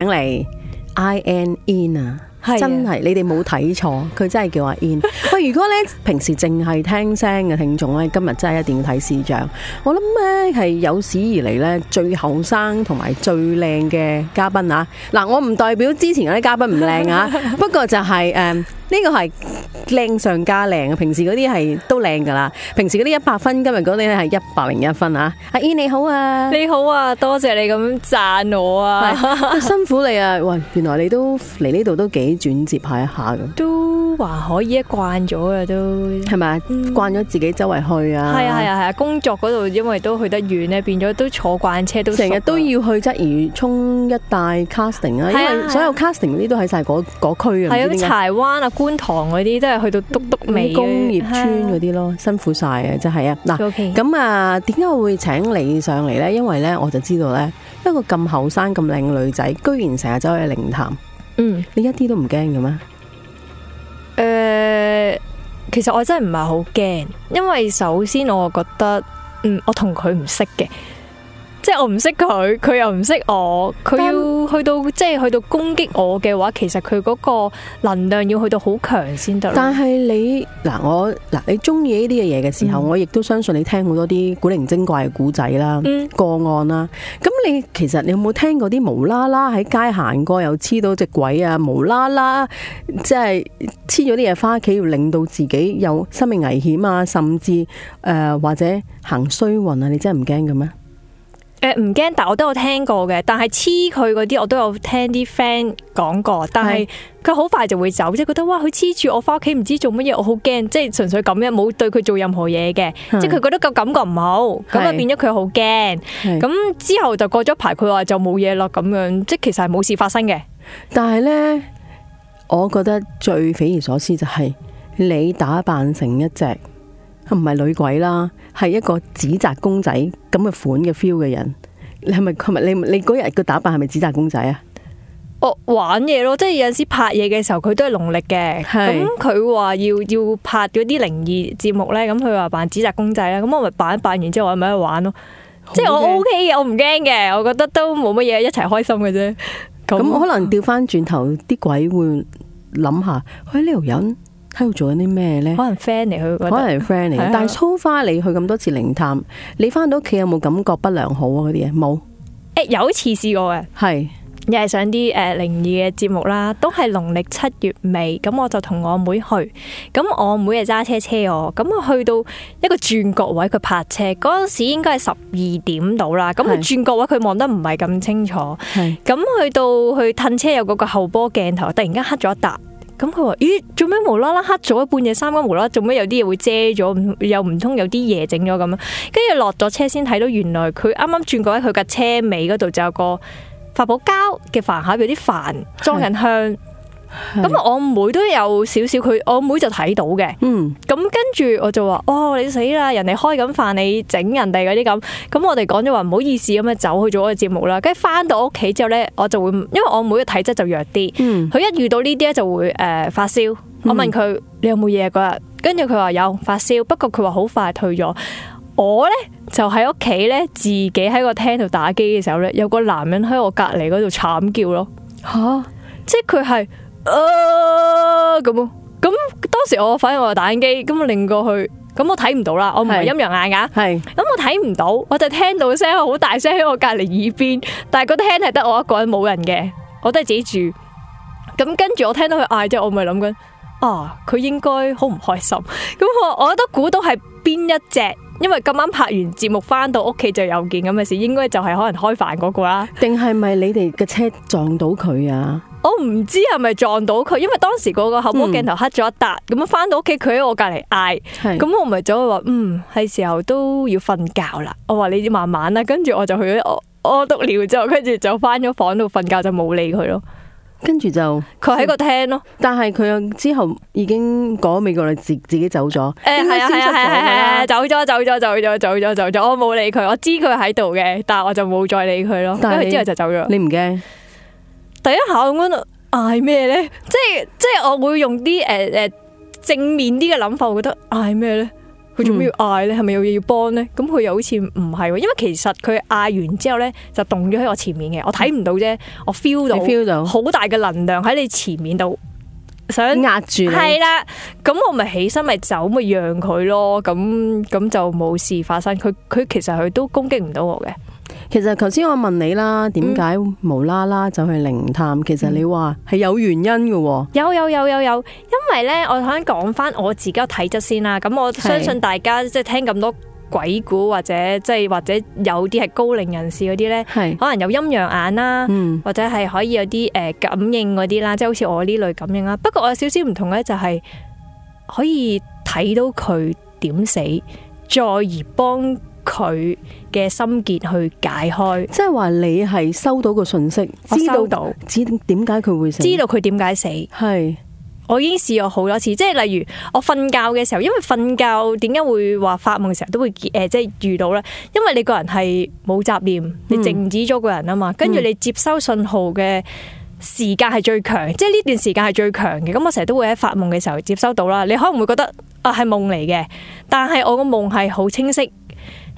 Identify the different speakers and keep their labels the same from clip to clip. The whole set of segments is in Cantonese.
Speaker 1: 請嚟，I N In 啊，係真係，你哋冇睇錯，佢真係叫阿 In。喂，如果咧平時淨係聽聲嘅聽眾咧，今日真係一定要睇視像。我諗咧係有史以嚟咧最後生同埋最靚嘅嘉賓啊！嗱，我唔代表之前嗰啲嘉賓唔靚啊，不過就係、是、誒。Um, 呢個係靚上加靚啊！平時嗰啲係都靚噶啦，平時嗰啲一百分，今日嗰啲咧係一百零一分啊！
Speaker 2: 阿姨你好啊，你好啊，多謝你咁讚我啊，辛苦
Speaker 1: 你啊！喂，原來你都嚟呢度都幾轉折下一下嘅，都
Speaker 2: 還可以一慣咗啊，都係咪？慣咗自己周圍去啊，係啊係啊係啊！工作嗰度因為都去得遠咧，變咗都坐慣車都，都成日
Speaker 1: 都要去鰂魚涌一帶 casting 啊，因為所有 casting 嗰啲都喺晒嗰嗰區啊，係咯柴
Speaker 2: 灣啊。觀塘嗰啲都係去到篤篤尾，工業村嗰
Speaker 1: 啲咯，啊、辛苦晒啊真係啊嗱，咁
Speaker 2: 啊點解我
Speaker 1: 會請你上嚟呢？因為呢，我就知道呢，一個咁後生咁靚女仔，居然成日走去靈探，嗯，你一啲都唔驚嘅咩？
Speaker 2: 誒、呃，其實我真係唔係好驚，因為首先我覺得，嗯，我同佢唔識嘅。即係我唔識佢，佢又唔識我，佢要去到但即係去到攻擊我嘅話，其實佢嗰個能量要去到好強先得。但係
Speaker 1: 你嗱，我嗱，你中意呢啲嘅嘢嘅時候，嗯、我亦都相信你聽好多啲古靈精怪嘅故仔啦、嗯、個案啦。咁你其實你有冇聽過啲無啦啦喺街行過又黐到隻鬼啊？無啦啦即係黐咗啲嘢返屋企，要令到自己有生命危險啊！甚至誒、呃、或者行衰運啊！你真係唔驚嘅咩？
Speaker 2: 誒，唔驚，呃，但我都有聽過嘅。但係黐佢嗰啲，我都有聽啲 friend 講過。但係佢好快就會走，即係覺得哇，佢黐住我翻屋企唔知做乜嘢，我好驚。即係純粹咁樣，冇對佢做任何嘢嘅。是 即係佢覺得個感覺唔好，咁啊是 變咗佢好驚。咁是 之後就過咗排，佢話就冇嘢咯，咁樣即係其實係冇事發生嘅。但
Speaker 1: 係咧，我覺得最匪夷所思就係你打扮成一隻唔係女鬼啦。係一個紙紮公仔咁嘅款嘅 feel 嘅人，你係咪係咪你你嗰日個打扮係咪紙紮公仔啊？
Speaker 2: 哦，玩嘢咯，即係有陣時拍嘢嘅時候，佢都係農曆嘅。咁佢話要要拍嗰啲靈異節目咧，咁佢話扮紙紮公仔啦，咁我咪扮一扮，扮完之後我咪喺度玩咯。即係我 O、OK, K，我唔驚嘅，我覺得都冇乜嘢，一齊開心嘅啫。咁、嗯嗯、可能
Speaker 1: 調翻轉頭，啲鬼會諗下，佢喺呢度人。喺度做緊啲咩咧？可能 friend 嚟，佢可能 friend 嚟。但係蘇花，你去咁多次靈探，你翻到屋企有冇感覺不良好啊？嗰啲嘢冇。
Speaker 2: 誒，有一次試過嘅，係又係上啲誒靈異嘅節目啦，都係農曆七月尾。咁我就同我妹去，咁我妹係揸車車我，咁去到一個轉角位，佢泊車嗰陣時應該係十二點到啦。咁佢轉角位佢望得唔係咁清楚，係咁去到去褪車有嗰個後波鏡頭，突然間黑咗一笪。咁佢話，咦，做咩無啦啦黑咗一半？夜三更無啦啦，做咩有啲嘢會遮咗？又唔通有啲嘢整咗咁啊？跟住落咗車先睇到，原來佢啱啱轉過喺佢架車尾嗰度，就有個發泡膠嘅飯盒，有啲飯裝緊香。咁是我妹都有少少，佢我妹就睇到嘅。嗯，咁跟住我就話：哦，你死啦！人哋開緊飯，你整人哋嗰啲咁。咁我哋講咗話唔好意思咁樣走去做個節目啦。跟住翻到屋企之後咧，我就會，因為我妹嘅體質就弱啲。佢、嗯、一遇到呢啲咧就會誒、呃、發燒。嗯、我問佢：你有冇嘢嗰日？跟住佢話有發燒，不過佢話好快退咗。我咧就喺屋企咧，自己喺個廳度打機嘅時候咧，有個男人喺我隔籬嗰度慘叫咯。吓、啊，即係佢係。啊咁，咁當時我反正我打緊機，咁我擰過去，咁我睇唔到啦，我唔係陰陽眼啊，咁我睇唔到，我就聽到聲好大聲喺我隔籬耳邊，但係個廳係得我一個人冇人嘅，我都係自己住。咁跟住我聽到佢嗌之後，我咪諗緊，啊佢應該好唔開心。咁我我覺得估到係邊一隻，因為咁啱拍完節目翻到屋企就有件咁嘅事，應該就係可能開飯嗰個啦。
Speaker 1: 定係咪你哋嘅車撞到
Speaker 2: 佢啊？我唔知係咪撞到佢，因為當時嗰個後部鏡頭黑咗一笪，咁啊翻到屋企佢喺我隔籬嗌，咁我咪就話嗯，係時候都要瞓覺啦，我話你慢慢啦，跟住我就去咗屙督尿之後，跟住就翻咗房度瞓覺就冇理佢咯，
Speaker 1: 跟住就佢
Speaker 2: 喺個廳咯，
Speaker 1: 但係佢之後已經講美過嚟自己走咗，係啊
Speaker 2: 係係係走咗走咗走咗走咗走咗，我冇理佢，我知佢喺度嘅，但係我就冇再理佢咯，跟住之後就走咗，你唔驚？第一下我喺度嗌咩咧？即係即係我會用啲誒誒正面啲嘅諗法，我覺得嗌咩咧？佢做咩要嗌咧？係咪有嘢要幫咧？咁佢又好似唔係，因為其實佢嗌完之後咧就動咗喺我前面嘅，我睇唔到啫，我 feel 到 feel 到好大嘅能量喺你前面度，想壓住，嗯。係啦，咁我咪起身咪走咪讓佢咯，咁咁就冇事發生。佢佢其實佢都攻擊唔到我嘅。
Speaker 1: 其實頭先我問你啦，點解無啦啦走去靈探？嗯、其實你話係有原因嘅，啊。
Speaker 2: 有有有有有，因為咧，我想講翻我自己嘅體質先啦。咁我相信大家是 即係聽咁多鬼故或者即係或者有啲係高齡人士嗰啲咧，是 可能有陰陽眼啦，嗯、或者係可以有啲誒感應嗰啲啦，即係好似我呢類感應啦。不過我有少少唔同咧，就係可以睇到佢點死，再而幫佢嘅心結去解開，即係話你係收到個訊息，知道到，知點解佢會死，知道佢點解死。係，我已經試過好多次，即係例如我瞓覺嘅時候，因為瞓覺點解會話發夢嘅時候都會誒，即係遇到咧，因為你個人係冇雜念，你靜止咗個人啊嘛，跟住你接收信號嘅時間係最強，即係呢段時間係最強嘅。咁我成日都會喺發夢嘅時候接收到啦，你可能會覺得啊係夢嚟嘅，但係我個夢係好清晰。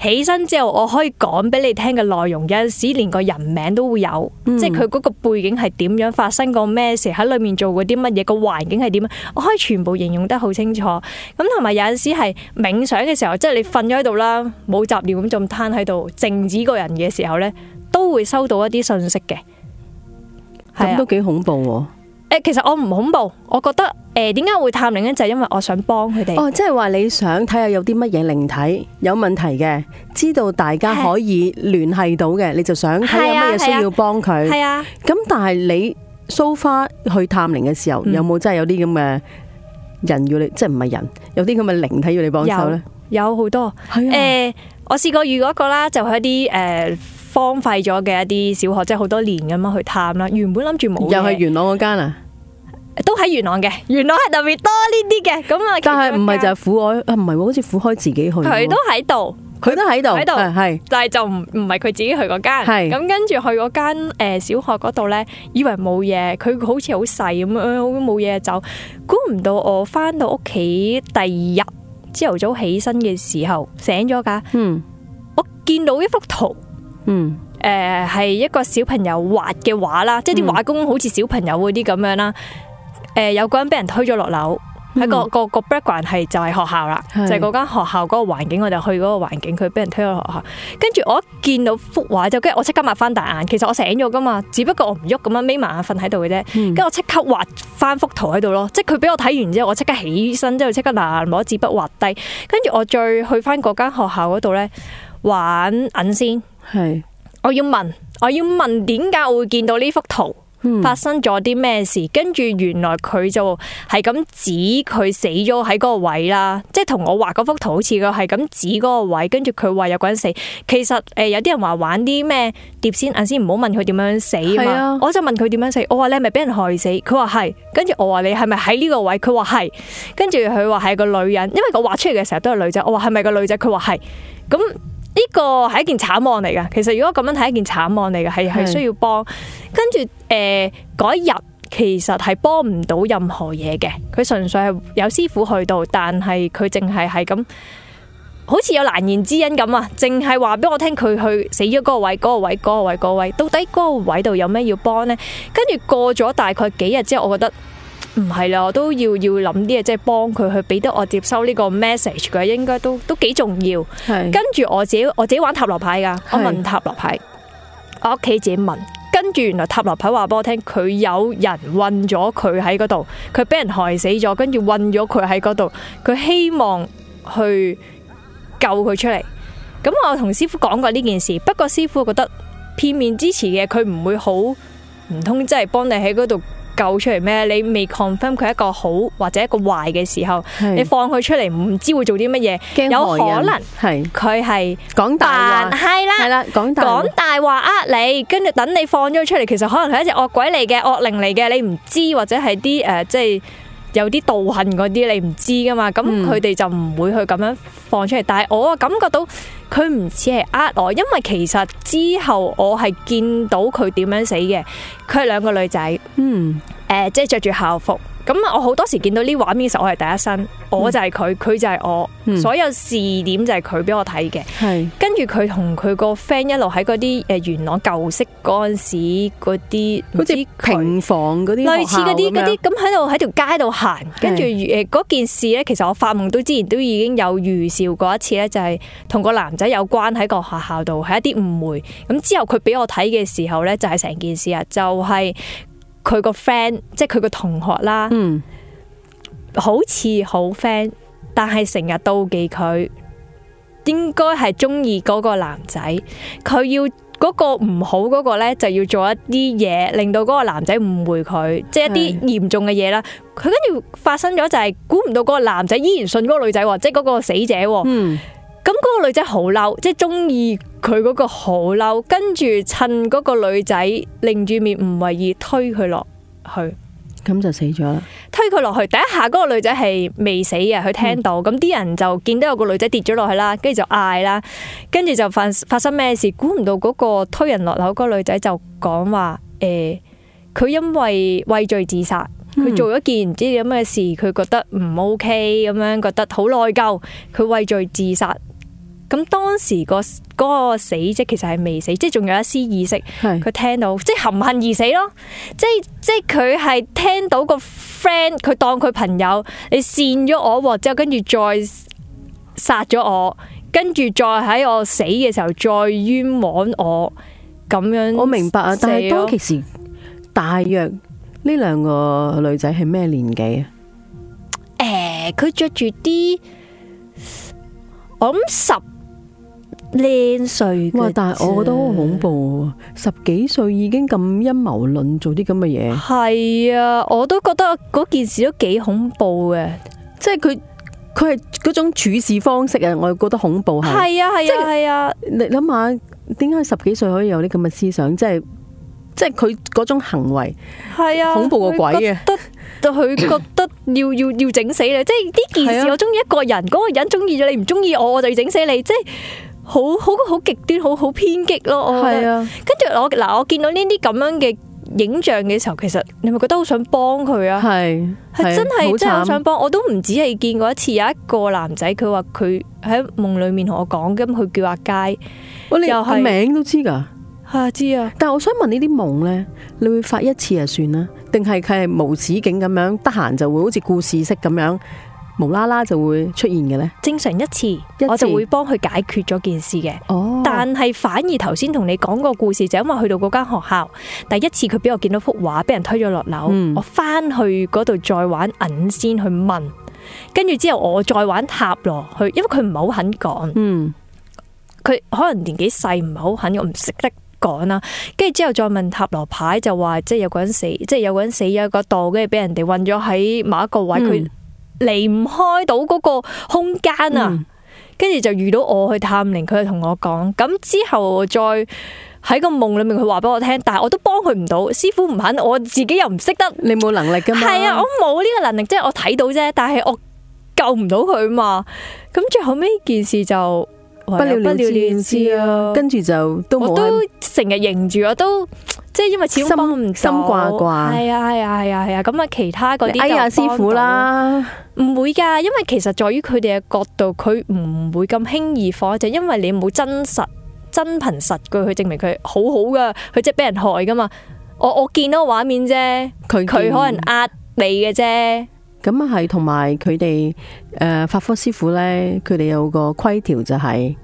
Speaker 2: 起身之後，我可以講俾你聽嘅內容，有陣時連個人名都會有，即係佢嗰個背景係點樣，發生過咩事，喺裏面做過啲乜嘢，個環境係點樣，我可以全部形容得好清楚。咁同埋有陣時係冥想嘅時候，即係你瞓咗喺度啦，冇雜念咁仲攤喺度靜止個人嘅時候呢，都會收到一啲信息嘅。咁
Speaker 1: 都幾恐怖。
Speaker 2: 誒，其實我唔恐怖，我覺得誒，點、呃、解會探靈咧？就係、是、因為我想幫佢哋。哦，
Speaker 1: 即係話你想睇下有啲乜嘢靈體有問題嘅，知道大家可以聯繫到嘅，啊、你就想睇有乜嘢需要幫佢。係啊，咁但係你蘇花、啊、去探靈嘅時候，有冇真係有啲咁嘅人要你，嗯、即係唔係人，有啲咁嘅靈體要你幫手
Speaker 2: 咧？有好多，誒、啊呃，我試過遇嗰個啦，就係一啲誒。Uh, 荒廢咗嘅一啲小學，即係好多年咁樣去探啦。原本諗住冇，又係元朗嗰間啊？都喺元朗嘅，元朗係特別多呢啲嘅。咁啊，
Speaker 1: 但係唔係就係苦海啊？唔係，好似苦海自己去，佢都
Speaker 2: 喺度，佢
Speaker 1: 都喺度，喺度係。
Speaker 2: 但係就唔唔係佢自己去嗰間，係咁跟住去嗰間誒小學嗰度咧，以為冇嘢，佢好似好細咁樣，冇嘢就估唔到。我翻到屋企第二日朝頭早起身嘅時候醒咗架，嗯，我見到一幅圖。嗯，誒、呃，係一個小朋友畫嘅畫啦，即係啲畫工好似小朋友嗰啲咁樣啦。誒、嗯呃，有個人俾人推咗落樓，喺個個個 background 係就係學校啦，是就係嗰間學校嗰個環境，我哋去嗰個環境，佢俾人推咗學校。跟住我一見到幅畫就，跟住我即刻擘翻大眼。其實我醒咗噶嘛，只不過不我唔喐咁樣眯埋眼瞓喺度嘅啫。跟住我即刻畫翻幅圖喺度咯，即係佢俾我睇完之後，我即刻起身，之後即刻嗱攞紙筆畫低，跟住我再去翻嗰間學校嗰度咧玩銀先。係，是我要問，我要問點解我會見到呢幅圖，發生咗啲咩事？跟住、嗯、原來佢就係咁指佢死咗喺嗰個位啦，即係同我畫嗰幅圖好似嘅，係咁指嗰個位。跟住佢話有個人死，其實誒、呃、有啲人話玩啲咩碟仙阿先唔好問佢點樣死啊嘛。啊我就問佢點樣死，我話你係咪俾人害死？佢話係，跟住我話你係咪喺呢個位？佢話係，跟住佢話係個女人，因為我畫出嚟嘅時候都係女仔。我話係咪個女仔？佢話係，咁。呢個係一件慘案嚟噶，其實如果咁樣睇，一件慘案嚟噶，係係需要幫。跟住誒嗰一日，其實係幫唔到任何嘢嘅，佢純粹係有師傅去到，但係佢淨係係咁，好似有難言之隱咁啊，淨係話俾我聽佢去死咗嗰個位，嗰個位，嗰個位，嗰個位，嗰位，到底嗰個位度有咩要幫呢？跟住過咗大概幾日之後，我覺得。唔係啦，我都要要諗啲嘢，即係幫佢去俾得我接收呢個 message 嘅，應該都都幾重要。是跟住我自己我自己玩塔羅牌噶，是我問塔羅牌，我屋企自己問。跟住原來塔羅牌話俾我聽，佢有人困咗佢喺嗰度，佢俾人害死咗，跟住困咗佢喺嗰度，佢希望去救佢出嚟。咁我同師傅講過呢件事，不過師傅覺得片面支持嘅，佢唔會好唔通，即係幫你喺嗰度救出嚟咩？你未 confirm 佢一個好或者一個壞嘅時候，是的 你放佢出嚟，唔知會做啲乜嘢？有可能的，係佢係講大話係啦，講大話呃你，跟住等你放咗出嚟，其實可能係一隻惡鬼嚟嘅，惡靈嚟嘅，你唔知或者係啲誒，即係。有啲道行嗰啲你唔知㗎嘛，咁佢哋就唔會去咁樣放出嚟。嗯、但係我啊感覺到佢唔似係呃我，因為其實之後我係見到佢點樣死嘅，佢係兩個女仔，嗯，誒、呃，即係着住校服。咁我好多時見到呢畫面嘅時候，我係第一身，嗯、我就係佢，佢就係我，嗯、所有視點就係佢俾我睇嘅。係，跟住佢同佢個 friend 一路喺嗰啲誒元朗舊式嗰陣時嗰啲，好似平房嗰啲，類似嗰啲啲咁喺度喺條街度行。跟住誒嗰件事咧，其實我發夢都之前都已經有預兆過一次咧，就係、是、同個男仔有關喺個學校度係一啲誤會。咁之後佢俾我睇嘅時候咧，就係成件事啊，就係。佢個 friend 即係佢個同學啦，嗯、好似好 friend，但係成日妒忌佢，應該係中意嗰個男仔。佢要嗰個唔好嗰、嗰個咧，就要做一啲嘢，令到嗰個男仔誤會佢，即係一啲嚴重嘅嘢啦。佢跟住發生咗就係、是，估唔到嗰個男仔依然信嗰個女仔，即係嗰個死者。嗯咁嗰個女仔好嬲，即係中意佢嗰個好嬲，跟住趁嗰個女仔擰住面唔為意推佢落去，
Speaker 1: 咁就死咗啦。
Speaker 2: 推佢落去，第一下嗰個女仔係未死嘅，佢聽到，咁啲、嗯、人就見到有個女仔跌咗落去啦，跟住就嗌啦，跟住就發發生咩事？估唔到嗰個推人落樓嗰個女仔就講話：誒、欸，佢因為畏罪自殺，佢做咗件唔知點咩事，佢覺得唔 OK 咁樣，覺得好內疚，佢畏罪自殺。咁當時個嗰死即其實係未死，即係仲有一絲意識。佢是聽到即係含恨而死咯，即係即係佢係聽到個 friend，佢當佢朋友，你扇咗我之後，跟住再殺咗我，跟住再喺我死嘅時候再冤枉我咁樣。我明白啊，咯但係當其時，大約
Speaker 1: 呢兩個女仔係咩年紀
Speaker 2: 啊？誒、欸，佢着住啲，我諗十。靚歲
Speaker 1: 哇！但係我覺得好恐怖，十幾歲已經咁陰謀論做啲咁嘅嘢，
Speaker 2: 係啊，我都覺得嗰件事都幾恐怖嘅，即係佢
Speaker 1: 佢係嗰種處事方式啊，我又覺得恐怖吓，係
Speaker 2: 啊係啊係啊！你諗下，
Speaker 1: 點解十幾歲可以有啲咁嘅思想？即係即係佢嗰種行為
Speaker 2: 係啊，恐怖個鬼嘅，得佢覺得要要要整死你，即係呢件事我中意一個人，嗰個人中意咗你唔中意我，我就要整死你，即係。好好好極端，好好偏激咯！我覺得，係啊、跟住我嗱，我見到呢啲咁樣嘅影像嘅時候，其實你咪覺得好想幫佢啊！係係，真係真係好想幫，我都唔止係見過一次，有一個男仔佢話佢喺夢裏面同我講，咁佢叫阿佳，哇你名都知㗎吓，
Speaker 1: 知啊！知啊，但係我想問呢啲夢咧，你會發一次就算啦，定係佢係無止境咁樣，得閒就會好似故事式咁樣。無啦啦
Speaker 2: 就會出現嘅咧，正常一次，一次我就會幫佢解決咗件事嘅。Oh. 但係反而頭先同你講個故事，就是、因為去到嗰間學校，第一次佢俾我見到幅畫，俾人推咗落樓。Mm. 我返去嗰度再玩銀仙去問，跟住之後我再玩塔羅去，因為佢唔係好肯講。佢、mm. 可能年紀細唔係好肯，我唔識得講啦。跟住之後再問塔羅牌，就話即係有個人死，即係有個人死咗嗰度，跟住俾人哋韞咗喺某一個位佢。Mm. 離唔開到嗰個空間啊，跟住就遇到我去探靈，佢就同我講，咁之後再喺個夢裏面佢話俾我聽，但係我都幫佢唔到，師傅唔肯，我自己又唔識得，你冇能力噶嘛？係啊，我冇呢個能力，即係我睇到啫，但係我救唔到佢嘛。咁最後尾件事就不了了之啊，跟住就都我都成日凝住，我都即係因為始終心心掛掛，係啊係啊係啊係啊，咁啊其他嗰啲哎呀師傅啦。唔會噶，因為其實在於佢哋嘅角度，佢唔會咁輕易放，就因為你冇真實真憑實據去證明佢好好噶，佢即係俾人害噶嘛。我我見到個畫面啫，佢佢可能呃你嘅啫。咁啊係，同埋佢哋誒
Speaker 1: 法科師傅呢，佢哋有個規條就係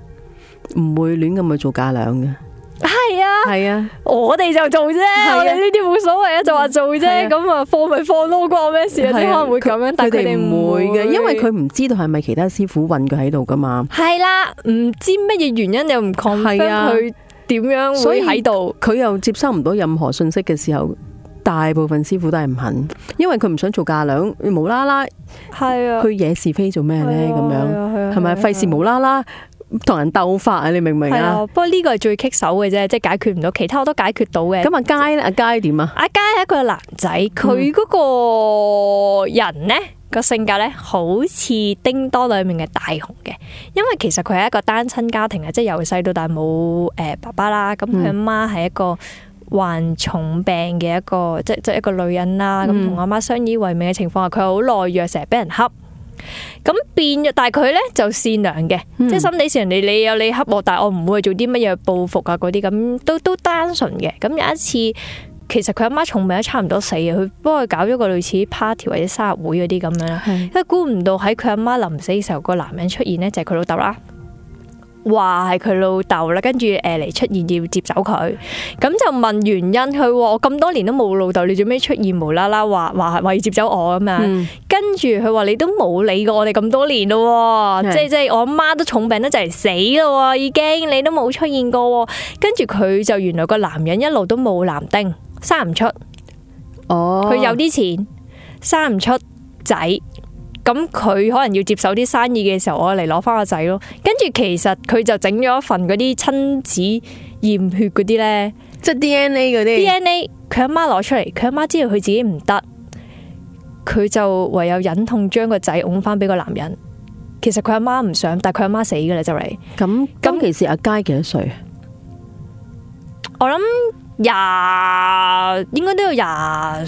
Speaker 1: 唔會亂咁去做假兩嘅。
Speaker 2: 係啊，係啊，我哋就做啫，我哋呢啲冇所謂啊，就話做啫，咁啊放咪放咯，關我咩事啊？點可能會咁樣？但係佢哋唔
Speaker 1: 會嘅，因為佢唔知道係咪其他師傅揾佢喺度噶嘛。
Speaker 2: 係啦，唔知乜嘢原因又唔抗拒啊佢
Speaker 1: 點樣，所以喺度佢又接收唔到任何信息嘅時候，大部分師傅都係唔肯，因為佢唔想做嫁糧，無啦啦，係啊，去惹是非做咩咧？咁樣係咪費事無啦啦？同人鬥法啊！你明唔明啊？
Speaker 2: 不過呢個係最棘手嘅啫即係解決唔到，其他我都解決到嘅。咁阿佳，阿佳點啊？阿佳係一個男仔，佢嗰、嗯、個人呢個性格呢，好似《叮當》裏面嘅大雄嘅，因為其實佢係一個單親家庭啊，即係由細到大冇誒爸爸啦。咁佢阿媽係一個患重病嘅一個，即即係一個女人啦。咁同阿媽相依為命嘅情況下，佢好懦弱，成日俾人恰。咁變，但係佢咧就善良嘅，嗯、即係心底上人你你有你恰我，但係我唔會做去做啲乜嘢報復啊，嗰啲咁都都單純嘅。咁有一次，其實佢阿媽重病都差唔多死啊，佢幫佢搞咗個類似 party 或者生日會嗰啲咁樣啦。因為估唔到喺佢阿媽臨死嘅時候，個男人出現咧就係佢老豆啦。話係佢老豆啦，跟住誒嚟出現要接走佢，咁就問原因。佢話我咁多年都冇老豆，你做咩出現無啦啦話話話要接走我咁啊？嘛，跟住佢話你都冇理過我哋咁多年咯，即係即係我阿媽都重病得就嚟死咯，已經你都冇出現過。跟住佢就原來個男人一路都冇男丁，生唔出。哦，佢有啲錢，生唔出仔。咁佢可能要接手啲生意嘅時候，我嚟攞翻個仔咯。跟住其實佢就整咗一份嗰啲親子驗血嗰啲咧，即係 DNA 嗰啲。DNA 佢阿媽攞出嚟，佢阿媽知道佢自己唔得，佢就唯有忍痛將個仔拱翻俾個男人。其實佢阿媽唔想，但係佢阿媽死噶啦就嚟。咁咁其實阿佳幾多歲啊？我諗廿應該都有廿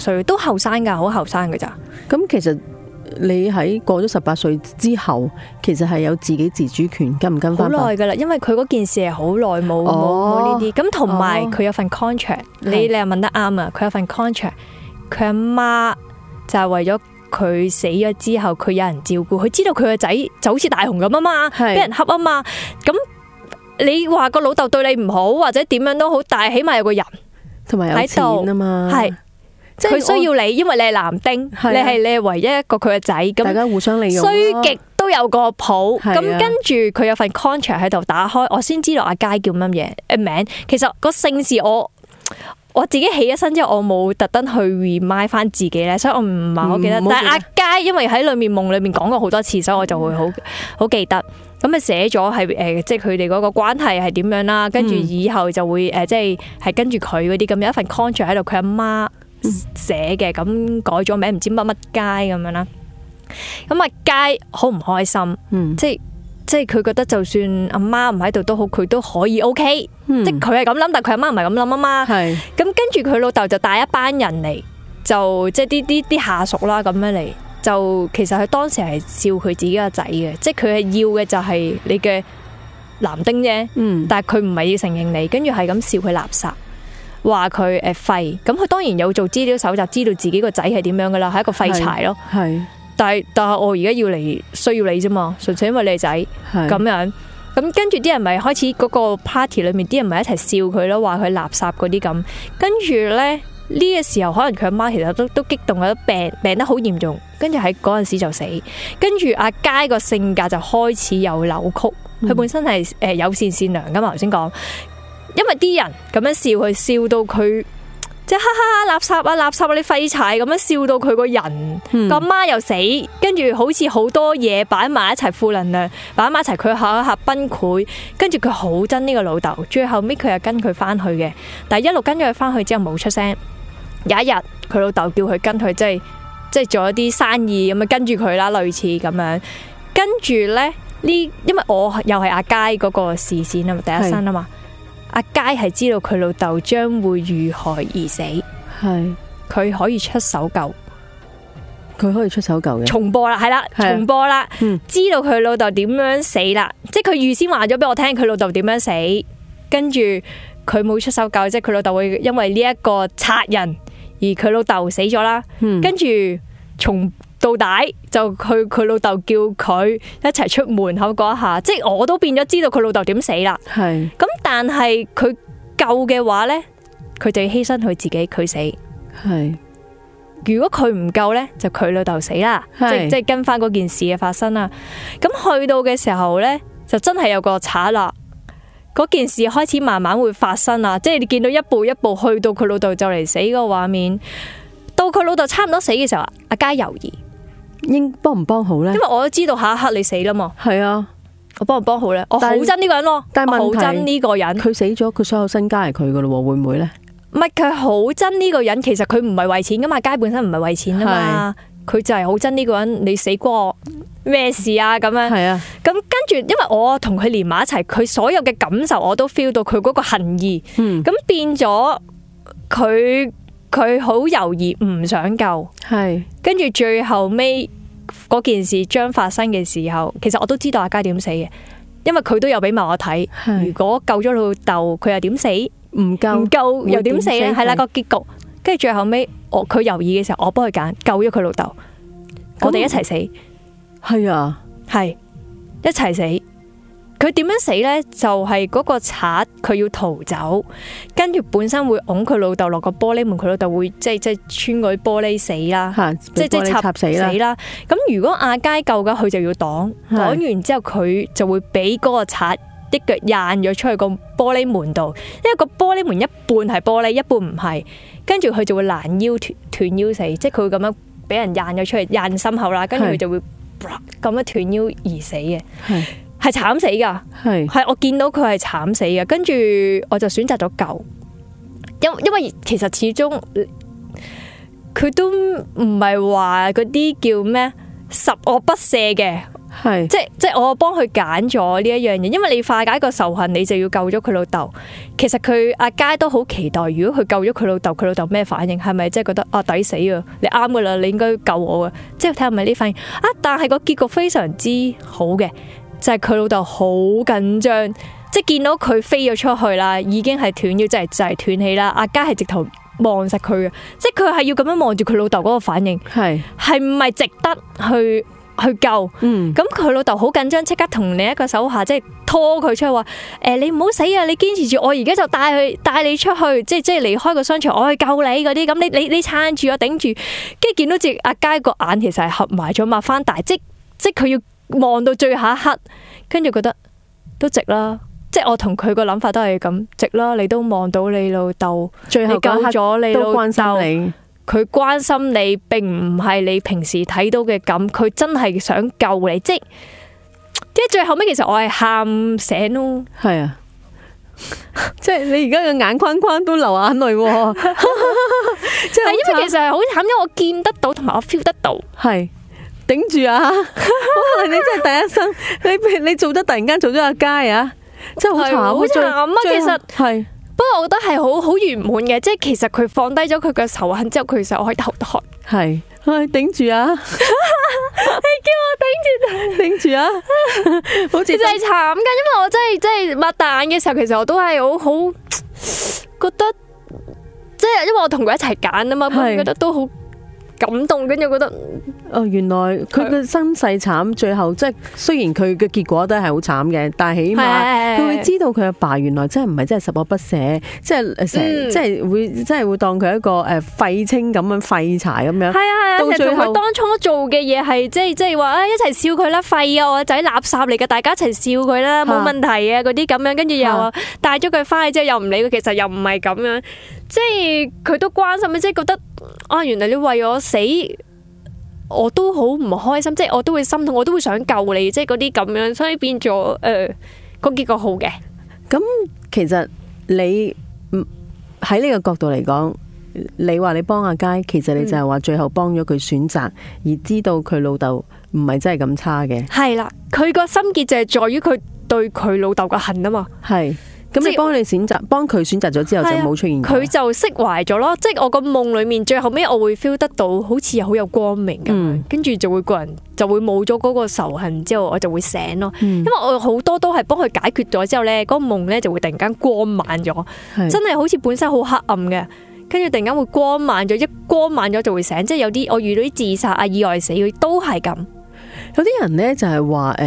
Speaker 2: 歲，都後生噶，好後生噶咋？咁其實。你喺過咗十八歲之
Speaker 1: 後，其實係有自己自主權，跟唔跟翻？好耐
Speaker 2: 噶啦，因為佢嗰件事係好耐冇冇呢啲。咁同埋佢有，有份 contract、哦、你你又問得啱啊！佢是有份 contract，佢阿媽就係為咗佢死咗之後，佢有人照顧。佢知道佢個仔就好似大雄咁啊嘛，俾人恰啊嘛。咁你話個老豆對你唔好或者點樣都好，但係起碼有個人同埋有，有錢啊嘛，係。佢需要你，因為你係男丁，你係你係唯一一個佢嘅仔，咁大家互相利用，衰極都有個譜。咁跟住佢有份 contract 喺度打開，我先知道阿佳叫乜嘢誒名。其實個姓氏我我自己起咗身之後，我冇特登去 remind 翻自己咧，所以我唔係好記得。但係阿佳因為喺裏面夢裏面講過好多次，所以我就會好好記得。咁啊，寫咗係誒，即係佢哋嗰個關係係點樣啦？跟住以後就會誒，即係係跟住佢嗰啲咁有一份 contract 喺度，佢阿媽。寫嘅咁改咗名，唔知乜乜街咁樣啦。咁阿佳好唔開心，嗯、即係即係佢覺得就算阿媽唔喺度都好，佢都可以 OK。即係佢係咁諗，但佢阿媽唔係咁諗啊嘛。係咁，跟住佢老豆就帶一班人嚟，就即係啲啲啲下屬啦咁樣嚟，就其實佢當時係笑佢自己個仔嘅，即係佢係要嘅就係你嘅男丁啫。嗯、但係佢唔係要承認你，跟住係咁笑佢垃圾。話佢誒廢，咁佢當然有做資料搜集，知道自己個仔係點樣噶啦，係一個廢柴咯。係，但係但係我而家要嚟，需要你啫嘛，純粹因為你係仔咁樣，咁跟住啲人咪開始嗰個 party 裏面啲人咪一齊笑佢咯，話佢垃圾嗰啲咁。跟住咧呢個時候，可能佢阿媽其實都都激動，有病病得好嚴重，跟住喺嗰陣時就死。跟住阿佳個性格就開始有扭曲，佢本身係誒友善善良噶嘛，頭先講。因為啲人咁樣笑佢，笑到佢即係哈哈垃圾啊垃圾啊你廢柴咁樣笑到佢個人個媽、嗯、又死，跟住好似好多嘢擺埋一齊負能量擺埋一齊，佢下一下崩潰，跟住佢好憎呢個老豆，最後尾佢又跟佢翻去嘅，但係一路跟咗佢翻去之後冇出聲。有一日佢老豆叫佢跟佢，即係即係做一啲生意咁樣跟住佢啦，類似咁樣。跟住呢，呢，因為我又係阿佳嗰個視線啊嘛，第一身啊嘛。阿佳係知道佢老豆將會遇害而死，係佢是可以出手救，
Speaker 1: 佢可以出手救嘅重
Speaker 2: 播啦，係啦，的重播啦，嗯、知道佢老豆點樣死啦，即係佢預先話咗俾我聽佢老豆點樣死，跟住佢冇出手救，即係佢老豆會因為呢一個賊人而佢老豆死咗啦，跟住重。到底就佢佢老豆叫佢一齊出門口嗰一下，即係我都變咗知道佢老豆點死啦。係咁是，但係佢救嘅話呢，佢就要犧牲佢自己佢死。係是如果佢唔救呢，就佢老豆死啦是。即係即係跟翻嗰件事嘅發生啦。咁去到嘅時候呢，就真係有個賊啦。嗰件事開始慢慢會發生啦，即係你見到一步一步去到佢老豆就嚟死個畫面，到佢老豆差唔多死嘅時候阿佳猶疑。應幫唔幫好咧？因為我都知道下一刻你死啦嘛。係啊，我幫唔幫好咧？但我好憎呢個人咯。但係好憎呢個人，佢死
Speaker 1: 咗，佢所有身家係佢噶咯，會唔會咧？
Speaker 2: 唔係佢好憎呢個人，其實佢唔係為錢噶嘛，街本身唔係為錢啊嘛，佢就係好憎呢個人。你死過咩事啊？咁樣係啊。咁跟住，因為我同佢連埋一齊，佢所有嘅感受我都 feel 到佢嗰個恨意。嗯。咁變咗佢。佢好猶豫唔想救，係跟住最後尾嗰件事將發生嘅時候，其實我都知道阿嘉點死嘅，因為佢都有俾埋我睇。是如果救咗老豆，佢又點死？唔救不夠 夠又點死？係啦，個結局。跟住最後尾，我佢猶豫嘅時候，我幫佢揀救咗佢老豆，那我哋一齊死。係啊，係一齊死。佢點樣死咧？就係嗰個賊，佢要逃走，跟住本身會㧬佢老豆落個玻璃門，佢老豆會即係即係穿嗰玻璃死啦，即係即係插死啦。咁如果阿佳救嘅，佢就要擋，擋完之後，佢就會俾嗰個賊一腳踹咗出去個玻璃門度，因為個玻璃門一半係玻璃，一半唔係，跟住佢就會攔腰斷腰死，即係佢會咁樣俾人踹咗出去，踹心口啦，跟住佢就會咁樣斷腰而死嘅。係慘死噶，係，係我見到佢係慘死嘅，跟住我就選擇咗救，因因為其實始終佢都唔係話嗰啲叫咩十惡不赦嘅，係，即係即係我幫佢揀咗呢一樣嘢，因為你要化解個仇恨，你就要救咗佢老豆。其實佢阿佳都好期待，如果佢救咗佢老豆，佢老豆咩反應？係咪即係覺得啊抵死啊？你啱噶啦，你應該救我啊！即係睇下咪呢反應啊？但係個結局非常之好嘅。就係佢老豆好緊張，即係見到佢飛咗出去啦，已經係斷咗，即係就係斷氣啦。阿佳係直頭望實佢嘅，即係佢係要咁樣望住佢老豆嗰個反應，係係唔係值得去去救？嗯，咁佢老豆好緊張，即刻同另一個手下即係拖佢出去話：，誒、欸，你唔好死啊！你堅持住，我而家就帶佢帶你出去，即係即係離開個商場，我去救你嗰啲。咁你你你撐住啊，頂住。跟住見到隻阿佳個眼其實係合埋咗擘翻大，即即佢要。望到最後一刻，跟住覺得都值啦。即係我同佢個諗法都係咁值啦。你都望到你老豆最後救咗你，都關心你。佢關心你，並唔係你平時睇到嘅咁。佢真係想救你。即係即係最後屘，其實我係喊醒咯。係啊，即係你而家嘅眼框框都流眼淚。係因為其實係好慘，因為我見得到，同埋我 feel 得到係。頂住啊！可能你真係第一生，哇 你你做得突然間做咗阿佳啊，真係好慘，好慘啊！後其實係，是不過我覺得係好好圓滿嘅，即係其實佢放低咗佢嘅仇恨之後，佢其實我可以投脱投胎。係，唉、哎，頂住啊！你叫我頂住，頂住 啊！好似真係慘嘅，因為我真係真係擘大眼嘅時候，其實我都係好好覺得，即係因為我同佢一齊揀啊嘛，是 覺得都好。感動，跟住覺得、
Speaker 1: 哦、原來佢嘅身世慘，係啊、最後即係雖然佢嘅結果都係好慘嘅，但係起碼佢會知道佢阿爸，爸原來真係唔係真係十惡不赦、嗯，即係成即係會即係會當佢一個誒廢青咁樣廢柴咁樣。係啊，係啊到，到啊，後
Speaker 2: 當初做嘅嘢係即係即係話啊，一齊笑佢啦，廢啊我仔垃，垃圾嚟嘅，大家一齊笑佢啦，冇問題啊嗰啲咁樣，跟住又帶咗佢翻去之後又唔理佢，其實又唔係咁樣。即係佢都關心啊！即係覺得啊，原來你為我死，我都好唔開心，即係我都會心痛，我都會想救你，即係嗰啲咁樣，所以變咗誒、呃那個結果好嘅。咁
Speaker 1: 其實你喺呢個角度嚟講，你話你幫阿佳，其實你就係話最後幫咗佢選擇，嗯、而知道佢老豆唔係真係咁差嘅。
Speaker 2: 係啦，佢個心結就係在於佢對佢老豆嘅恨啊嘛。係。咁你幫佢選
Speaker 1: 擇，幫佢即選擇咗之後就冇出現，佢
Speaker 2: 就釋懷咗咯，即係我個夢裏面最後尾我會 feel 得到，好似好有光明嘅，跟住、嗯、就會個人就會冇咗嗰個仇恨之後，我就會醒咯。嗯、因為我好多都係幫佢解決咗之後咧，嗰、嗰個夢咧就會突然間光猛咗，是的 真係好似本身好黑暗嘅，跟住突然間會光猛咗，一光猛咗就會醒。即係有啲我遇到啲自殺啊、意外死佢都係咁。嗯、
Speaker 1: 有啲人咧就係話誒，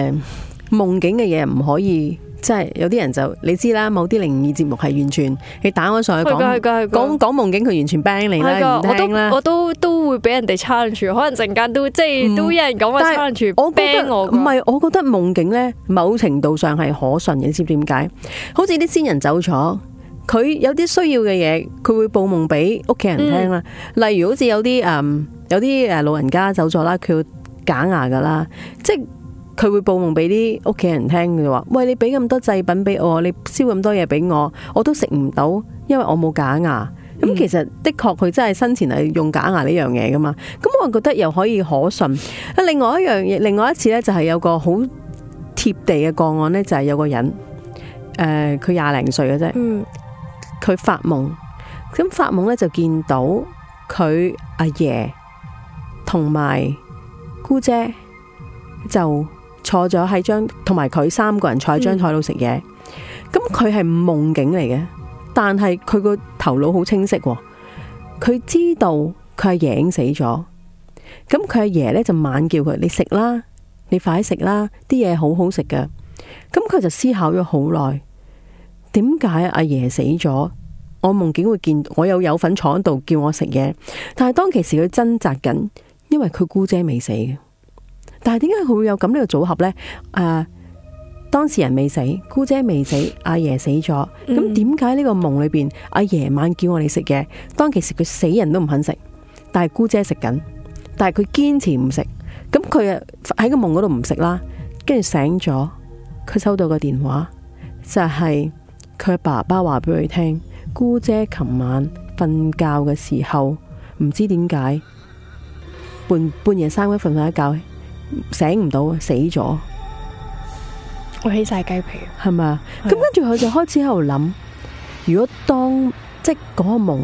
Speaker 1: 夢、呃、境嘅嘢唔可以。即係有啲人就你知啦，某啲靈異節目係完全你打我上去講講講夢境，佢完全 ban 你啦，唔聽
Speaker 2: 啦，我都我都，都會俾人哋撐住，可能陣間都即係都有人咁嘅 challenge，我 ban 我。唔係，我
Speaker 1: 覺得夢境咧，某程度上係可信嘅，你知唔知點解？好似啲先人走咗，佢有啲需要嘅嘢，佢會報夢俾屋企人聽啦。嗯、例如好似有啲誒、嗯，有啲誒老人家走咗啦，佢要假牙噶啦，即係。佢會報夢俾啲屋企人聽，佢就話：喂，你俾咁多祭品俾我，你燒咁多嘢俾我，我都食唔到，因為我冇假牙。咁、嗯、其實的確佢真係生前係用假牙呢樣嘢噶嘛。咁我覺得又可以可信。另外一樣嘢，另外一次呢，就係、是、有個好貼地嘅個案呢，就係有個人，誒、呃，佢廿零歲嘅啫，佢、嗯、發夢，咁發夢呢，就見到佢阿爺同埋姑姐就，坐咗喺張同埋佢三個人坐喺張台度食嘢，咁佢係夢境嚟嘅，但係佢個頭腦好清晰，佢知道佢阿爺死咗，咁佢阿爺呢，就猛叫佢：你食啦，你快食啦，啲嘢好好食㗎。咁佢就思考咗好耐，點解阿爺死咗？我夢境會見我有有份坐喺度叫我食嘢，但係當其時佢掙扎緊，因為佢姑姐未死嘅。但係點解佢會有咁呢個組合呢？誒、啊，當事人未死，姑姐未死，阿爺死咗。咁點解呢個夢裏邊，阿爺晚叫我哋食嘢，當其時佢死人都唔肯食，但係姑姐食緊，但係佢堅持唔食。咁佢啊喺個夢嗰度唔食啦，跟住醒咗，佢收到個電話，就係、是、佢爸爸話俾佢聽，姑姐琴晚瞓覺嘅時候，唔知點解半半夜三更瞓瞓一覺。醒唔到，死咗，我起晒雞皮，係咪啊？咁跟住佢就開始喺度諗，如果當即嗰個夢，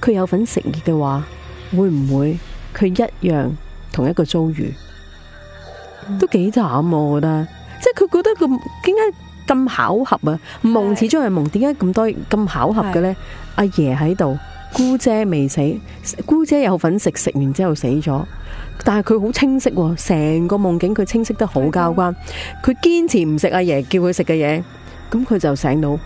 Speaker 1: 佢有份食嘢嘅話，會唔會佢一樣同一個遭遇？嗯、都幾慘啊！我覺得，即係佢覺得個點解咁巧合啊？夢的始終係夢，點解咁多咁巧合嘅咧？阿的、啊、爺喺度。姑姐未死，姑姐有份食，食完之後死咗。但係佢好清晰，成個夢境佢清晰得好交關，佢堅持唔食阿爺叫佢食嘅嘢，咁佢就醒到。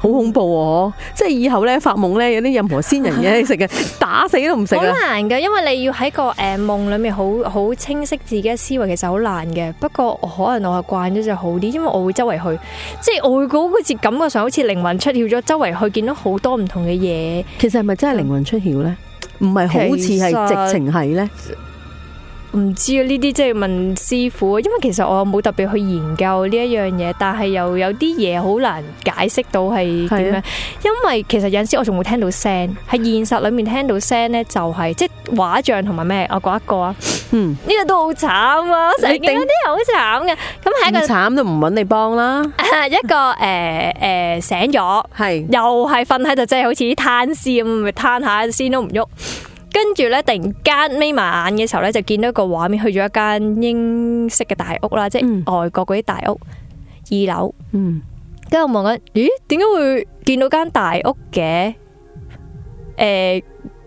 Speaker 1: 好恐怖哦、啊！即係以後咧發夢咧有啲任何先人嘢食嘅， 打死都唔食。好
Speaker 2: 難㗎，因為你要喺個誒夢、呃、裏面好好清晰自己嘅思維，其實好難嘅。不過我可能我係慣咗就好啲，因為我會周圍去，即係我會好好似感覺上好似靈魂出竅咗，周圍去見到好多唔同嘅嘢。
Speaker 1: 其實係咪真係靈魂出竅咧？唔係、嗯、好似係其實 直情係咧？
Speaker 2: 唔知啊，呢啲即係問師傅，因為其實我冇特別去研究呢一樣嘢，但係又有啲嘢好難解釋到係點樣。是的 因為其實有陣時我仲會聽到聲，喺現實裏面聽到聲咧、就是，就係即係畫像同埋咩我講一個,、嗯、個啊，嗯，呢個都好慘啊！成日見嗰啲好慘嘅，咁係一個慘都唔揾你幫啦。一個誒誒、呃呃、醒咗，係是的 又係瞓喺度，即係好似癱屍咁，咪攤下，先都唔喐。跟住咧，突然間眯埋眼嘅時候咧，就見到個畫面去咗一間英式嘅大屋啦，即係外國嗰啲大屋二樓。嗯，跟住我望緊，咦？點解會見到間大屋嘅？誒，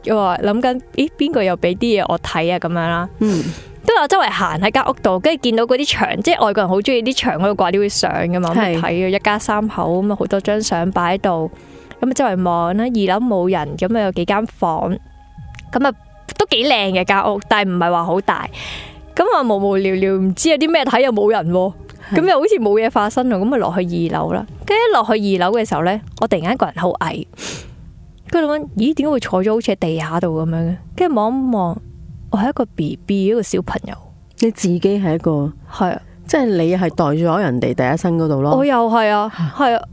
Speaker 2: 我話諗緊，咦？邊個又俾啲嘢我睇啊？咁樣啦，嗯，都話周圍行喺間屋度，跟住見到嗰啲牆，即係外國人好中意啲牆嗰度掛啲相噶嘛，咁咪睇咗一家三口咁啊，好多張相擺喺度。咁啊，周圍望啦，二樓冇人，咁啊有幾間房。咁啊，都幾靚嘅間屋，但係唔係話好大。咁啊，無無聊聊，唔知有啲咩睇，又冇人，咁又好似冇嘢發生啊。咁咪落去二樓啦。跟住一落去二樓嘅時候呢，我突然間一個人好矮。跟住我問：咦，點解會坐咗好似喺地下度咁樣嘅？跟住望一望，我係一個 B B，一個小朋友。你自己係一個，係的，即係你
Speaker 1: 係代咗人哋第一身嗰度咯。我
Speaker 2: 又係啊，係 啊。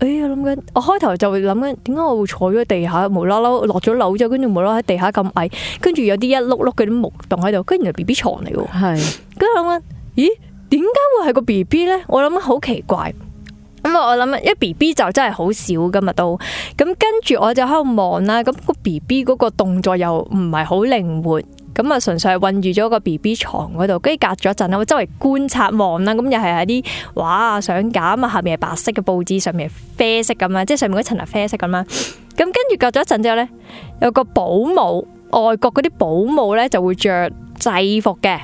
Speaker 2: 誒，我諗緊，我開頭就會諗緊，點解我會坐咗地下，無啦啦落咗樓咗，跟住無啦喺地下咁矮，跟住有啲一碌碌嘅啲木凳喺度，跟住係 B B 牀嚟喎，跟住諗緊，咦，點解會係個 B B 咧？我諗好奇怪，咁啊，我諗一 B B 就真係好少噶嘛都，咁跟住我就喺度望啦，咁個 B B 嗰個動作又唔係好靈活。咁啊，純粹係困住咗個 B B 牀嗰度，跟住隔咗一陣啦，我周圍觀察望啦，咁又係喺啲畫啊相架啊嘛，下邊係白色嘅佈置，上面係啡色咁樣，即係上面嗰層係啡色咁樣。咁跟住隔咗一陣之後咧，有個保姆，外國嗰啲保姆咧就會著制服嘅，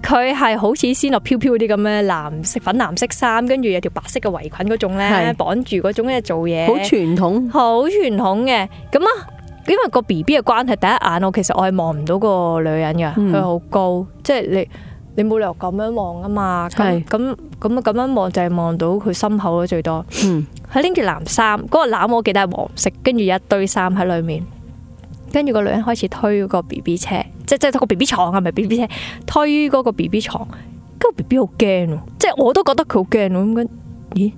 Speaker 2: 佢係好似仙樂飄飄啲咁咧，藍色粉藍色衫，跟住有條白色嘅圍裙嗰種咧，係綁住嗰種咧做嘢，好傳統，好傳統嘅，咁啊。因為個 B B 嘅關係，第一眼我其實我係望唔到個女人嘅，佢好、嗯、高，即係你你冇理由咁樣望噶嘛。係咁咁咁樣望就係望到佢心口最多。嗯，佢拎住藍衫，嗰個籃我記得係黃色，跟住有一堆衫喺裏面。跟住個女人開始推嗰個 B B 車，即係即係個 B B 牀係咪 B B 車？推嗰個 B B 牀，跟住個 B B 好驚，即係我都覺得佢好驚咯咁咦？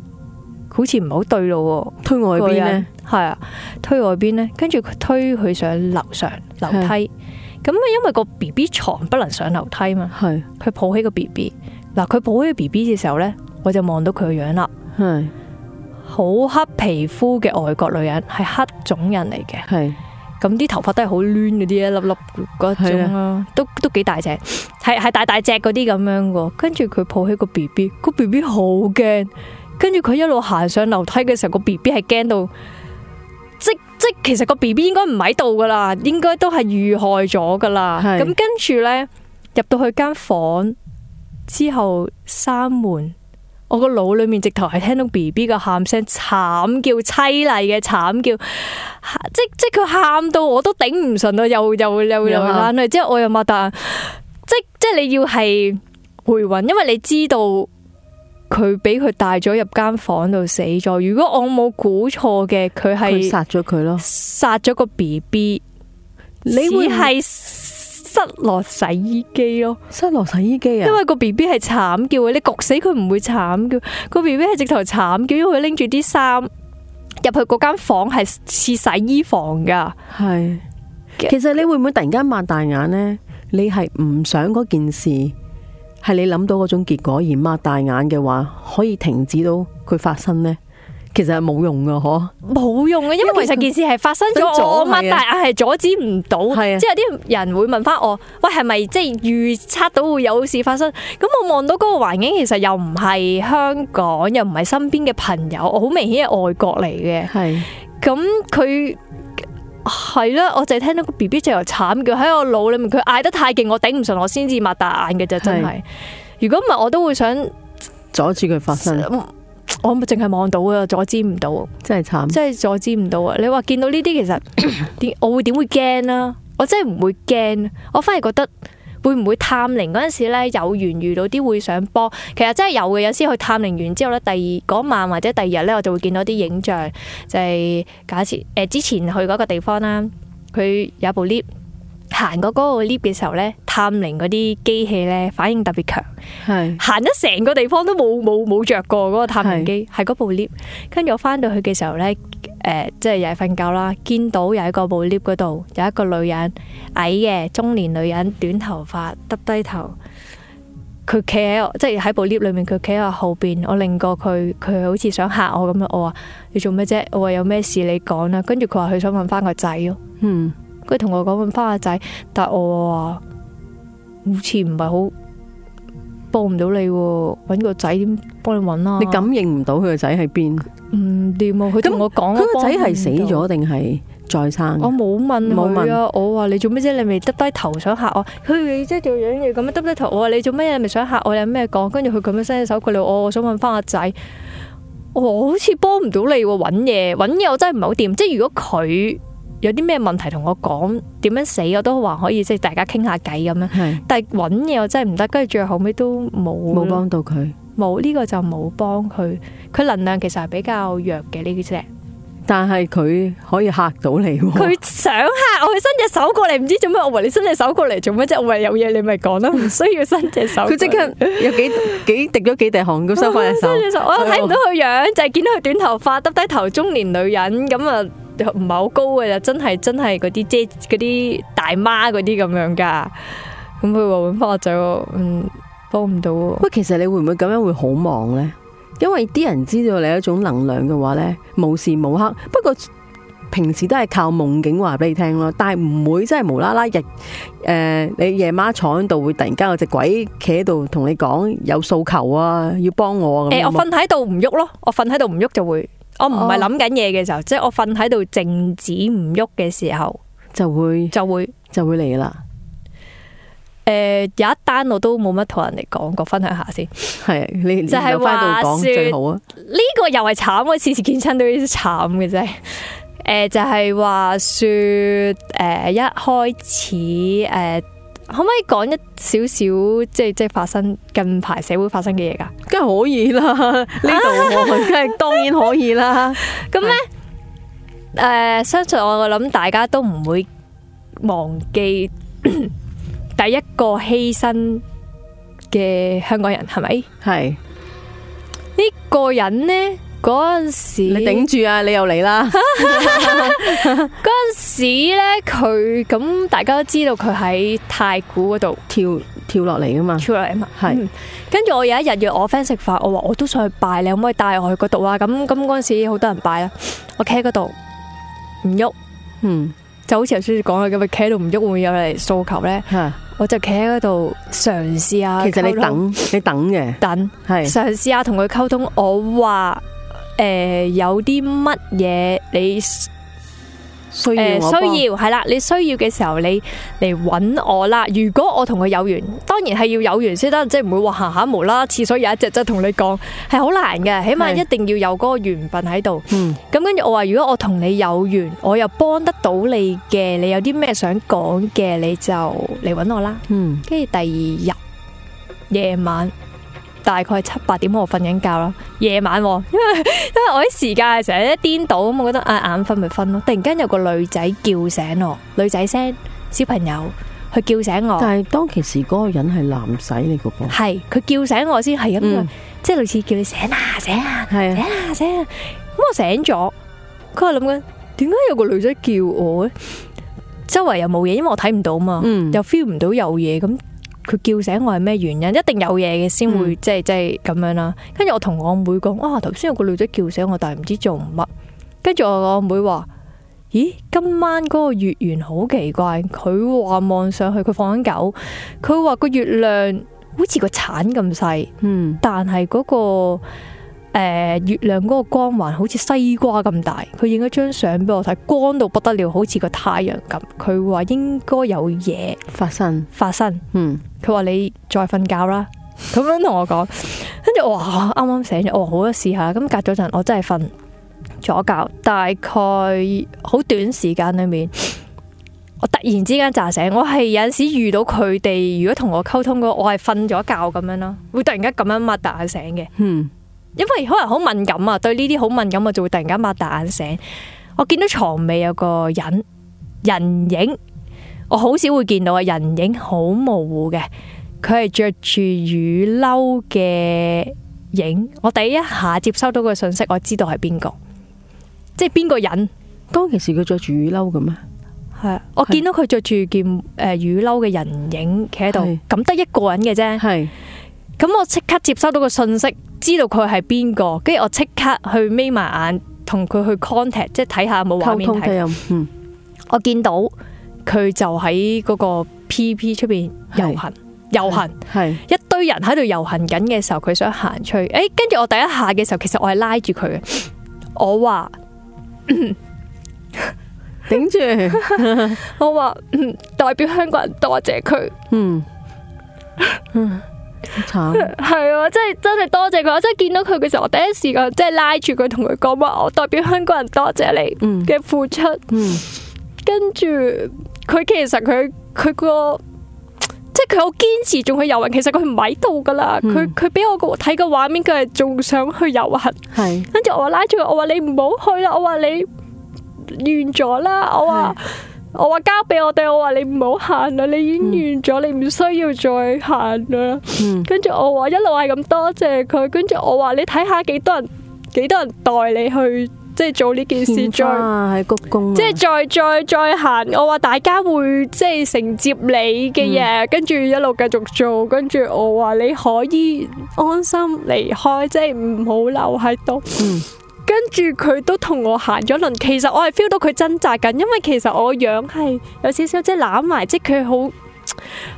Speaker 2: 好似唔好對路喎，推外邊咧，係啊，推外邊咧，跟住佢推佢上樓上樓梯，咁啊是，因為個 B B 床不能上樓梯嘛，係是，佢抱起個 B B，嗱佢抱起個 B B 嘅時候咧，我就望到佢個樣啦，係是，好黑皮膚嘅外國女人，係黑種人嚟嘅，係是，咁啲頭髮都係好攣嗰啲一粒粒嗰種咯，的都都幾大隻，係係大大隻嗰啲咁樣嘅，跟住佢抱起個 B B，個 B B 好驚。跟住佢一路行上樓梯嘅時候，個 B B 係驚到，即即其實個 B B 應該唔喺度噶啦，應該都係遇害咗噶啦。咁跟住呢，入到去間房之後閂門，我個腦裏面直頭係聽到 B B 嘅喊聲，慘叫，淒厲嘅慘叫，即即佢喊到我都頂唔順啊！又又又又眼淚之後，即我又擘大，即即你要係回魂，因為你知道。佢俾佢帶咗入間房度死咗。如果我冇估錯嘅，佢係殺咗佢咯，殺咗個 B B。你會係失落洗衣機咯？失落洗衣機啊！因為個 B B 係慘叫，你焗死佢唔會慘叫，個 B B 係直頭慘叫，因為佢拎住啲衫入去嗰間房係似洗衣房噶。
Speaker 1: 係，其實你會唔會突然間擘大眼呢？你係唔想嗰件事？係你諗到嗰種結果而擘大眼嘅話，可以停止到佢發生呢？其實係冇用噶，嗬，
Speaker 2: 冇用呀，因為其實件事係發生咗，我擘大眼係阻止唔到，係啊。即係啲人會問翻我，喂，係咪即係預測到會有事發生？咁我望到嗰個環境，其實又唔係香港，又唔係身邊嘅朋友，好明顯係外國嚟嘅，係。咁佢。係啦，我就係聽到個 B B 就係慘叫喺我腦裏面，佢嗌得太勁，我頂唔順，我先至擘大眼嘅咋，真係。如果唔係，我都會想
Speaker 1: 阻止佢發生。
Speaker 2: 我咪淨係望到啊，阻止唔到。真係慘，真係阻止唔到啊！你話見到呢啲，其實點？我會點會驚啦？我真係唔會驚，我反而覺得。會唔會探靈嗰陣時咧有緣遇到啲會上波？其實真係有嘅，有時去探靈完之後咧，第二晚或者第二日咧，我就會見到啲影像。就係、是、假設誒、呃、之前去嗰個地方啦，佢有部 lift，行過嗰個 lift 嘅時候咧，探靈嗰啲機器咧反應特別強，係行咗成個地方都冇冇冇著過嗰、那個探靈機，係嗰部 lift。跟住我翻到去嘅時候咧。誒、呃，即係又係瞓覺啦，見到又部個升降機嗰度有一個女人，矮、哎、嘅中年女人，短頭髮，耷低頭。佢企喺我，即係喺部升降機裏面，佢企喺我後邊。我擰過佢，佢好似想嚇我咁樣。我話你做咩啫？我話有咩事你講啦。她她跟住佢話佢想問返個仔咯。嗯，佢同我講問返個仔，但係我話好似唔係好。幫唔到你喎，搵個仔點幫你搵啦？你感應唔到佢個仔喺邊？唔掂啊！佢同我講，佢個仔係死咗定係再生？我冇問冇問啊！我話你做咩啫？你咪耷低頭想嚇我？佢即係做樣嘢咁啊，耷低頭。我話你做咩？你咪想嚇我？有咩講？跟住佢咁樣伸隻手過嚟，我想問翻阿仔，我好似幫唔到你喎，搵嘢搵嘢，我真係唔係好掂。即係如果佢。有啲咩問題同我講？點樣死我都話可以，即係大家傾下偈咁樣。係，但係搵嘢，我真係唔得，跟住最後尾都冇冇幫到佢。冇呢個就冇幫佢。佢能量其實係比較弱嘅，呢啲隻。但係
Speaker 1: 佢可以吓到你。佢
Speaker 2: 想吓我，佢伸隻手過嚟，唔知做咩。我話你伸隻手過嚟做咩啫？我話有嘢你咪講啦，唔需要伸隻手。佢即刻有幾幾滴咗幾滴汗咁收翻隻手。我又睇唔到佢樣，就係見到佢短頭髮、耷低頭、中年女人咁啊。唔係好高嘅，真係真係嗰啲遮嗰啲大媽嗰啲咁樣噶咁佢話揾翻我仔，嗯，
Speaker 1: 幫唔到。不過其實你會唔會咁樣會好忙咧？因為啲人知道你一種能量嘅話咧，無時無刻。不過平時都係靠夢境話俾你聽咯。但係唔會真係無啦啦日誒、呃，你夜晚坐喺度會突然間有隻鬼企喺度同你講有訴求啊，
Speaker 2: 要幫我咁、呃。我瞓喺度唔喐咯，我瞓喺度唔喐就會。我唔係諗緊嘢嘅時候，oh, 即係我瞓喺度靜止唔喐嘅時候，就會就會就會嚟啦。誒、呃，有一單我都冇乜同人哋講過，分享下先。係，你就係翻到講最好啊。呢個又係慘，我次次見親都有啲慘嘅啫。誒，就係話說，誒、呃就係呃，一開始，誒、呃。可唔可以講一少少即係即係發生近排社會發生嘅嘢㗎？梗係可以啦，呢度梗係當然可以啦。咁咧，誒，相信我我諗大家都唔會忘記第一個犧牲嘅香港人係咪？係呢個人咧。嗰陣時你頂住啊！你又嚟啦！嗰 陣 時咧，佢咁大家都知道佢喺太古嗰度跳跳落嚟噶嘛？跳落嚟啊嘛，係是。跟住，嗯、我有一日約我 friend 食飯，我話我都想去拜你，可唔可以帶我去嗰度啊？咁咁嗰陣時好多人拜啊。我企喺嗰度唔喐，嗯，就好似頭先講嘅咁，企喺度唔喐會有嚟訴求咧？是我就企喺嗰度嘗試下。其實你等你等嘅，等係嘗試啊，同佢溝通。我話。誒，有啲乜嘢你誒需要係啦？你需要嘅時候，你嚟搵我啦。如果我同佢有緣，當然係要有緣先得，即係唔會話下下無啦。廁所有一隻，即係同你講係好難嘅，起碼一定要有嗰個緣份喺度。嗯，咁跟住我話，如果我同你有緣，我又幫得到你嘅，你有啲咩想講嘅，你就嚟搵我啦。嗯，跟住第二日夜晚，大概七八點我瞓緊覺啦，夜晚，因為因為我啲時間成日一顛倒咁，我覺得唉眼瞓咪瞓咯。突然間有個女仔叫醒我，女仔聲，小朋友去叫醒我。但係
Speaker 1: 當其時嗰個人係男仔嚟嘅噃，
Speaker 2: 係佢叫醒我先係咁樣，即係類似叫你醒啊醒啊，係醒啊醒啊。咁我醒咗，佢係諗緊點解有個女仔叫我咧？周圍又冇嘢，因為我睇唔到嘛，又 feel 唔到有嘢咁。佢叫醒我係咩原因？一定有嘢嘅先會、嗯、即係即係咁樣啦。我跟住我同我阿妹講，啊，頭先有個女仔叫醒我，但係唔知做乜。跟住我阿妹話：咦，今晚嗰個月圓好奇怪，佢話望上去佢放緊狗，佢話個月亮好似個鏟咁細，嗯，但係嗰個。誒、呃，月亮嗰個光環好似西瓜咁大，佢影咗張相俾我睇，光到不得了，好似個太陽咁。佢話應該有嘢發生，發生，嗯，佢話你再瞓覺啦，咁樣同我講，跟住哇，啱啱醒咗，我好啊，試下，咁隔咗陣，我真係瞓咗覺，大概好短時間裏面，我突然之間扎醒，我係有陣時遇到佢哋，如果同我溝通嗰，我係瞓咗覺咁樣咯，會突然間咁樣擘大醒嘅，嗯。因為可能好敏感啊，對呢啲好敏感啊，我就會突然間擘大眼醒。我見到床尾有個人人影，我好少會見到啊，人影好模糊嘅。佢係着住雨褸嘅影。我第一下接收到個信息，我知道係邊個，即係邊個人。當其時佢着住雨褸嘅咩？係啊，我見到佢着住件誒雨褸嘅人影企喺度，咁得一個人嘅啫。係，咁我即刻接收到個信息。知道佢係邊個，跟住我即刻去眯埋眼，同佢去 contact，即係睇下有冇畫面睇。我見到佢就喺嗰個 P P 出邊遊行，遊是行係一堆人喺度遊行緊嘅時候，佢想行出去。誒、欸，跟住我第一下嘅時候，其實我係拉住佢嘅。我話頂住， 頂著 我話、嗯、代表香港人多謝佢。嗯。
Speaker 1: 慘
Speaker 2: 係啊！即係真係多謝佢，我真係見到佢嘅時候，我第一時間即係拉住佢，同佢講話，我代表香港人多謝你嘅付出。嗯嗯、跟住佢其實佢佢、佢個即係佢好堅持，仲去游泳。其實佢唔喺度噶啦，佢佢俾我個睇個畫面，佢係仲想去游啊。係是跟住我話拉住佢，我話你唔好去啦，我話你完咗啦，是我話。我話交俾我哋，我話你唔好行啦，你演完咗，嗯、你唔需要再行啦。嗯、跟住我話一路係咁多謝佢，跟住我話你睇下幾多人，幾多人代你去即係做呢件事。片花 再，鞠躬即係再再再行，我話大家會即係承接你嘅嘢，嗯、跟住一路繼續做，跟住我話你可以安心離開，即係唔好留喺度。嗯跟住佢都同我行咗輪，其實我係 feel 到佢掙扎緊，因為其實我樣係有少少即係攬埋，即係佢好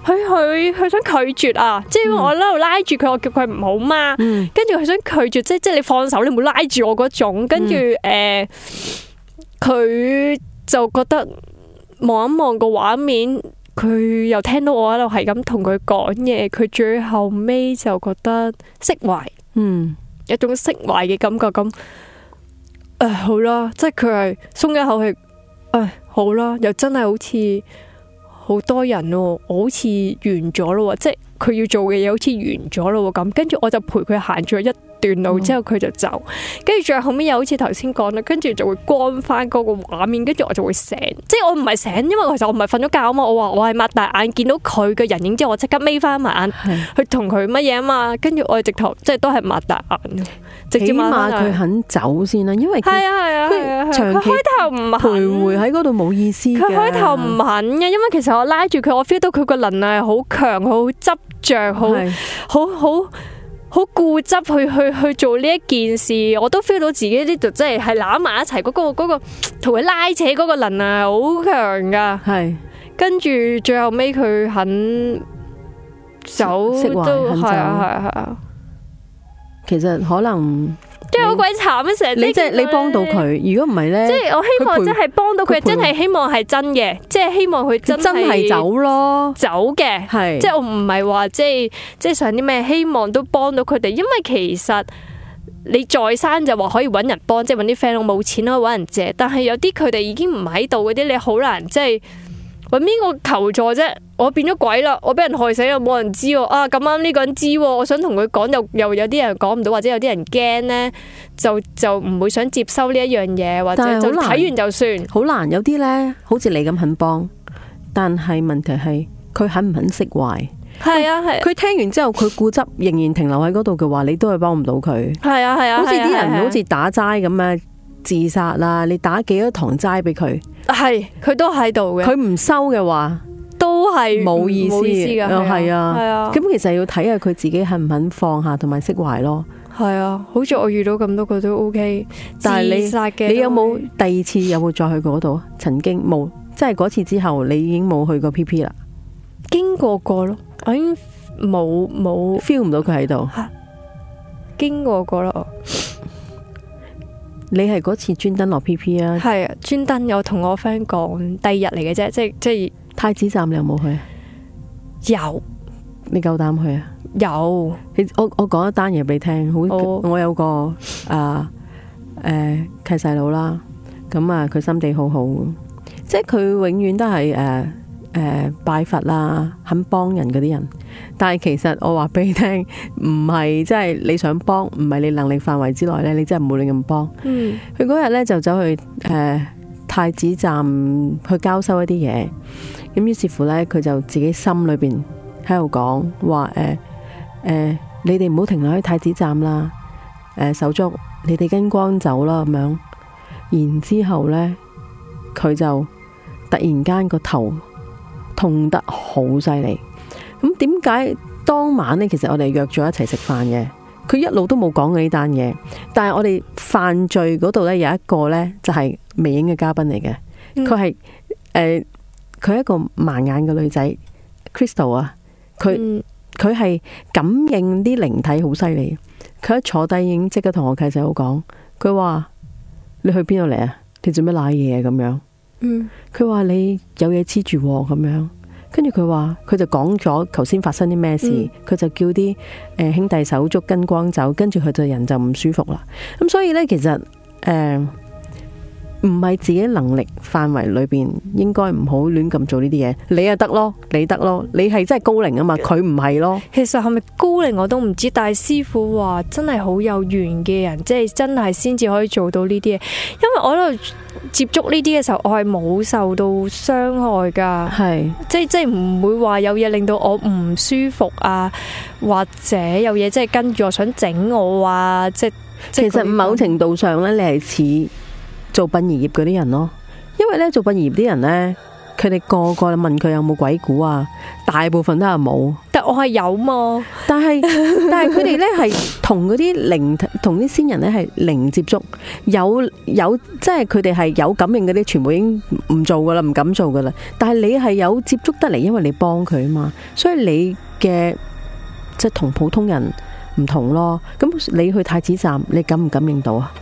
Speaker 2: 佢佢佢想拒絕啊。嗯、即係我喺度拉住佢，我叫佢唔好嘛。嗯、跟住佢想拒絕，即係即係你放手，你唔好拉住我嗰種。跟住誒，佢、嗯呃、就覺得望一望個畫面，佢又聽到我喺度係咁同佢講嘢，佢最後尾就覺得釋懷，嗯，一種釋懷嘅感覺咁。誒，好啦，即係佢係鬆一口氣，誒，好啦，又真係好似好多人哦，我好似完咗咯，即係佢要做嘅嘢好似完咗咯咁，跟住我就陪佢行咗一。段路之後佢就走，跟住最後尾又好似頭先講啦，跟住就會關翻嗰個畫面，跟住我就會醒，即係我唔係醒，因為其實我唔係瞓咗覺啊嘛，我話我係擘大眼見到佢嘅人影之後，我即刻眯翻埋眼是的 去同佢乜嘢啊嘛，跟住我係直頭即係都係擘大眼，起碼佢肯
Speaker 1: 走先啦，因為係啊係啊，佢長期
Speaker 2: 徘徊喺嗰度冇意思，佢開頭唔肯嘅，因為其實我拉住佢，我 feel 到佢個能量係的好強，好執着，好好好。好好固執去去去做呢一件事，我都 feel 到自己呢度真係係攬埋一齊、那個，嗰、那個、那個同佢拉扯嗰個能量好強噶。係，跟住是最後尾，佢肯走都係啊係啊係啊。啊啊啊
Speaker 1: 其實可能。
Speaker 2: 即係好鬼慘啊！成日你，你，你幫即係你幫到佢，
Speaker 1: 如果唔係咧，即係我希望真係
Speaker 2: 幫到佢，陪真係希望係真嘅，即係希望佢真係走咯，走嘅，係，即係我唔係話即係即係想啲咩，希望都幫到佢哋，因為其實你再生就話可以搵人幫，即係搵啲 friend，我冇錢咯，搵人借，但係有啲佢哋已經唔喺度嗰啲，你好難即係。搵邊個求助啫？我變咗鬼啦！我俾人害死又冇人知喎。啊，咁啱呢個人知喎，我想同佢講，又又有啲人講唔到，或者有啲人驚咧，就就唔會想接收呢一樣嘢。或者就睇完
Speaker 1: 就算。好難， 好難有啲咧，好似你咁肯幫，但係問題係佢肯唔肯釋懷。
Speaker 2: 係啊係。佢、佢、
Speaker 1: 聽完之後，佢固執仍然停留喺嗰度嘅話，你都係幫唔到佢。係啊係啊，好似啲人好似打齋咁啊。自殺啦！你打幾多堂齋俾佢？
Speaker 2: 係佢都喺度嘅，佢
Speaker 1: 唔收嘅話，都係是冇意思嘅。係啊，係啊。咁、啊、其實要睇下佢自己肯唔肯放下同埋釋懷咯。
Speaker 2: 係啊，好似我遇到咁多個都 OK 但你。自殺嘅，你有冇第二
Speaker 1: 次有冇再去過嗰度？曾經冇，即係嗰次之後，你已經冇去過 PP 啦。經過過咯，我已經冇冇 feel 唔到佢喺度。經過過咯。你係嗰次專登落 P P 啊？係
Speaker 2: 啊，專登有同我 friend 講，第二日嚟嘅啫，即係即係太子站你有冇去？有，
Speaker 1: 你夠膽去啊？有，我我講一單嘢俾你聽，好，oh。我有個啊誒、啊、契細佬啦，咁啊佢心地好好，即係佢永遠都係誒。啊誒，拜佛啦，肯幫人嗰啲人，但係其實我話俾你聽，唔係即係你想幫，唔係你能力範圍之內呢。你真係唔好亂咁幫。佢嗰日呢，就走去、呃、太子站去交收一啲嘢，咁於是乎呢，佢就自己心裏邊喺度講話：，誒誒、呃呃，你哋唔好停留喺太子站啦，呃、手足，你哋跟光走啦，咁樣。然之後咧，佢就突然間個頭痛得好犀利，咁點解當晚呢？其實我哋約咗一齊食飯嘅，佢一路都冇講過呢單嘢。但係我哋犯罪嗰度呢，有一個呢就係微影嘅嘉賓嚟嘅，佢係誒，佢、呃、係一個盲眼嘅女仔，Crystal 啊，佢佢係感應啲靈體好犀利。佢一坐低影，即刻同我契仔好講，佢話：你去邊度嚟啊？你做咩瀨嘢咁樣？佢話你有嘢黐住咁樣，跟住佢話佢就講咗頭先發生啲咩事，佢、嗯、就叫啲、呃、兄弟手足跟光走，跟住佢就人就唔舒服啦。咁、嗯、所以呢，其實誒。呃唔係自己能力範圍裏邊，應該唔好亂咁做呢啲嘢。你啊得咯，你得咯，你係真係高齡啊嘛，佢唔係咯。
Speaker 2: 其實係咪高齡我都唔知，但係師傅話真係好有緣嘅人，即係真係先至可以做到呢啲嘢。因為我喺度接觸呢啲嘅時候，我係冇受到傷害㗎是，即係即係唔會話有嘢令到我唔舒服啊，或者有嘢即係跟住我想整我啊，即係其實某程度上咧，你係似，做殯儀業嗰啲人咯，
Speaker 1: 因為咧做殯儀業啲人咧，佢哋個個問佢有冇鬼故啊，大部分都係冇，
Speaker 2: 但係我係有嘛，但係但係佢哋咧係同嗰啲
Speaker 1: 靈同啲先人咧係零接觸，有有即係佢哋係有感應嗰啲全部已經唔做噶啦，唔敢做噶啦，但係你係有接觸得嚟，因為你幫佢啊嘛，所以你嘅即係同普通人唔同咯。咁你去太子站，你感唔感應到啊？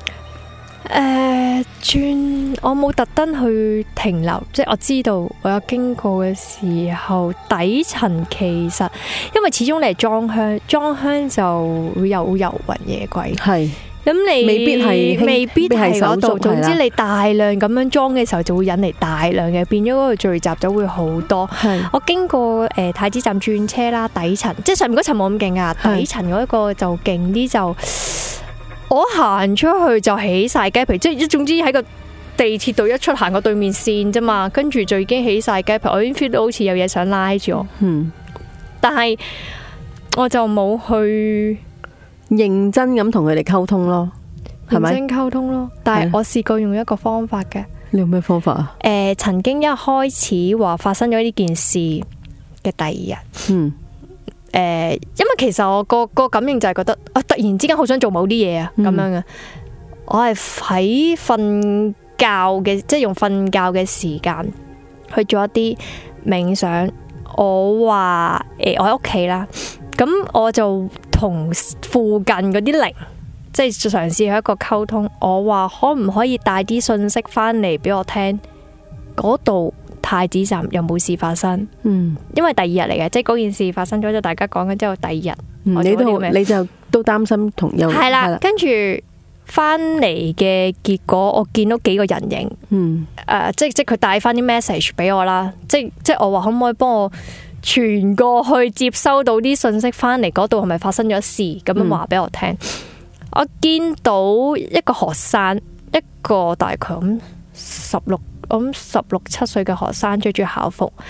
Speaker 2: 誒，轉我冇特登去停留，即係我知道我有經過嘅時候，底層其實因為始終你係裝香，裝香就會有遊魂野鬼係，咁你未必係未必係嗰度，總之你大量咁樣裝嘅時候，就會引嚟大量嘅，變咗嗰個聚集就會好多。係我經過誒太子站轉車啦，底層即係上面嗰層冇咁勁啊，底層嗰一個就勁啲就。我行出去就起晒雞皮，即係一總之喺個地鐵度一出行個對面線咋嘛，跟住就已經起晒雞皮。我已經 feel 到好似有嘢想拉住我，嗯，但係我就冇去認真
Speaker 1: 咁同佢哋溝通咯，
Speaker 2: 係咪？認真溝通咯，吧但係我試過用一個方法嘅。
Speaker 1: 你用咩方法啊？
Speaker 2: 誒、呃，曾經一開始話發生咗呢件事嘅第二日，嗯。誒，因為其實我個個感應就係覺得，啊，突然之間好想做某啲嘢啊，咁、嗯、樣嘅。我係喺瞓覺嘅，即係用瞓覺嘅時間去做一啲冥想。我話誒、欸，我喺屋企啦，咁我就同附近嗰啲靈，即係嘗試去一個溝通。我話可唔可以帶啲信息翻嚟俾我聽？嗰度。太子站又冇事發生，嗯，因為第二日嚟嘅，即係嗰件事發生咗，就大家講緊之後，第二日，嗯，你你都好你就
Speaker 1: 都擔心同憂，係啦了。
Speaker 2: 跟住翻嚟嘅結果，我見到幾個人影，嗯，誒、呃，即即佢帶翻啲 message 俾我啦，即即係我話可唔可以幫我傳過去接收到啲信息翻嚟嗰度，係咪發生咗事咁樣話俾我聽？嗯、我見到一個學生，一個大概咁十六。咁十六七歲嘅學生着住校服，誒、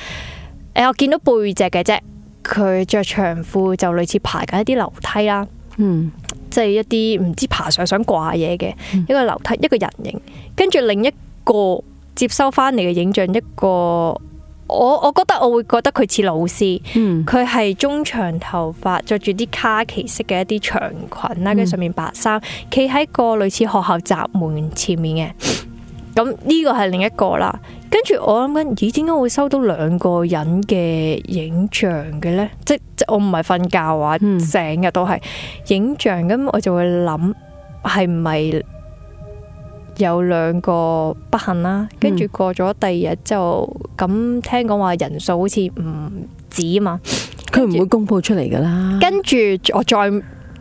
Speaker 2: 呃，我見到背脊嘅啫。佢着長褲，就類似爬緊一啲樓梯啦。嗯，即係一啲唔知爬上想掛嘢嘅一個樓梯，一個人形。跟住另一個接收翻嚟嘅影像，一個我我覺得我會覺得佢似老師。佢係、嗯、中長頭髮，着住啲卡其色嘅一啲長裙啦，跟住上面白衫，企喺個類似學校閘門前面嘅。咁呢個係另一個啦，跟住我諗緊，咦，點解會收到兩個人嘅影像嘅咧？即即我唔係瞓覺啊，成日都係影像，咁我就會諗係唔係有兩個不幸啦？跟住過咗第二日就咁聽講話人數好似唔止啊嘛，佢唔會公布出嚟噶啦。跟住我再。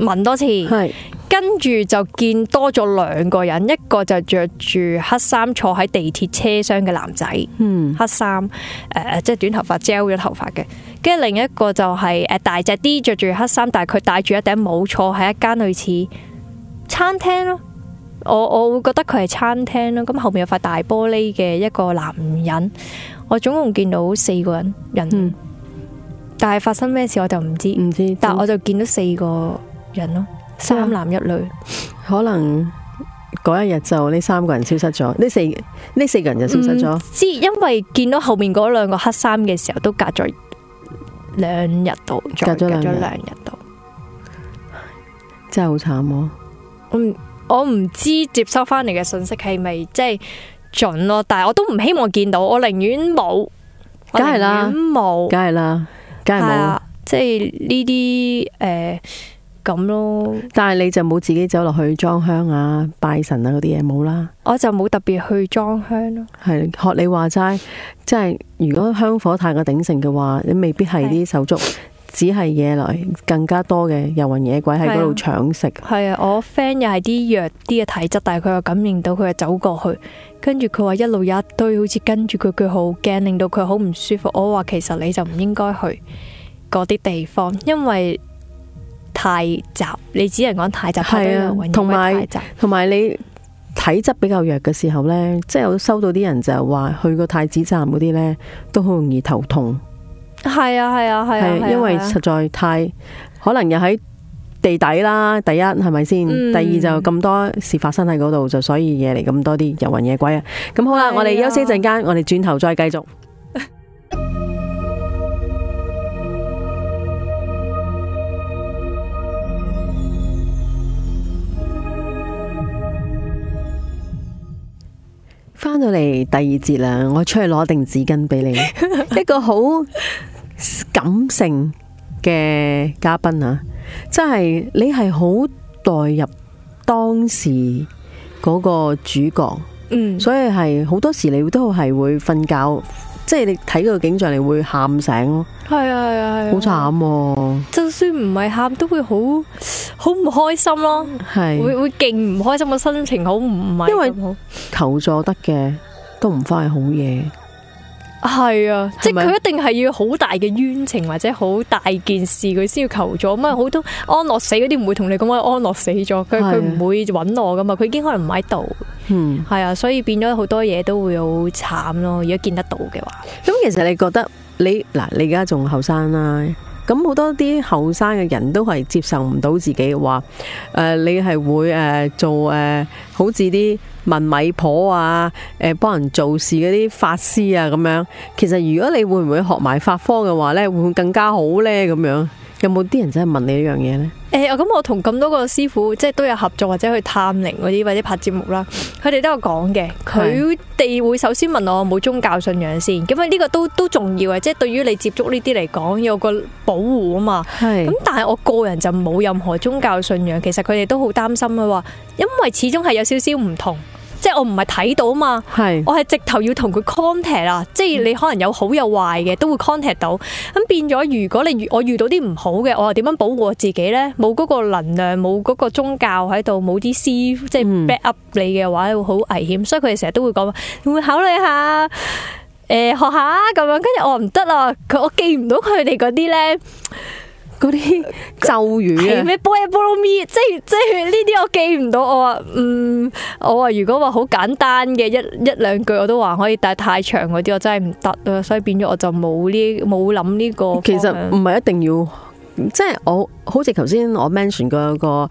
Speaker 2: 問多次，係跟住就見多咗兩個人，一個就着住黑衫坐喺地鐵車廂嘅男仔，嗯，黑衫誒、呃，即係短頭髮遮咗頭髮嘅。跟住另一個就係、是、誒、呃、大隻啲，着住黑衫，但係佢戴住一頂帽，坐喺一間類似餐廳咯。我我會覺得佢係餐廳咯。咁後面有塊大玻璃嘅一個男人，我總共見到四個人人，嗯、但係發生咩事我就唔知，唔知、嗯，但係我就見到四個。人咯，三男一女，
Speaker 1: 可能嗰一日就呢三個人消失咗，呢四呢四個人就消失咗，
Speaker 2: 知因為見到後面嗰兩個黑衫嘅時候，都隔咗兩日度，隔咗兩日度。
Speaker 1: 真係好慘咯！
Speaker 2: 我我唔知接收翻嚟嘅信息係咪即係準咯，但係我都唔希望見到，我寧願冇，梗係啦，冇，梗係啦，梗係冇，即係呢啲誒。咁咯，但係你就冇自
Speaker 1: 己走落去裝香啊、拜神啊嗰啲嘢冇啦。
Speaker 2: 我就冇特別去裝香咯、啊。
Speaker 1: 係學你話齋，即係如果香火太過鼎盛嘅話，你未必係啲手足，的只係惹來更加多嘅遊魂野鬼喺嗰度搶食。
Speaker 2: 係啊的，我 friend 又係啲弱啲嘅體質，但係佢又感應到，佢又走過去，跟住佢話一路有一堆好似跟住佢，佢好驚，令到佢好唔舒服。我話其實你就唔應該去嗰啲地方，因為。太雜，你只能講太雜。係啊，同埋同埋你
Speaker 1: 體質比較弱嘅時候呢，即係我收到啲人就係話去個太子站嗰啲呢，都好容易頭痛。係啊，係啊，係啊，啊啊啊因為實在太可能又喺地底啦，第一係咪先？嗯、第二就咁多事發生喺嗰度，就所以惹嚟咁多啲遊魂野鬼啊。咁好啦，我哋休息一陣間，我哋轉頭再繼續。返到嚟第二節啦，我出去攞定紙巾俾你。一個好感性嘅嘉賓啊，真係你係好代入當時嗰個主角，嗯，所以係好多時你都係會瞓覺。即係你睇嗰個景象，你會喊醒咯。係啊係啊，好慘啊。啊慘
Speaker 2: 啊，就算唔係喊，都會好好唔開心咯啊。係啊，會會勁唔開心，個心情好唔係咁好。因為
Speaker 1: 求助得嘅，都唔係好嘢。
Speaker 2: 係啊，是是即係佢一定係要好大嘅冤情或者好大件事，佢先要求助。咁啊，好多安樂死嗰啲唔會同你咁樣安樂死咗，佢佢唔會揾我㗎嘛，佢已經可能唔喺度。嗯，係啊，所以變咗好多嘢都會好慘咯。如果見得到嘅話，
Speaker 1: 咁、嗯、其實你覺得你嗱，你而家仲後生啦，咁好多啲後生嘅人都係接受唔到自己嘅話，誒、呃，你係會誒、呃、做誒、呃，好似啲問米婆啊，誒、呃，幫人做事嗰啲法師啊咁樣。其實如果你會唔會學埋法科嘅話呢，會唔會更加好呢？咁樣。有冇啲人真係問你一樣嘢呢？
Speaker 2: 誒、欸，咁我同咁多個師傅，即係都有合作或者去探靈嗰啲，或者拍節目啦。佢哋都有講嘅，佢哋的會首先問我有冇宗教信仰先，咁啊呢個都都重要啊，即係對於你接觸呢啲嚟講有個保護啊嘛。係咁的，但係我個人就冇任何宗教信仰，其實佢哋都好擔心噶，因為始終係有少少唔同。即係我唔係睇到嘛，是我係直頭要同佢 contact 啦。即係你可能有好有壞嘅，都會 contact 到。咁變咗，如果你遇我遇到啲唔好嘅，我又點樣保護我自己咧？冇嗰個能量，冇嗰個宗教喺度，冇啲師即係 back up 你嘅話，會好危險。所以佢哋成日都會講，會、嗯、考慮下，誒、呃，學下咁樣，跟住我唔得咯。佢我記唔到佢哋嗰啲咧。嗰啲咒語啊，boy me，即係即係呢啲我記唔到。我話嗯，我話如果話好簡單嘅一一兩句，我都話可以，但太長嗰啲我真係唔得啊，所以變咗我就冇呢冇諗呢個。其實
Speaker 1: 唔係一定要，即係我好似頭先我 mention 過、那個誒誒、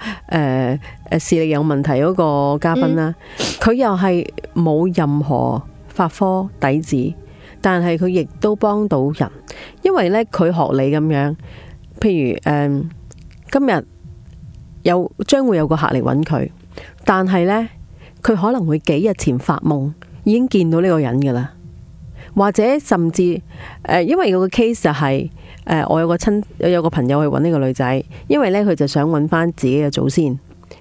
Speaker 1: 呃、視力有問題嗰個嘉賓啦，佢又係冇任何法科底子，但係佢亦都幫到人，因為咧佢學你咁樣。譬如誒、嗯，今日有將會有個客嚟搵佢，但係呢，佢可能會幾日前發夢，已經見到呢個人㗎喇，或者甚至誒、呃，因為有個 case 就係、是、誒、呃，我有個親有個朋友去搵呢個女仔，因為呢，佢就想搵返自己嘅祖先，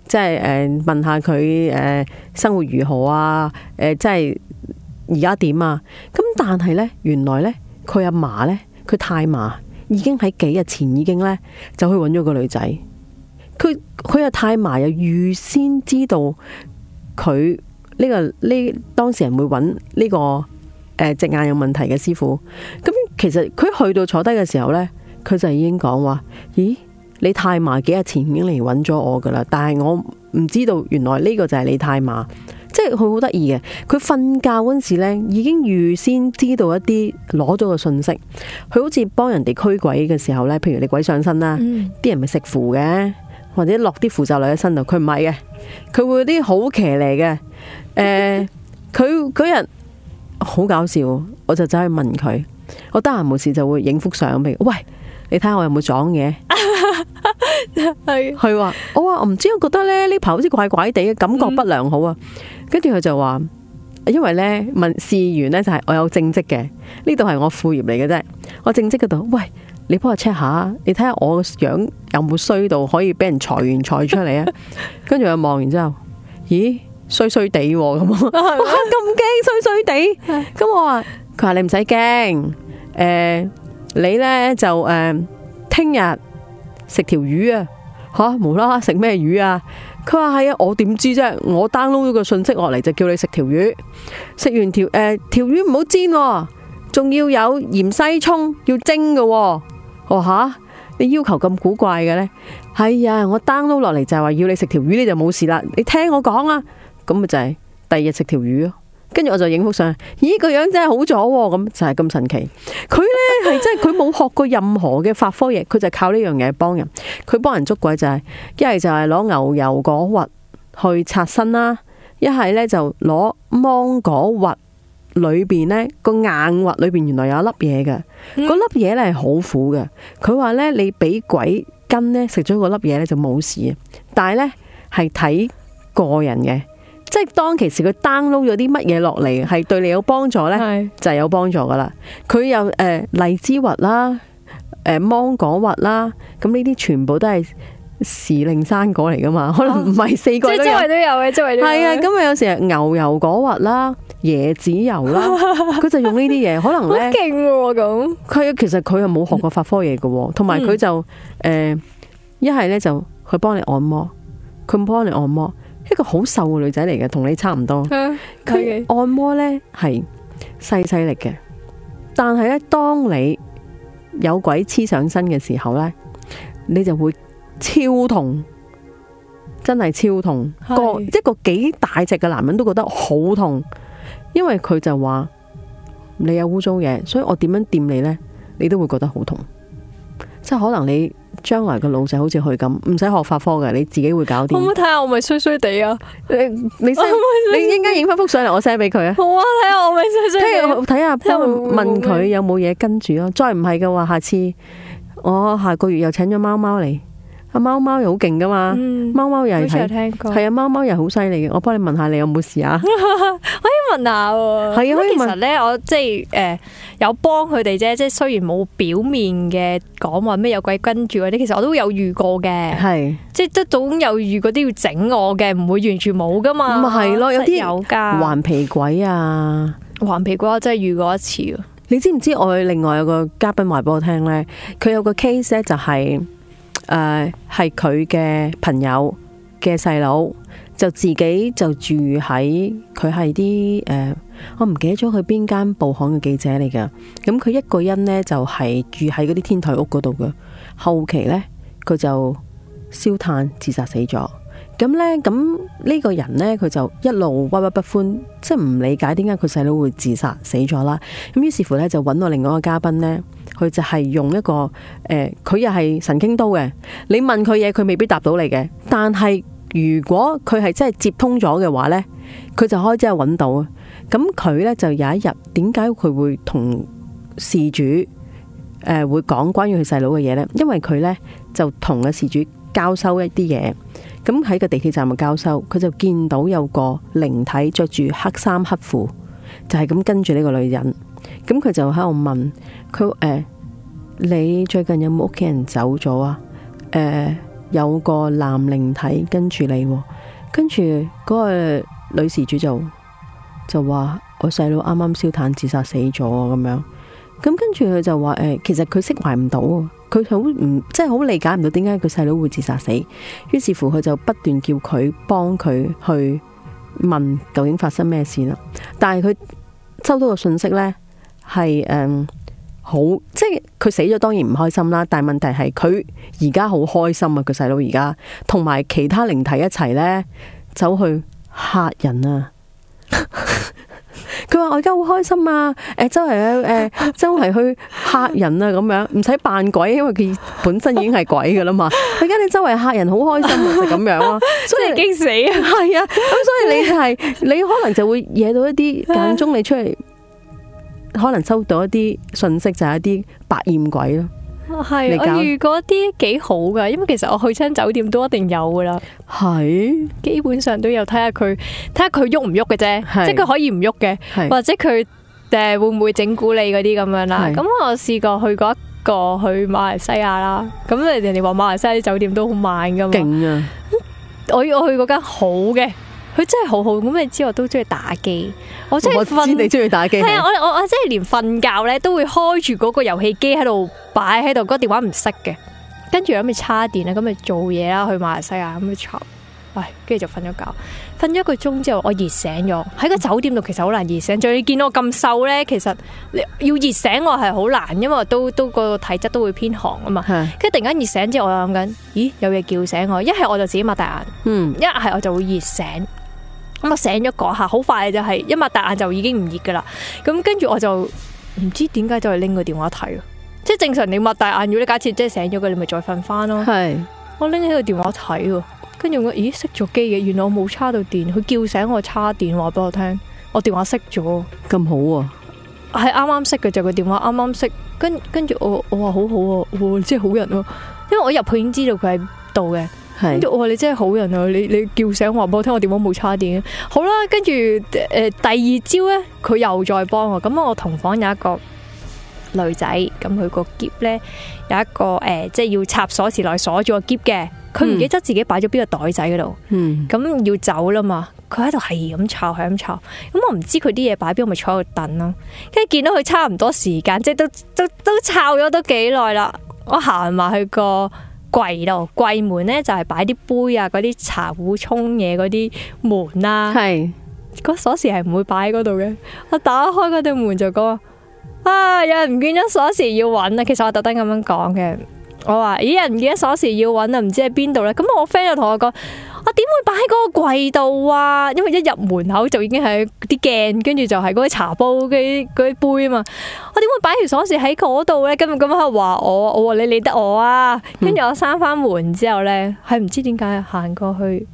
Speaker 1: 即係誒、呃、問下佢誒、呃、生活如何啊，誒、呃、即係而家點啊，咁但係呢，原來呢，佢阿嫲呢，佢太嫲。已經喺幾日前已經呢，就去揾咗個女仔。佢佢阿太嫲又預先知道佢呢、這個呢、這個、當事人會揾呢、這個誒隻、呃、眼有問題嘅師傅。咁其實佢去到坐低嘅時候呢，佢就已經講話：咦，你太嫲幾日前已經嚟揾咗我噶啦，但係我唔知道原來呢個就係你太嫲。即係佢好得意嘅，佢瞓覺嗰陣時咧，已經預先知道一啲攞咗個信息。佢好似幫人哋驅鬼嘅時候咧，譬如你鬼上身啦，啲、嗯、人咪食符嘅，或者落啲符咒落喺身度。佢唔係嘅，佢會啲好騎呢嘅。誒、呃，佢嗰 人好搞笑，我就走去問佢。我得閒無事就會影幅相俾，喂。你睇下我有冇撞嘢？係係話，我話我唔知，我覺得咧呢排好似怪怪地，感覺不良好啊。跟住佢就話，因為咧問事員咧就係我有正職嘅，呢度係我副業嚟嘅啫。我正職嗰度，喂，你幫我 check 下，你睇下我個樣有冇衰到可以俾人裁員裁出嚟啊？跟住佢望完之後，咦，衰衰地咁，哦， 哇，咁驚衰衰地。咁我話，佢話你唔使驚，誒。你呢，就誒，聽日食條魚啊，吓、啊、無啦啦食咩魚啊？佢話係啊，我點知啫？我 download 咗個信息落嚟就叫你食條魚，食完條誒條魚唔好煎、啊，仲要有芫茜蔥要蒸嘅、啊。我話吓，你要求咁古怪嘅呢？係、哎、呀，我 download 落嚟就係話要你食條魚，你就冇事啦。你聽我講啊，咁咪就係第二日食條魚啊。跟住我就影幅相，咦個樣真係好咗咁、啊，就係咁神奇。佢呢係真係，佢冇學過任何嘅法科嘢，佢就靠呢樣嘢幫人。佢幫人捉鬼就係一係就係攞牛油果核去擦身啦，一係呢就攞芒果核裏邊呢個硬核裏邊原來有一粒嘢嘅，嗰粒嘢呢係好苦嘅。佢話呢，你俾鬼跟呢食咗嗰粒嘢呢就冇事，但係呢，係睇個人嘅。即係當其時佢 download 咗啲乜嘢落嚟，係對你有幫助咧，是就係有幫助噶、呃、啦。佢又誒荔枝核啦，誒芒果核啦，咁呢啲全部都係時令生果嚟噶嘛，啊、可能唔係四個。即係周圍都有嘅，周圍都有。係啊，咁啊有時係牛油果核啦、椰子油啦，佢 就用呢啲嘢，可能好勁咁。佢、啊、其實佢又冇學過法科嘢噶，同埋佢就誒一係咧就佢幫你按摩，佢唔幫你按摩。一個好瘦嘅女仔嚟嘅，同你差唔多。佢 按摩呢係細細力嘅，但係咧當你有鬼黐上身嘅時候呢，你就會超痛，真係超痛。 個一個幾大隻嘅男人都覺得好痛，因為佢就話你有污糟嘢，所以我點樣掂你呢？你都會覺得好痛。即係可能你。將來個老細好似佢咁，唔使學法科嘅，你自己會搞掂。好唔好睇下
Speaker 2: 我咪衰衰地啊！你你應該影
Speaker 1: 翻幅相嚟，我 send 俾佢啊！好啊，睇下我咪衰衰。聽日睇下，聽日問佢有冇嘢，跟住咯。再唔係嘅話，下次我下個月又請咗貓貓嚟。阿貓貓又好勁噶嘛，貓貓又係係啊，貓貓又好犀利嘅。我幫你問下，你有冇事啊？
Speaker 2: 可以問下喎、啊的。係啊，可以問咧。嗯嗯、我即係誒、呃，有幫佢哋啫。即係雖然冇表面嘅講話咩有鬼跟住嗰啲，其實我都有遇過嘅。係的即係都總有遇過啲要整我嘅，唔會完全冇噶嘛。唔係咯，有啲有噶頑
Speaker 1: 皮鬼啊,
Speaker 2: 啊！頑皮鬼我真係遇過一次、啊。
Speaker 1: 你知唔知我另外有個嘉賓話俾我聽咧？佢有個 case 咧，就係。誒，係佢嘅朋友嘅細佬，就自己就住喺佢係啲誒，我唔記得咗佢邊間報刊嘅記者嚟噶。咁佢一個人呢，就係住喺嗰啲天台屋嗰度噶。後期呢，佢就燒炭自殺死咗。咁咧，咁呢個人呢，佢就一路鬱郁不歡，即係唔理解點解佢細佬會自殺死咗啦。咁於是乎呢，就揾我另外一個嘉賓呢。佢就係用一個誒，佢又係神經刀嘅。你問佢嘢，佢未必答到你嘅。但係如果佢係真係接通咗嘅話呢，佢就可以真係揾到啊。咁佢呢，就有一日，點解佢會同事主誒、呃、會講關於佢細佬嘅嘢呢？因為佢呢，就同個事主交收一啲嘢，咁喺個地鐵站度交收，佢就見到有個靈體着住黑衫黑褲，就係、是、咁跟住呢個女人。咁佢就喺度問。佢誒、欸，你最近有冇屋企人走咗啊？誒、欸，有個男靈體跟住你、喔，跟住嗰個女事主就就話我細佬啱啱燒炭自殺死咗咁樣，咁跟住佢就話誒、欸，其實佢釋懷唔到，佢好唔即係好理解唔到點解佢細佬會自殺死，於是乎佢就不斷叫佢幫佢去問究竟發生咩事啦。但係佢收到個信息呢，係誒。嗯好，即係佢死咗，當然唔開心啦。但係問題係佢而家好開心啊！佢細佬而家同埋其他靈體一齊咧，走去嚇人啊！佢 話我而家好開心啊！誒，周圍誒，周圍去嚇人啊！咁樣唔使扮鬼，因為佢本身已經係鬼噶啦嘛。佢而家你周圍嚇人好開心啊！就咁樣啊，所以
Speaker 2: 驚死啊！係啊，咁所以你
Speaker 1: 係 你可能就會惹到一啲間中你出嚟。可能收到一啲信息就係一啲白艷鬼咯，
Speaker 2: 係我遇過啲幾好噶因為其實我去親酒店都一定有噶啦，係基本上都有睇下佢睇下佢喐唔喐嘅啫，即係佢可以唔喐嘅，或者佢誒會唔會整蠱你嗰啲咁樣啦？咁我試過去過一個去馬來西亞啦，咁誒人哋話馬來西亞啲酒店都好慢噶嘛，我我去過間好嘅。佢真係好好，咁你知我都中意打機，我真係瞓你中意打機係啊！我我我真係連瞓覺咧都會開住嗰個遊戲機喺度擺喺度，個電話唔識嘅，跟住諗住叉電啦，咁咪做嘢啦，去馬來西亞咁咪吵，唉，跟住就瞓咗覺，瞓咗一個鐘之後我熱醒咗，喺個酒店度其實好難熱醒，仲要見到我咁瘦咧，其實要熱醒我係好難，因為都都個體質都會偏寒啊嘛，係，跟住突然間熱醒之後，我就諗緊咦有嘢叫醒我，一係我就自己擘大眼，嗯，一係我就會熱醒。咁啊醒咗嗰下，好快就係、是、一擘大眼就已經唔熱噶啦。咁跟住我就唔知點解就去拎個電話睇咯。即係正常你擘大眼如果你假設即係醒咗嘅，你咪再瞓翻咯。係是 我拎起個電話睇，跟住我咦熄咗機嘅，原來我冇叉到電。佢叫醒我叉電話俾我聽，我電話熄咗。咁好啊，係啱啱熄嘅就個電話啱啱熄。跟跟住我我話好好啊，即真係好人咯、啊。因為我入去已經知道佢喺度嘅。跟是你真係好人啊！你你叫醒我話俾我聽，我點解冇叉電。好啦，跟住誒第二朝咧，佢又再幫我。咁我同房有一個女仔，咁佢個篋咧有一個誒、呃，即係要插鎖匙內鎖住個篋嘅。佢唔記得自己擺咗邊個袋仔嗰度，咁、嗯、要走啦嘛。佢喺度係咁撬，係咁撬。咁我唔知佢啲嘢擺邊，我咪坐喺度等咯。跟住見到佢差唔多時間，即係都都都撬咗都幾耐啦。我行埋去個。櫃度，櫃門咧就係擺啲杯啊，嗰啲茶壺沖嘢嗰啲門啦。係，個鎖匙係唔會擺喺嗰度嘅。我打開嗰對門就講，啊，有人唔見咗鎖匙要揾啊。其實我特登咁樣講嘅，我話，咦，人唔見咗鎖匙要揾啊，唔知喺邊度咧。咁我 friend 又同我講。我點會擺喺嗰個櫃度啊？因為一入門口就已經係啲鏡，跟住就係嗰啲茶煲嗰啲杯啊嘛。我點會擺條鎖匙喺嗰度咧？今日咁喺度話我，我話你理得我啊？跟住，嗯、我閂翻門之後咧，係唔知點解行過去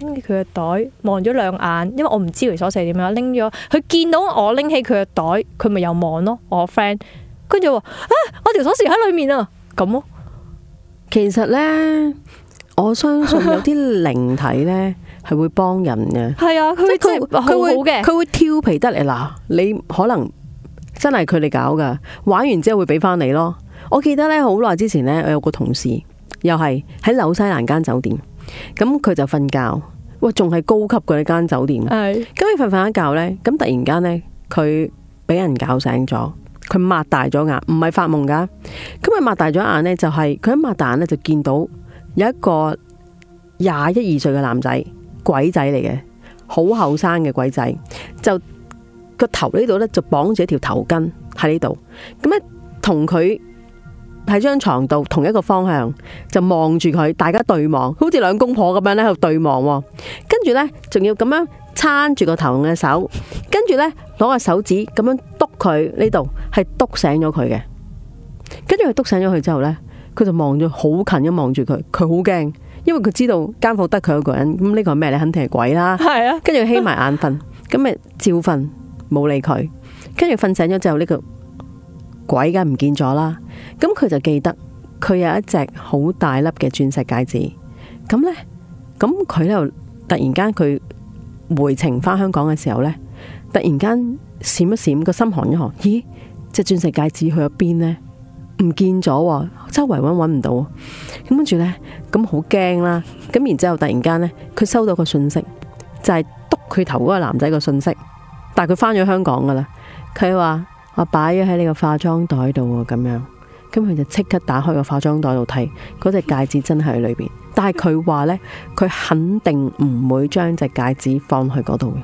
Speaker 2: 拎住佢嘅袋，望咗兩眼，因為我唔知條鎖匙係點樣。拎咗，佢見到我拎起佢嘅袋，佢咪又望咯。我 friend 跟住話啊，我條鎖匙喺裏面啊。咁，啊，其實咧。我相信有
Speaker 1: 啲靈體咧，係會幫人嘅。係
Speaker 2: 啊， 即係佢佢會
Speaker 1: 佢會調皮得嚟。嗱會， 你可能真係佢哋搞噶，玩完之後會俾翻你咯。我記得咧，好耐之前咧，我有個同事又係喺紐西蘭間酒店，咁佢就瞓覺，哇，仲係高級嗰間酒店。係的。咁你瞓瞓一覺咧，咁突然間咧，佢俾人搞醒咗，佢擘大咗眼，唔係發夢噶。咁佢擘大咗眼咧，就係佢一擘大眼咧就見到。有一個廿一二歲嘅男仔，鬼仔嚟嘅，好後生嘅鬼仔，就個頭呢度呢，就綁住一條頭巾喺呢度，咁咧同佢喺張床度同一個方向，就望住佢，大家對望，好似兩公婆咁樣咧喺度對望，跟住呢，仲要咁樣撐住個頭嘅手，跟住呢，攞個手指咁樣督佢呢度，係督醒咗佢嘅，跟住佢督醒咗佢之後呢。佢就望咗好近，咁望住佢，佢好驚，因為佢知道間房得佢一個人，咁呢個係咩？你肯定係鬼啦。係啊，跟住瞇埋眼瞓，咁咪照瞓，冇理佢。跟住瞓醒咗之後，呢個鬼梗唔見咗啦。咁佢就記得佢有一隻好大粒嘅鑽石戒指。咁呢？咁佢又突然間佢回程返香港嘅時候呢，突然間閃一閃個心寒一寒，咦？隻鑽石戒指去咗邊呢？唔見咗，周圍揾揾唔到，咁跟住呢，咁好驚啦，咁然之後突然間呢，佢收到個信息，就係督佢頭嗰個男仔個信息，但係佢返咗香港噶啦，佢話我擺咗喺你個化妝袋度啊，咁樣，咁佢就即刻打開個化妝袋度睇，嗰隻戒指真係喺裏邊，但係佢話呢，佢肯定唔會將隻戒指放去嗰度嘅，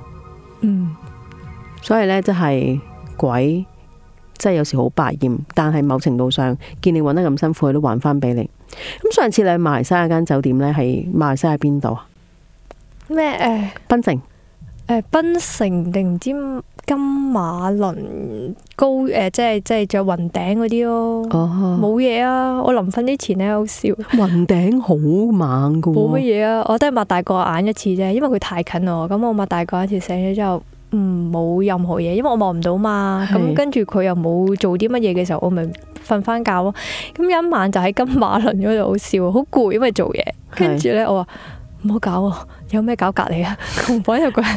Speaker 1: 嗯，所以呢，就係鬼。真係有時好百厭，但係某程度上見你揾得咁辛苦，佢都還返俾你。咁上次你去馬來西亞間酒店呢，係馬來西亞邊度啊？
Speaker 2: 咩誒？檳、呃、城誒，檳、呃、城定唔知金馬崙高誒、呃，即係即係仲有雲頂嗰啲咯。冇嘢、哦、啊！我臨瞓之前呢，好笑，雲頂好猛噶，冇乜嘢啊！我都係擘大個眼一次啫，因為佢太近我，咁我擘大個眼一次醒咗之後。唔，冇任何嘢，因為我望唔到嘛。咁跟住佢又冇做啲乜嘢嘅時候，我咪瞓翻覺咯。咁有一晚就喺金馬倫嗰度好笑，好攰因為做嘢。跟住咧，我話唔好搞，有咩搞隔籬啊？同房一個人。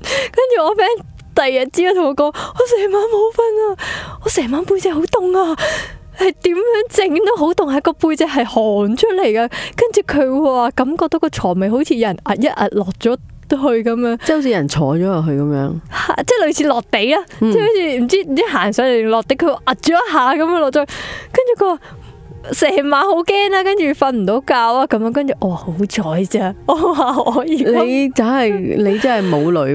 Speaker 2: 跟住我 friend 第二日先同我講，我成晚冇瞓啊，我成晚背脊好凍啊，係點樣整都好凍，係個背脊係寒出嚟噶。跟住佢話感覺到個床尾好似有人壓一壓落咗。去咁樣，即係好似人坐咗落去咁樣，即係類似落地啊、嗯即，即係好似唔知唔知行上嚟落地，佢壓咗一下咁樣落咗去，跟住個。成晚好驚啦，就是、 跟住瞓唔到覺啊，咁樣 跟住我好彩咋，我話我以，你
Speaker 1: 別真係你真係冇女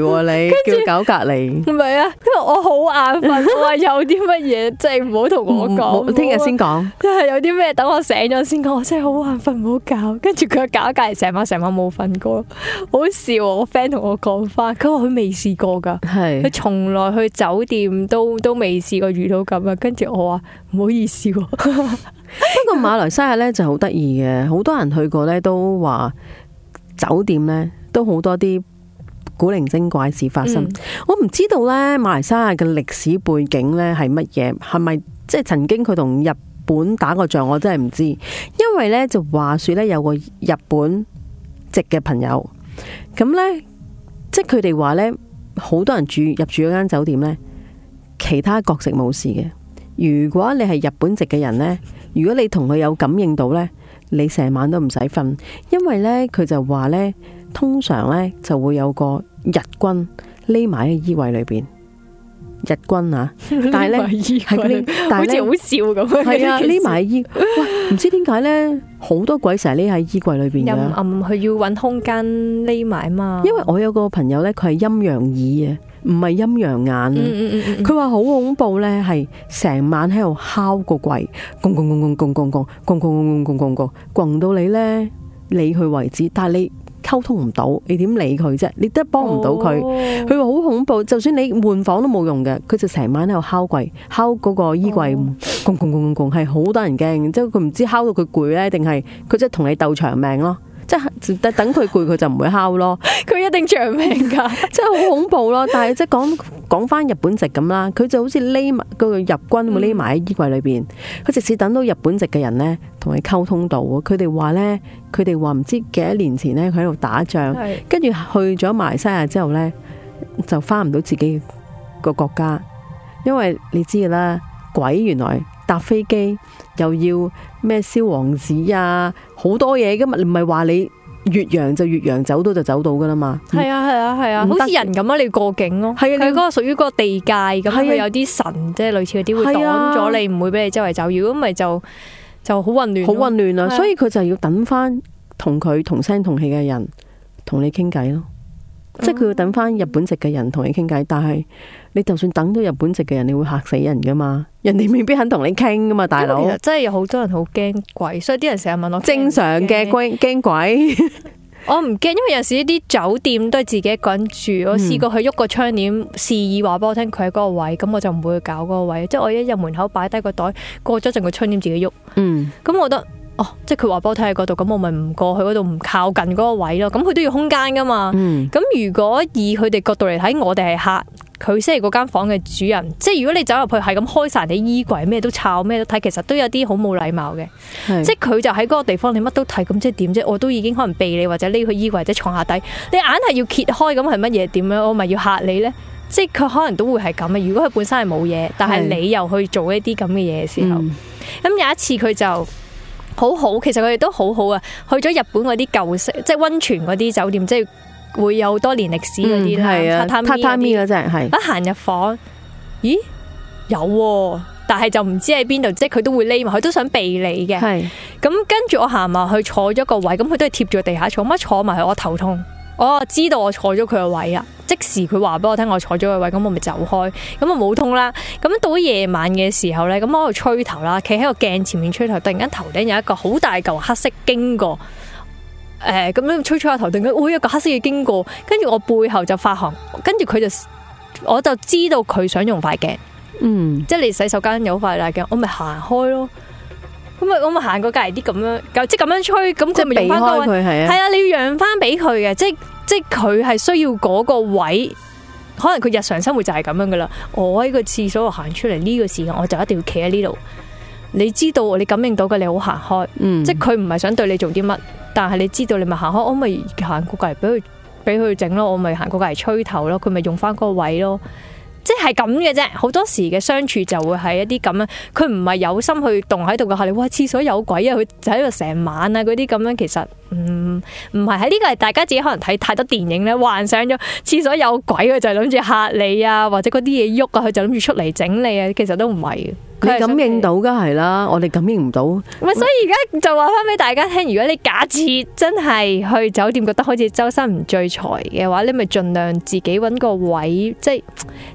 Speaker 1: 你叫搞隔離，
Speaker 2: 唔係啊，因為我好眼瞓，我話有啲乜嘢即係唔好同我講，聽日先講，即係有啲咩等我醒咗先講，我真係好眼瞓，唔好搞。跟住佢搞隔一隔嚟，成晚成晚冇瞓過，好笑、啊，我 friend 同我講翻，佢話佢未試過噶，佢從是來去酒店都都未試過遇到咁啊，跟住我話唔好意思、啊。 不過馬來西亞
Speaker 1: 咧就好得意嘅，好多人去過咧都話酒店咧都好多啲古靈精怪事發生。嗯、我唔知道咧馬來西亞嘅歷史背景咧係乜嘢，係咪即係曾經佢同日本打過仗？我真係唔知。因為咧就話說咧有個日本籍嘅朋友，咁咧即係佢哋話咧好多人住入住嗰間酒店咧，其他國籍冇事嘅。如果你係日本籍嘅人咧，如果你同佢有感應到呢，你成晚都唔使瞓，因為呢，佢就話呢，通常呢就會有個日軍匿埋喺衣櫃裏邊。日軍啊，
Speaker 2: 但係咧係， 是但係咧好，好笑咁，係 啊，匿埋
Speaker 1: 喺衣，唔 知點解咧，好多鬼成日匿喺衣櫃裏邊嘅。暗暗
Speaker 2: 佢要揾空間匿埋啊嘛。因
Speaker 1: 為我有個朋友呢，佢係陰陽耳啊。唔係陰陽眼咧，佢話好恐怖咧，係成晚喺度敲個櫃，咣咣咣咣咣咣咣咣咣咣咣咣咣，滾到你咧理佢為止，但係你溝通唔到，你點理佢啫？你都幫唔到佢。佢話好恐怖，就算你換房都冇用嘅，佢就成晚喺度敲櫃，敲嗰個衣櫃，咣咣咣咣咣，係好多人驚。即係佢唔知敲到佢攰咧，定係佢即係同你鬥長命咯。即係等佢攰，佢就唔會敲咯，佢
Speaker 2: 一定長命噶， 真
Speaker 1: 係好恐怖咯。但係即係講講翻日本籍咁啦，佢就好似匿埋個日軍會匿埋喺衣櫃裏邊。佢直至等到日本籍嘅人呢，同佢溝通到，佢哋話呢，佢哋話唔知幾多年前呢，佢喺度打仗，跟住是的 去咗馬來西亞之後呢，就翻唔到自己個國家，因為你知啦，鬼原來。搭飛機又要咩燒黃紙啊，好多嘢噶嘛，唔係話你越洋就越洋，走到就走到噶啦嘛。
Speaker 2: 係啊係啊係啊，啊啊不行 好似人咁啊，你要過境咯。係啊，佢嗰個屬於嗰個地界咁，佢、啊、有啲神，即係類似嗰啲會擋咗你，唔、啊、會俾你周圍走。如果唔係就就好混亂，好混亂啊！亂啊啊所以
Speaker 1: 佢就要等翻同佢同聲同氣嘅人同你傾偈咯。即係佢要等翻日本籍嘅人同你傾偈，但係你就算等到日本籍嘅人，你會吓死人噶嘛。人哋未必肯同你傾噶嘛，大佬。真係有好多人好驚鬼，所以
Speaker 2: 啲人成日問我正常嘅驚鬼，我唔驚，因為有時一啲酒店都係自己一個人住，我試過去喐個窗簾，示意話俾我聽佢喺嗰個位，咁我就唔會去搞嗰個位。即係我一入門口擺低個袋，過咗陣個窗簾自己喐，嗯，咁我覺得。哦，即係佢話幫我睇喺嗰度，咁我咪唔過去嗰度，唔靠近嗰個位咯。咁佢都要空間噶嘛。咁、嗯、如果以佢哋角度嚟睇，我哋係客，佢先係嗰間房嘅主人。即係如果你走入去係咁開晒你衣櫃，咩都抄，咩都睇，其實都有啲好冇禮貌嘅。是即係佢就喺嗰個地方，你乜都睇，咁即係點啫？我都已經可能避你，或者匿去衣櫃或者床下底，你硬係要揭開咁係乜嘢點樣？我咪要吓你咧？即係佢可能都會係咁啊。如果佢本身係冇嘢，但係你又去做一啲咁嘅嘢嘅時候，咁是、嗯、有一次佢就。好好，其實佢哋都好好啊！去咗日本嗰啲舊式，即係溫泉嗰啲酒店，即係會有好多年歷史嗰啲啦。榻榻米，榻榻米嗰陣係，一行入房，咦，有，但係就唔知喺邊度，即係佢都會匿埋，佢都想避你嘅。係，咁跟住我行埋去坐咗個位，咁佢都係貼住地下坐，乜坐埋去我頭痛。我、oh, 知道我坐咗佢個位啊，即時佢話俾我聽我坐咗個位，咁我咪走開，咁啊冇痛啦。咁到夜晚嘅時候呢，咁我喺度吹頭啦，企喺個鏡前面吹頭，突然間頭頂有一個好大嚿黑色經過，誒、呃，咁樣吹吹下頭頂，我、哎、有一個黑色嘅經過，跟住我背後就發寒，跟住佢就，我就知道佢想用塊鏡，嗯，mm. 即係你洗手間有塊大鏡，我咪行開咯。咁咪我咪行過隔籬啲咁樣，即咁樣吹，咁就用翻個位。係啊，係啊，你要讓翻俾佢嘅，即即佢係需要嗰個位，可能佢日常生活就係咁樣噶啦。我喺個廁所度行出嚟呢個時間，我就一定要企喺呢度。你知道，你感應到嘅，你好行開，嗯、即佢唔係想對你做啲乜，但係你知道你咪行開，我咪行過隔籬俾佢俾佢整咯，我咪行過隔籬吹頭咯，佢咪用翻嗰個位咯。即係咁嘅啫，好多時嘅相處就會係一啲咁樣，佢唔係有心去動喺度嘅吓你，哇！廁所有鬼啊，佢就喺度成晚啊，嗰啲咁樣，其實唔唔係喺呢個係大家自己可能睇太多電影咧，幻想咗廁所有鬼，佢就諗住吓你啊，或者嗰啲嘢喐啊，佢就諗住出嚟整你啊，其實都唔係
Speaker 1: 佢感應到梗係啦，我哋感應唔到。
Speaker 2: 咪所以而家就話翻俾大家聽，如果你假設真係去酒店覺得好似周身唔聚財嘅話，你咪盡量自己揾個位，即係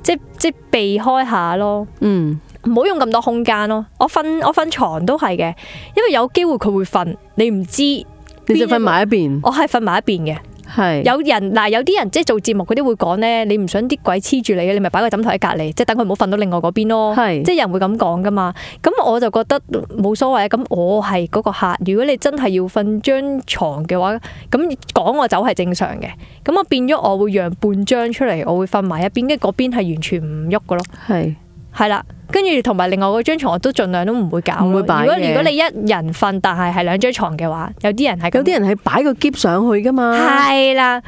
Speaker 2: 即係即係避開下咯。嗯，唔好用咁多空間咯。我瞓我瞓床都係嘅，因為有機會佢會瞓，你唔知你就瞓埋一邊，我係瞓埋一邊嘅。係，有人嗱，有啲人即係做節目，佢啲會講咧，你唔想啲鬼黐住你，你咪擺個枕頭喺隔籬，即係等佢唔好瞓到另外嗰邊咯。係，即係人會咁講噶嘛。咁我就覺得冇所謂。咁我係嗰個客，如果你真係要瞓張牀嘅話，咁講我走係正常嘅。咁我變咗，我會讓半張出嚟，我會瞓埋一邊，跟住嗰邊係完全唔喐㗎咯。係，係啦。跟住同埋另外嗰張床，我都盡量都唔會搞。唔會擺嘅。如果如果你一人瞓，但係係兩張床嘅話，有啲人係有啲人係擺個箧上去噶嘛。係啦，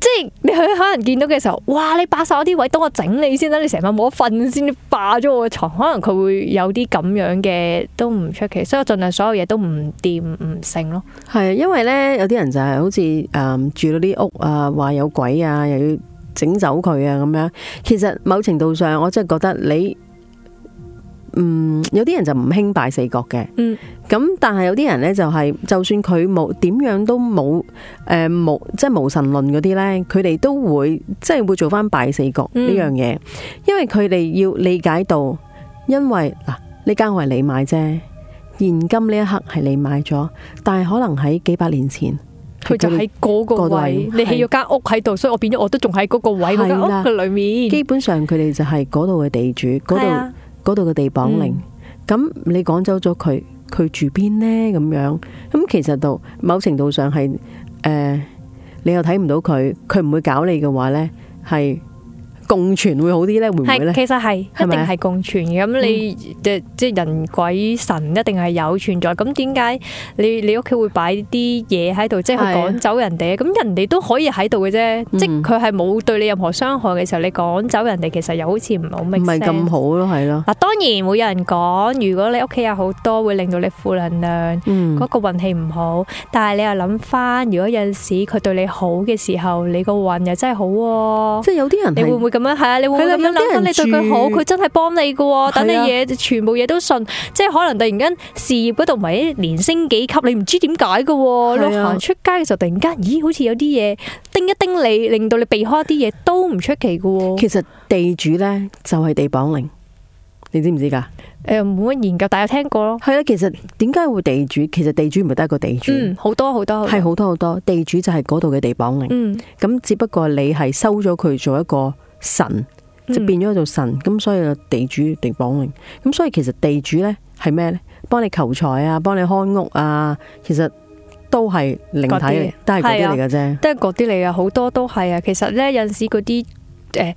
Speaker 2: 即係你去可能見到嘅時候，哇！你霸晒我啲位，等我整你先啦。你成晚冇得瞓先霸咗我個床，可能佢會有啲咁樣嘅都唔出奇。所以我盡量所有嘢都唔掂唔剩咯。
Speaker 1: 係啊，因為咧有啲人就係好似誒、嗯、住嗰啲屋啊，話有鬼啊，又要整走佢啊咁樣。其實某程度上，我真係覺得你。嗯，有啲人就唔興拜四角嘅，咁、嗯、但係有啲人呢，就係、是，就算佢冇點樣都冇誒冇即係無神論嗰啲呢，佢哋都會即係會做翻拜四角呢樣嘢，嗯、因為佢哋要理解到，因為嗱呢間屋係你買啫，現今呢一刻係你買咗，但係可能喺幾百年前，佢就喺嗰個位，個你起
Speaker 2: 咗間屋喺度，所以我變咗我都仲喺嗰個位嗰間屋
Speaker 1: 的裏面。基本上佢哋就係嗰度嘅地主，嗰度。的 嗰度嘅地磅零，咁、嗯、你趕走咗佢，佢住邊呢？咁樣，咁其實到某程度上係，誒、呃，你又睇唔到佢，佢唔會搞你嘅話呢，係。共存會好啲咧，會唔會咧？其實
Speaker 2: 係一定係共存咁吧你、嗯、即即人鬼神一定係有存在。咁點解你你屋企會擺啲嘢喺度，即係趕走人哋咁是、啊、人哋都可以喺度嘅啫。嗯、即佢係冇對你任何傷害嘅時候，你趕走人哋，其實又好似唔係好 make sense，唔係咁好咯，係咯。嗱，當然會有人講，如果你屋企有好多，會令到你負能量，嗰、嗯、個運氣唔好。但係你又諗翻，如果有陣時佢對你好嘅時候，你個運又真係好喎、啊。即係有啲人，你會唔會？咁樣係啊，你會咁樣諗你對佢好，佢真係幫你噶等是的 你嘢、全部嘢都信，是的 即係可能突然間事業嗰度唔係連升幾級，你唔知點解噶是的 你行出街嘅時候突然間，咦，好似有啲嘢叮一叮你，令到你避開一啲嘢都唔出奇噶。其實地主
Speaker 1: 咧就係、是、地綁靈，你知唔知噶？誒、呃，冇乜研究，大家聽過咯。係啊，其實點解會地主？其實地主唔係得一個地主，嗯、好多好多係好多好多地主就係嗰度嘅地綁靈。嗯，咁只不過你係收咗佢做一個。神即變咗做神，咁、嗯、所以就地主地綁靈，咁所以其實地主咧係咩咧？幫你求財啊，幫你看屋啊，其實都係靈體，些都係嗰啲嚟嘅啫，的都
Speaker 2: 係嗰啲嚟嘅，好多都係啊。其實咧有陣時嗰啲誒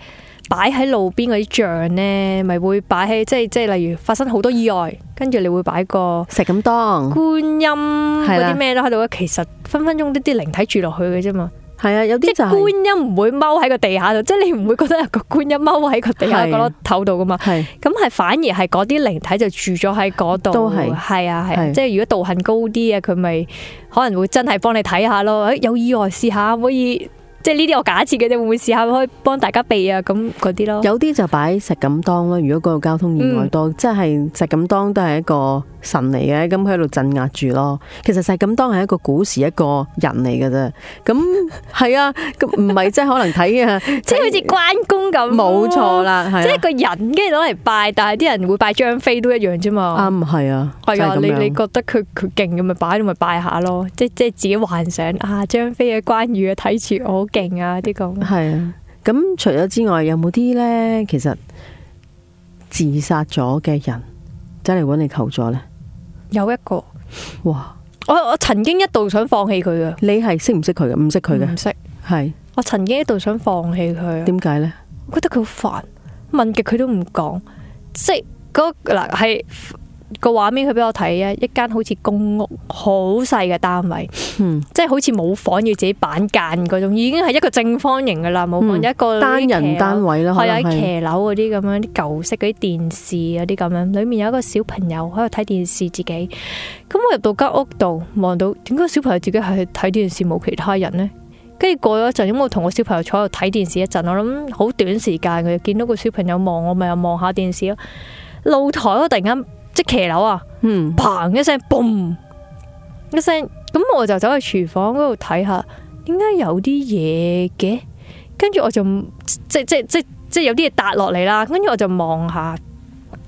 Speaker 2: 擺喺路邊嗰啲像咧，咪會擺喺即係即係例如發生好多意外，跟住你會擺個石敢當、觀音嗰啲咩都喺度嘅，是啊、其實分分鐘啲啲靈體住落去嘅啫嘛。係啊，有啲就即係觀音唔會踎喺個地下度，啊、即係你唔會覺得有個觀音踎喺個地下個唞度噶嘛？咁係反而係嗰啲靈體就住咗喺嗰度。係啊係、啊啊啊啊，即係如果道行高啲啊，佢咪可能真會真係幫你睇下咯。誒、哎，有意外試下可以，即係呢啲我假設嘅啫，你會唔會試下可以幫大家避啊？咁嗰啲咯。有
Speaker 1: 啲就擺石敢當咯。如果嗰個交通意外多，嗯、即係石敢當都係一個。神嚟嘅，咁佢喺度鎮壓住咯。其實就係咁當，係一個古時一個人嚟嘅啫。咁係啊，咁唔係即係可
Speaker 2: 能睇 看啊，即係好似關公咁，冇錯啦，啊、即係一個人跟住攞嚟拜，但係啲人會拜張飛都一樣啫嘛。啊，
Speaker 1: 係、嗯、啊，係、就是、啊，你你覺
Speaker 2: 得佢佢勁咁咪擺咁咪拜，拜下咯，即係即係自己幻想啊，張飛啊，關、這、羽、個、啊，睇住我好勁啊啲咁。係
Speaker 1: 啊，咁除咗之外，有冇啲咧？其實自殺咗嘅人，真係揾你求助咧？
Speaker 2: 有一個，哇嘩！我我曾經一度想放棄佢嘅。
Speaker 1: 你係識唔識佢嘅？唔識佢嘅。唔識係。
Speaker 2: 我曾經一度想放棄佢。點解呢？我覺得佢好煩，問極佢都唔講，即係嗰個，嗱，係。那個個畫面佢俾我睇啊，一間好似公屋好細嘅單位，即係好似冇房要自己板間嗰種，已經係一個正方形噶啦。冇冇一個單人單位咯，係啊，喺騎樓嗰啲咁樣啲舊式嗰啲電視啊，啲咁樣。裏面有一個小朋友喺度睇電視自己。咁我入到間屋度望到，點解個小朋友自己係睇電視冇其他人呢？跟住過咗一陣，因為我同個小朋友坐喺度睇電視一陣，我諗好短時間佢見到個小朋友望我，咪又望下電視咯。露台我突然間。即騎樓啊、嗯，砰一聲，砰一聲，嘣一聲。咁我就走去廚房嗰度睇下，點解有啲嘢嘅？跟住我就即即即即有啲嘢笪落嚟啦。跟住我就望下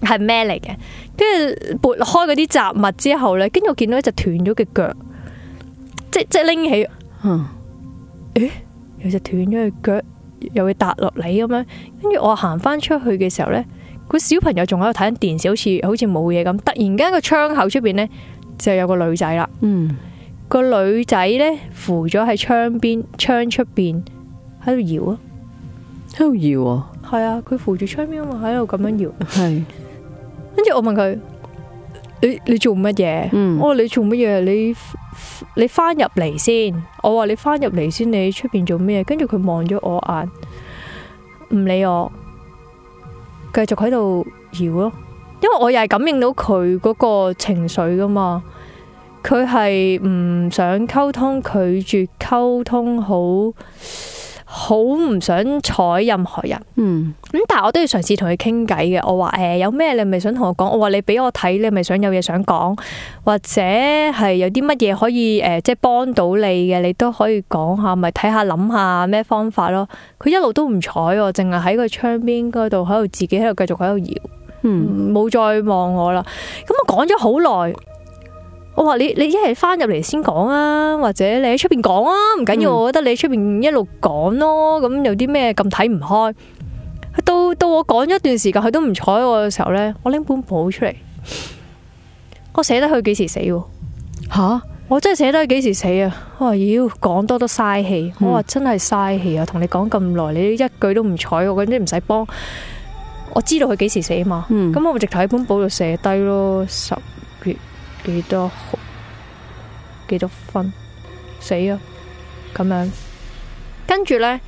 Speaker 2: 係咩嚟嘅？跟住撥開嗰啲雜物之後咧，跟住我見到一隻斷咗嘅腳，即即拎起，嗯，誒、欸，有隻斷咗嘅腳又會笪落嚟咁樣。跟住我行翻出去嘅時候咧。個小朋友仲喺度睇緊電視，好似好似冇嘢咁。突然間個窗口出邊咧，就有個女仔啦。嗯，個女仔咧扶咗喺窗邊，窗出邊喺度搖啊，喺度搖啊。係啊，佢扶住窗邊啊嘛，喺度咁樣搖。係。跟住我問佢：你你做乜嘢？嗯。我話你做乜嘢？你你翻入嚟先。我話你翻入嚟先。你出邊做咩？跟住佢望咗我眼，唔理我。繼續喺度搖咯，因為我又係感應到佢嗰個情緒噶嘛，佢係唔想溝通，拒絕溝通好。好唔想睬任何人，咁、嗯、但係我都要嘗試同佢傾偈嘅。我話誒、欸，有咩你咪想同我講？我話你俾我睇，你咪想有嘢想講，或者係有啲乜嘢可以誒、呃，即係幫到你嘅，你都可以講下，咪、就、睇、是、下諗下咩方法咯。佢一路都唔睬我，淨係喺個窗邊嗰度喺度自己喺度繼續喺度搖，冇、嗯嗯、再望我啦。咁我講咗好耐。我話你你一係翻入嚟先講啊，或者你喺出邊講啊，唔緊要。嗯、我覺得你喺出邊一路講咯，咁有啲咩咁睇唔開？到到我講一段時間，佢都唔睬我嘅時候呢，我拎本簿出嚟，我寫得佢幾時死、啊？吓、啊，我真係寫得佢幾時死啊？我話妖講多都嘥氣，我話真係嘥氣啊！同、嗯、你講咁耐，你一句都唔睬我，咁即係唔使幫。我知道佢幾時死嘛？咁、嗯、我咪直頭喺本簿度寫低咯十。幾多？幾多分？死啊！咁樣，跟住呢，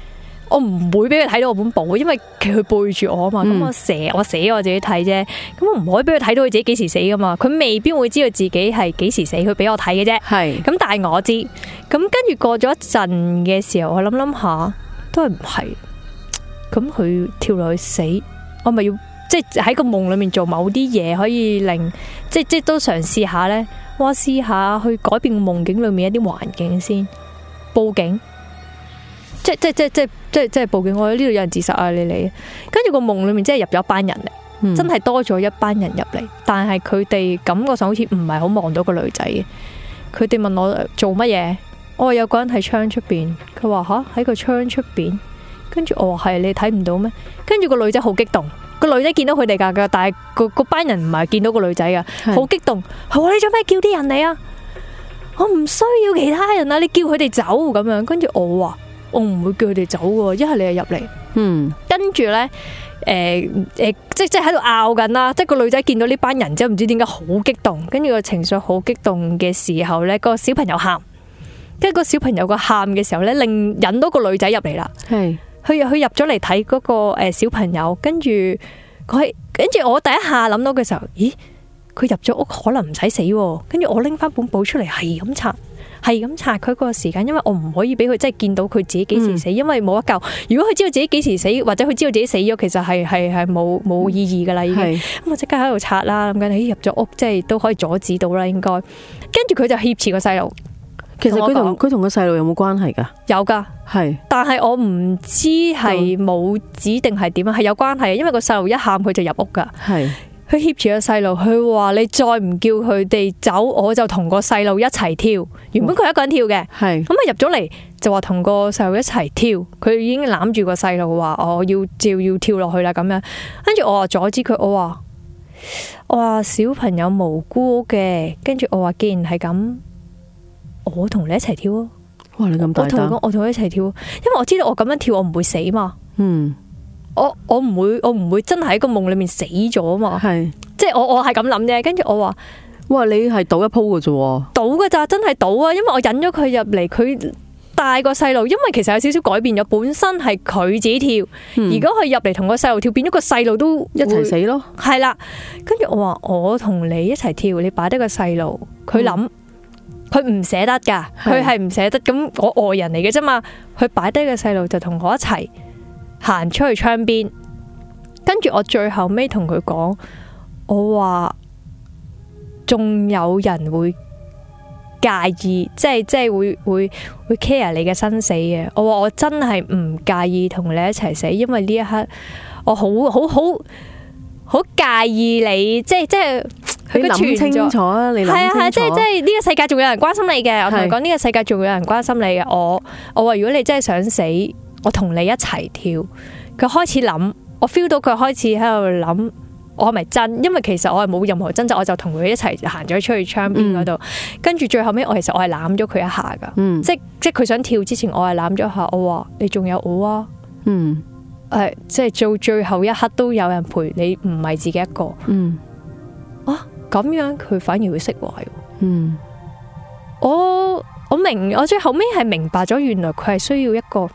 Speaker 2: 我唔會俾佢睇到我本簿，因為佢背住我啊嘛。咁、嗯、我寫，我死我自己睇啫。咁我唔可以俾佢睇到佢自己幾時死噶嘛。佢未必會知道自己係幾時死，佢俾我睇嘅啫。係。咁但係我知。咁跟住過咗一陣嘅時候，我諗諗下，都係唔係。咁佢跳落去死，我咪要。即係喺個夢裏面做某啲嘢，可以令即即都嘗試下咧。哇，試下去改變夢境裏面一啲環境先。報警，即即即即即即報警。我喺呢度有人自殺啊！你你跟住個夢裏面即係入咗一班人嚟，嗯、真係多咗一班人入嚟。但係佢哋感覺上好似唔係好望到個女仔嘅。佢哋問我做乜嘢？我有個人喺窗出邊。佢話吓，喺個窗出邊。跟住我話係，你睇唔到咩？跟住個女仔好激動。個女仔見到佢哋噶，噶，但係個班人唔係見到個女仔噶，好激動，係是、哦、你做咩叫啲人嚟啊？我唔需要其他人啊！你叫佢哋走咁樣，跟住我話我唔會叫佢哋走噶，一係你就入嚟，嗯呢，跟住咧，誒、呃、誒，即即係喺度拗緊啦，即係個女仔見到呢班人之後，唔知點解好激動，跟住個情緒好激動嘅時候咧，個小朋友喊，跟住個小朋友個喊嘅時候咧，令引到個女仔入嚟啦，係。佢入佢入咗嚟睇嗰個誒小朋友，跟住佢跟住我第一下諗到嘅時候，咦？佢入咗屋可能唔使死，跟住我拎返本簿出嚟係咁拆，係咁拆。佢嗰個時間，因為我唔可以俾佢即係見到佢自己幾時死，嗯、因為冇得救。如果佢知道自己幾時死，或者佢知道自己死咗，其實係係係冇冇意義㗎啦。咁、嗯、係我刻、欸、即刻喺度拆啦，諗緊，你入咗屋即係都可以阻止到啦，應該。跟住佢就挾持個細路。其實佢同
Speaker 1: 佢同個細路有冇關係噶？
Speaker 2: 有噶的，係是。但係我唔知係冇指定係點啊，係有關係啊。因為個細路一喊佢就入屋噶，係是。佢挾住個細路，佢話你再唔叫佢哋走，我就同個細路一齊跳。原本佢一個人跳嘅，係是。咁啊入咗嚟就話同個細路一齊跳，佢已經攬住個細路話我要照要跳落去啦咁樣，樣。跟住我話阻止佢，我話我話小朋友無辜嘅，跟住我話既然係咁。我同你一齊跳啊？哇，你咁大膽！我同佢講，我同佢一齊跳，因為我知道我咁樣跳，我唔會死嘛。嗯，我，我我唔會，我唔會真係喺個夢裏面死咗嘛。係是的，即係我我係咁諗啫。跟住我話：，哇，你係賭一鋪嘅啫？賭嘅咋，真係賭啊！因為我引咗佢入嚟，佢帶個細路。因為其實有少少改變咗，本身係佢自己跳，嗯、如果佢入嚟同個細路跳，變咗個細路都一齊死咯。係啦，跟住我話我同你一齊跳，你擺低個細路，佢諗。嗯嗯佢唔捨得噶，佢係唔捨得。咁的我外人嚟嘅啫嘛，佢擺低個細路就同我一齊行出去窗邊，跟住我最後尾同佢講，我話仲有人會介意，即係即係會會會 care 你嘅生死嘅。我話我真係唔介意同你一齊死，因為呢一刻我好好好，好好好介意你，即係即係佢諗唔清楚啊！你諗係啊係，即係即係呢個世界仲有人關心你嘅。我同你講，呢是 個世界仲有人關心你嘅。我我話如果你真係想死，我同你一齊跳。佢開始諗，我 feel 到佢開始喺度諗，我係咪真？因為其實我係冇任何掙扎，我就同佢一齊行咗出去窗邊嗰度。跟住、嗯、最後尾，我其實我係攬咗佢一下噶、嗯。即即係佢想跳之前，我係攬咗下。我話你仲有我啊。嗯。誒，即係做最後一刻都有人陪你，唔係自己一個。嗯，啊咁樣佢反而會釋懷。嗯，我我明，我最後尾係明白咗，原來佢係需要一個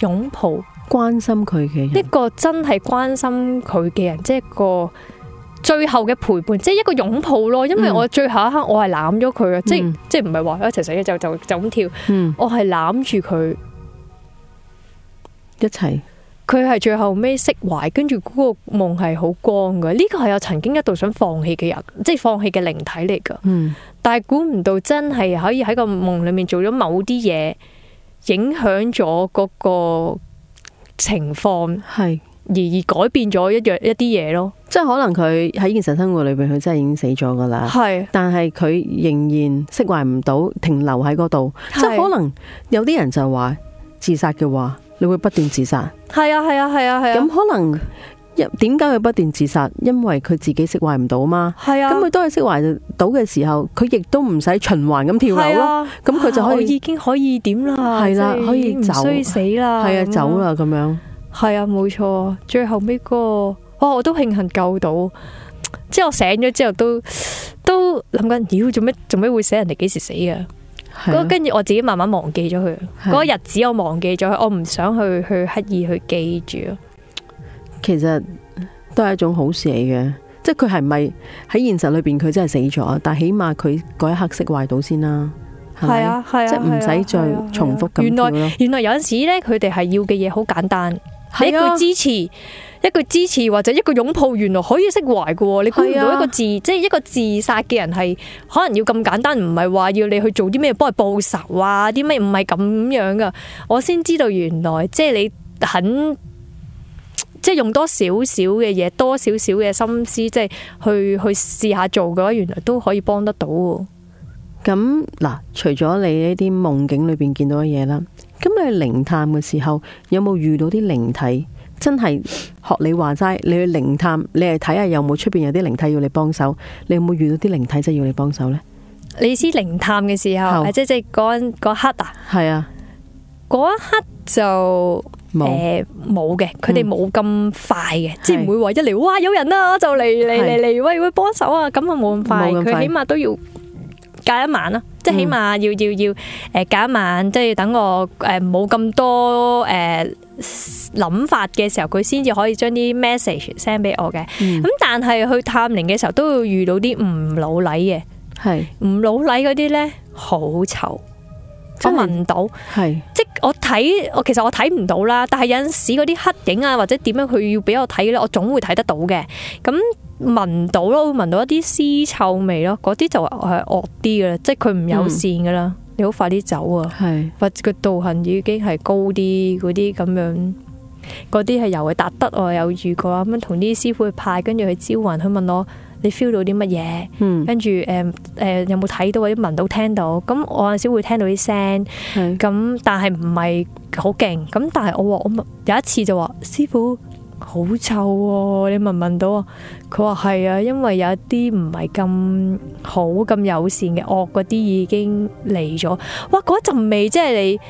Speaker 2: 擁抱、關心佢嘅人，一個真係關心佢嘅人，即係一個最後嘅陪伴，即係一個擁抱咯。因為我最後一刻我係攬咗佢啊，即係即係唔係話一齊死嘅就就就咁跳，嗯，我係攬住佢一齊。佢係最後尾釋懷，跟住嗰個夢係好光嘅。呢個係我曾經一度想放棄嘅人，即係放棄嘅靈體嚟㗎。嗯。但係估唔到真係可以喺個夢裡面做咗某啲嘢，影響咗嗰個情況，係而是而改變咗一樣一啲嘢咯。即係可能佢
Speaker 1: 喺現實生活裏邊，佢真係已經死咗㗎喇。係是。但係佢仍然釋懷唔到，停留喺嗰度。是即係可能有啲人就話自殺嘅話。你會不斷自殺？
Speaker 2: 係啊，係啊，係啊，係啊。咁可能
Speaker 1: 點解佢不斷自殺？因為佢自己釋懷唔到啊嘛。係啊。咁佢都係釋懷到嘅時候，佢亦都唔使循環咁跳樓咯。咁佢、啊、就可以、哎、已
Speaker 2: 經可以點啦？係啦、啊，就是、可以走，唔需要死啦。係啊，走啦咁、啊、樣。係啊，冇錯。最後尾、那個，哇！我都慶幸救到。即係我醒咗之後都，都都諗緊，妖做咩做咩會寫人哋幾時死啊？跟住我自己慢慢忘記咗佢，嗰日子我忘記咗佢，我唔想去去刻意去記住。
Speaker 1: 其實都係一種好事嚟嘅，即係佢係唔係喺現實裏邊佢真係死咗，但係起碼佢嗰一刻釋懷到先啦，
Speaker 2: 係咪？即係唔使再
Speaker 1: 重複咁。原來
Speaker 2: 原來有陣時咧，佢哋係要嘅嘢好簡單，係一句支持。一個支持或者一個擁抱，原來可以釋懷噶。你估唔到一個自，是啊、即係一個自殺嘅人係可能要咁簡單，唔係話要你去做啲咩幫佢報仇啊？啲咩唔係咁樣噶？我先知道原來即係你肯，即係用多少少嘅嘢，多少少嘅心思，即係去去試下做嘅話，原來都可以幫得到。咁嗱，
Speaker 1: 除咗你呢啲夢境裏邊見到嘅嘢啦，咁你去靈探嘅時候有冇遇到啲靈體？真係學你話齋，你去靈探，你係睇下有冇出邊有啲靈體要你幫手，你有冇遇到啲靈體真要你幫手咧？
Speaker 2: 你知靈探嘅時候，即係即係嗰嗰刻啊？係啊，嗰一刻就誒冇嘅，佢哋冇咁快嘅，即係唔會話一嚟哇有人啦，就嚟嚟嚟嚟喂喂幫手啊！咁啊冇咁快，佢起碼都要隔一晚啦，即係起碼要要要誒隔一晚，即係等我誒冇咁多誒。諗法嘅時候，佢先至可以將啲 message send 俾我嘅。咁、嗯、但係去探靈嘅時候，都會遇到啲唔老禮嘅，係唔是 老禮嗰啲咧，好臭，的我聞到係。是 即我睇，我其實我睇唔到啦。但係有陣時嗰啲黑影啊，或者點樣，佢要俾我睇咧，我總會睇得到嘅。咁聞到咯，會聞到一啲屍臭味咯，嗰啲就係惡啲嘅啦，即係佢唔友善噶啦。嗯嗯好快啲走啊！係的，或者個道行已經係高啲，嗰啲咁樣，嗰啲係由佢達得我有遇過咁樣，同啲師傅去派，跟住去招魂，佢問我你 feel 到啲乜嘢？嗯，跟住誒誒，有冇睇到啊？聞到、聽到？咁我有陣時會聽到啲聲，咁的但係唔係好勁，咁但係我話我有一次就話師傅。好臭喎、哦！你聞唔聞到啊？佢話係啊，因為有一啲唔係咁好咁友善嘅惡嗰啲已經嚟咗。哇！嗰陣味即係你，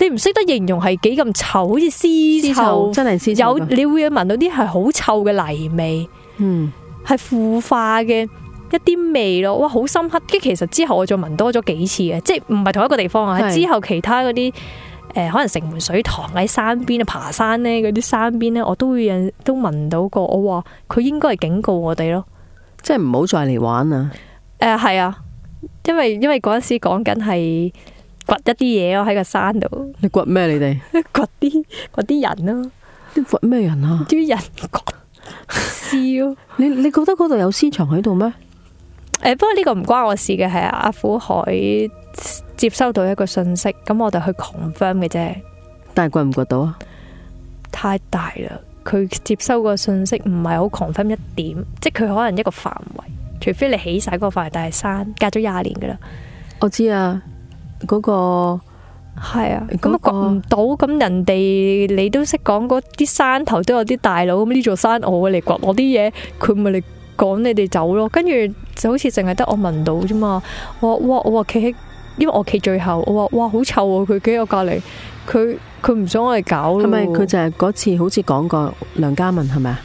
Speaker 2: 你唔識得形容係幾咁臭，好似屍臭，真係有。你會去聞到啲係好臭嘅泥味，
Speaker 1: 嗯，
Speaker 2: 係腐化嘅一啲味咯。哇，好深刻！即其實之後我再聞多咗幾次嘅，即係唔係同一個地方啊，是之後其他嗰啲。誒、呃，可能城門水塘喺山邊啊，爬山咧，嗰啲山邊咧，我都會有，都聞到過。我話佢應該係警告我哋咯，即係唔好再嚟玩啦。誒、呃，係啊，因為因為嗰陣時講緊係掘一啲嘢咯，喺個山度，啊。你 掘咩？你哋掘啲掘啲人咯。啲掘咩人啊？啲人掘笑, 你？你你覺得嗰度有仙場喺度咩？誒、呃，不過呢個唔關我事嘅，係阿虎海。接收到一個信息，咁我哋去 confirm 嘅啫。
Speaker 1: 但係掘唔掘到
Speaker 2: 啊？太大啦！佢接收個信息唔係好 confirm 一點，即係佢可能一個範圍，除非你起晒嗰個範圍，但係山隔咗廿年噶啦。我知啊，嗰、嗰個係啊，咁掘唔到，咁人哋你都識講嗰啲山頭都有啲大佬，咁呢座山我會嚟掘我啲嘢，佢咪嚟趕你哋走咯？跟住就好似淨係得我聞到啫嘛！我哇哇企喺。因為我企最後，我話哇好臭啊！佢企我隔籬，佢佢唔想我哋搞咯。係咪佢
Speaker 1: 就係嗰次好似講過梁家文係咪啊？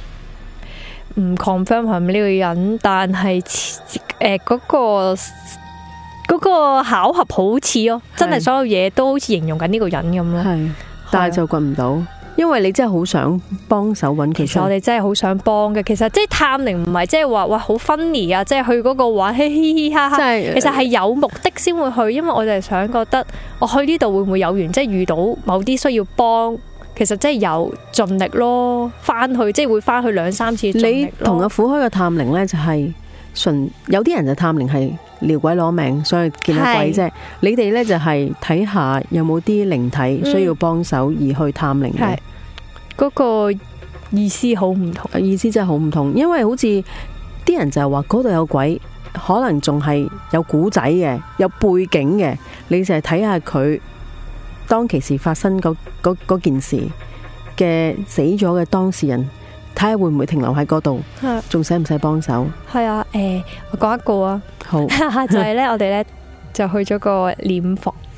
Speaker 2: 唔 confirm 係咪呢個人？但係誒嗰個嗰個巧合好似咯，真係所有嘢都好似形容緊呢個人咁咯。係，但係就掘唔到。因為你真係好想幫手揾，其實我哋真係好想幫嘅。其實即係探靈唔係即係話哇好 funny 啊，即係去嗰個玩嘻嘻哈哈。其實係有目的先會去，因為我就想覺得，我去呢度會唔會有緣，即係遇到某啲需要幫。其實即係有盡力咯，翻去即係會翻去兩三次你。你同
Speaker 1: 阿父開個探靈呢，就係純有啲人就探靈係撩鬼攞命，所以見到鬼啫。是你哋呢，就係睇下有冇啲靈體需要幫手，嗯，而去探靈嗰個意思好唔同，意思真係好唔同，因為好似啲人就係話嗰度有鬼，可能仲係有古仔嘅，有背景嘅，你就係睇下佢當其時發生嗰件事嘅死咗嘅當事人，睇下會唔會停留喺嗰度，仲使唔使幫手？
Speaker 2: 係啊，誒、呃，我講一個啊，好， 就係呢。我哋呢，就去咗個殮房。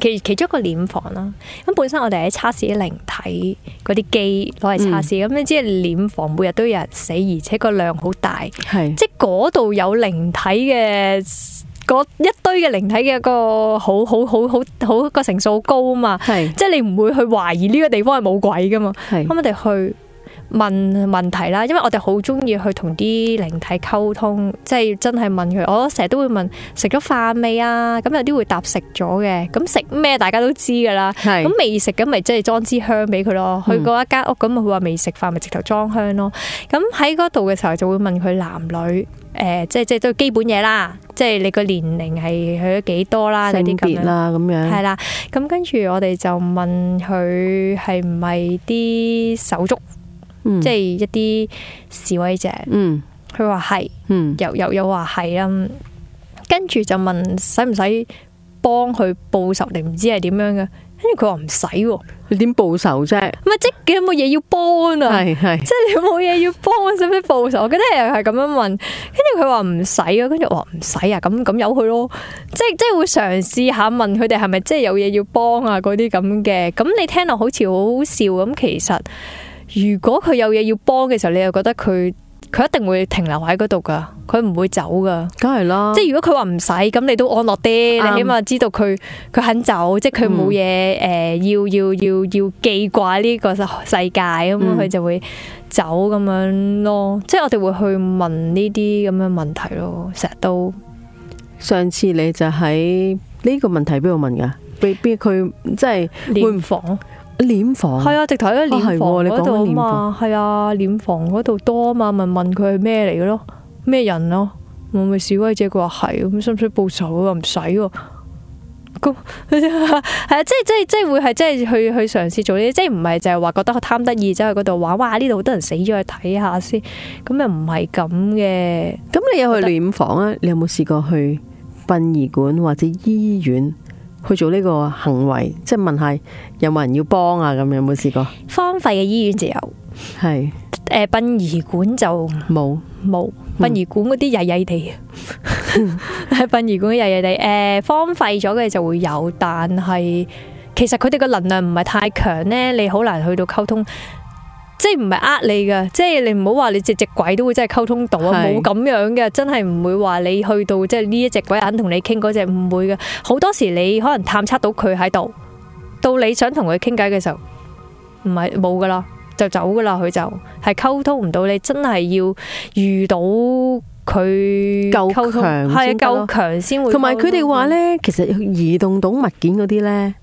Speaker 2: 其其中一個殮房啦，咁本身我哋喺測試啲靈體嗰啲機攞嚟測試，咁、嗯、你知係殮房每日都有人死，而且個量好大，係是即係嗰度有靈體嘅嗰一堆嘅靈體嘅個好好好好好，個成數好高啊嘛，係是即係你唔會去懷疑呢個地方係冇鬼噶嘛，咁是我哋去。問問題啦，因為我哋好中意去同啲靈體溝通，即係真係問佢。我成日都會問食咗飯未啊？咁有啲會答食咗嘅，咁食咩大家都知噶啦。咁未食咁咪即係裝支香俾佢咯。去過一間屋咁，佢話未食飯，咪直頭裝香咯。咁喺嗰度嘅時候就會問佢男女，誒即係即係都基本嘢啦，即係你個年齡係去咗幾多啦？性別啦，咁樣係啦。咁跟住我哋就問佢係唔係啲手足。嗯、即係一啲示威者，嗯，佢話係，嗯，又又又話係啦，跟住就問使唔使幫佢報仇定唔知係點樣嘅，跟住佢話唔使，佢點報仇啫？唔係即係有冇嘢要幫啊？係係，即係你有冇嘢要幫，使唔使報仇？嗰啲又係咁樣問，跟住佢話唔使啊，跟住話唔使啊，咁咁由佢咯，即係即係會嘗試下問佢哋係咪即係有嘢要幫啊嗰啲咁嘅，咁你聽落好似好好笑咁，其實。其實如果佢有嘢要幫嘅時候，你又覺得佢佢一定會停留喺嗰度噶，佢唔會走噶。梗係啦，即係如果佢話唔使，咁你都安樂啲，嗯、你起碼知道佢佢肯走，即係佢冇嘢誒要要要要記掛呢個世界咁，佢就會走咁樣咯。嗯、即係我哋會去問呢啲咁樣問題咯，成日都。上次你就喺呢
Speaker 1: 個問題邊度問噶
Speaker 2: 未、嗯、必佢即係會唔房。
Speaker 1: 殮房係啊，直
Speaker 2: 頭咧，殮房嗰度，啊，嘛，係啊，殮房嗰度多啊嘛，咪問佢係咩嚟嘅咯，咩人咯，啊，我咪示威者，佢話係，咁使唔使要報仇啊？唔使喎，咁係 啊，即係即係即係會係即係去去嘗試做呢啲，即係唔係就係話覺得貪得意走去嗰度玩，哇！呢度好多人死咗，去睇下先，咁又唔係咁嘅。咁
Speaker 1: 你，你有去殮房啊？你有冇試過去殯儀館或者醫院？去做呢個行為，即係問下有冇人要幫啊？咁有冇試過？
Speaker 2: 荒廢嘅醫院就有，係誒，殯儀館就冇冇，殯儀館嗰啲曳曳地，喺殯儀館嘅曳曳地，誒，荒廢咗嘅就會有，但係其實佢哋嘅能量唔係太強咧，你好難去到溝通。即係唔係呃你噶，即係你唔好話你隻隻鬼都會真係溝通到啊，冇咁樣嘅，真係唔會話你去到即係呢一隻鬼肯同你傾，嗰隻唔會嘅。好多時你可能探測到佢喺度，到你想同佢傾偈嘅時候，唔係冇噶啦，就走噶啦，佢就係溝通唔到。你真係要遇到佢夠強，係啊，夠強先會。同埋佢哋話咧，
Speaker 1: 其實移動到物件嗰啲咧，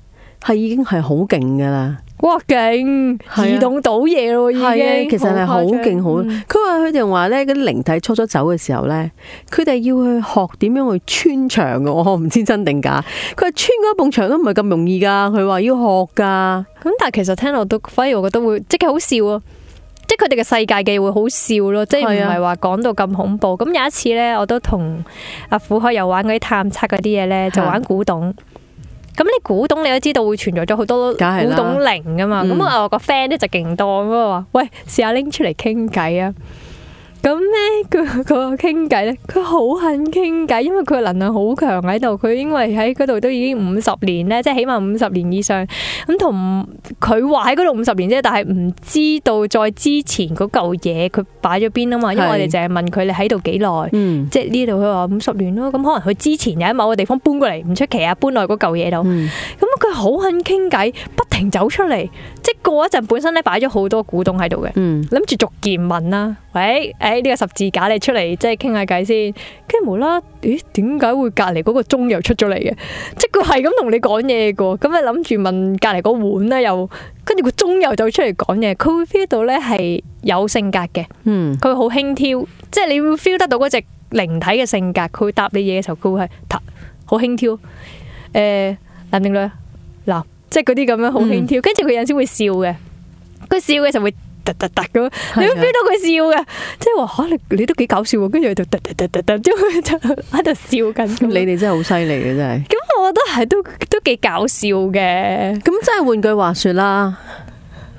Speaker 1: 係已經係好勁噶啦。哇勁！啊、移動
Speaker 2: 倒嘢咯，啊、已經，其實係好勁，好。
Speaker 1: 佢話佢哋話咧，嗰啲靈體初初走嘅時候咧，佢哋要去學點樣去穿牆嘅，我唔知真定假。
Speaker 2: 佢話穿嗰一埲牆都唔係咁容易噶，佢話要學噶。咁、嗯、但係其實聽落都，反而我覺得會即係好笑啊！即係佢哋嘅世界嘅會好笑咯，即係唔係話講到咁恐怖。咁、啊、有一次咧，我都同阿富海又玩嗰啲探測嗰啲嘢咧，就玩古董。咁你古董，你都知道會存在咗好多古董靈㗎嘛？咁、嗯、我個 friend 咧就勁多咁，我話喂，試下拎出嚟傾偈啊！咁咧，佢個傾偈咧，佢好肯傾偈，因為佢能量好強喺度。佢因為喺嗰度都已經五十年咧，即係起碼五十年以上。咁同佢話喺嗰度五十年啫，但係唔知道再之前嗰嚿嘢佢擺咗邊啊嘛。因為我哋淨係問佢你喺度幾耐，是嗯、即係呢度佢話五十年咯。咁可能佢之前喺某個地方搬過嚟，唔出奇啊，搬落嗰嚿嘢度。咁佢好肯傾偈，不停走出嚟。即係過一陣，本身咧擺咗好多古董喺度嘅，諗住逐件問啦。喂，誒，呢個十字架你出嚟，即係傾下偈先。跟住無啦，咦？點解會隔籬嗰個鐘又出咗嚟嘅？即係佢係咁同你講嘢嘅。咁咧諗住問隔籬嗰碗啦，又跟住個鐘又就出嚟講嘢。佢會 feel 到咧係有性格嘅，佢好輕佻，即係你會 feel 得到嗰隻靈體嘅性格。佢會答你嘢嘅時候，佢會係好輕佻。誒，男定女啊？男。即係嗰啲咁樣好輕佻，跟住佢有陣時會笑嘅，佢笑嘅時候會突突突咁，你會 feel 到佢笑嘅，是的 即係話吓你都幾搞笑，跟住就突突突佢就喺度笑緊。咁你哋真係好犀利嘅，真係。咁我覺得係都都幾搞笑嘅。咁即係換句話說啦，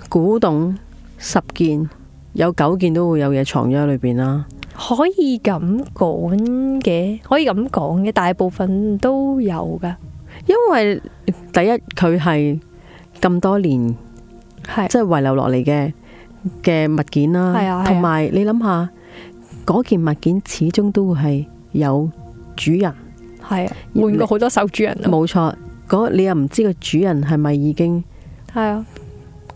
Speaker 1: 古董十件有九件都會有嘢藏咗喺裏邊啦。
Speaker 2: 可以咁講嘅，可以咁講嘅，大部分都有噶。
Speaker 1: 因為第一佢係咁多年，係、啊、即係遺留落嚟嘅嘅物件啦，同埋、啊、你諗下嗰件物件始終都係有主人，
Speaker 2: 係啊，換過好多手主人啦，冇
Speaker 1: 錯，嗰、你又唔知個主人係咪已經係啊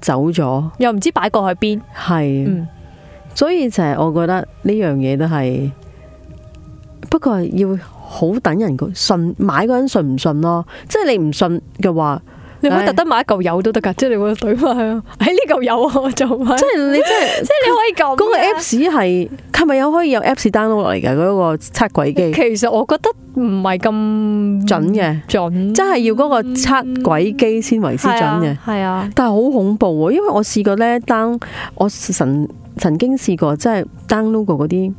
Speaker 1: 走咗了，
Speaker 2: 又唔知擺過去邊，
Speaker 1: 係、啊，嗯、所以就係我覺得呢樣嘢都係，不過要。好等人個信買嗰人信唔信，信咯？即係你唔信嘅話，你可以特登買一嚿油都得噶，即係你， 你可以懟埋
Speaker 2: 喺呢嚿油
Speaker 1: 啊，就即係你即係即係你可以咁。嗰、那個 Apps 係係咪有可以有 Apps download 嚟噶嗰個測鬼機？其實我覺得唔係咁準嘅的，準真係要嗰個測鬼機先為之準嘅。係、嗯、啊，啊但係好恐怖啊，因為我試過咧，當我信。曾經試過即係 download 過嗰啲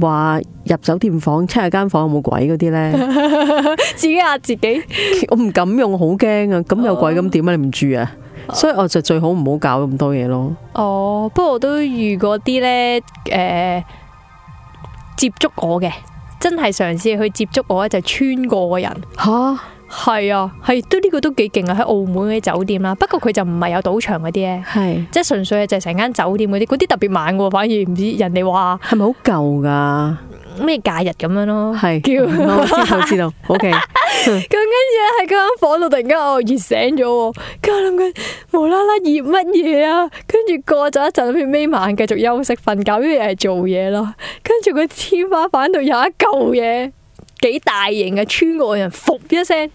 Speaker 1: 話入酒店房，check 下間房有冇鬼嗰啲咧，
Speaker 2: 自己嚇壓自己。
Speaker 1: 我唔敢用，好驚啊！咁有鬼咁點啊？你唔住啊？所以我就最好唔好搞咁多嘢咯。
Speaker 2: 哦，不過我都遇過啲咧，誒、呃、接觸我嘅真係嘗試去接觸我咧，就係，穿過嘅人嚇。啊。係啊，係都呢個都幾勁啊！喺澳門嘅酒店啦，不過佢就唔係有賭場嗰啲咧，是即係純粹就係成間酒店嗰啲，嗰啲特別猛嘅，反而唔知人哋話係咪好舊噶？咩假日咁樣咯？係是叫，知道知道，OK。咁跟住喺間房度突然間我熱醒咗，跟住諗緊無啦啦熱乜嘢啊？跟住過咗一陣，佢眯埋眼繼續休息瞓覺，跟住又係做嘢咯。跟住佢天花板度有一嚿嘢，幾大型嘅，村外人，伏一聲。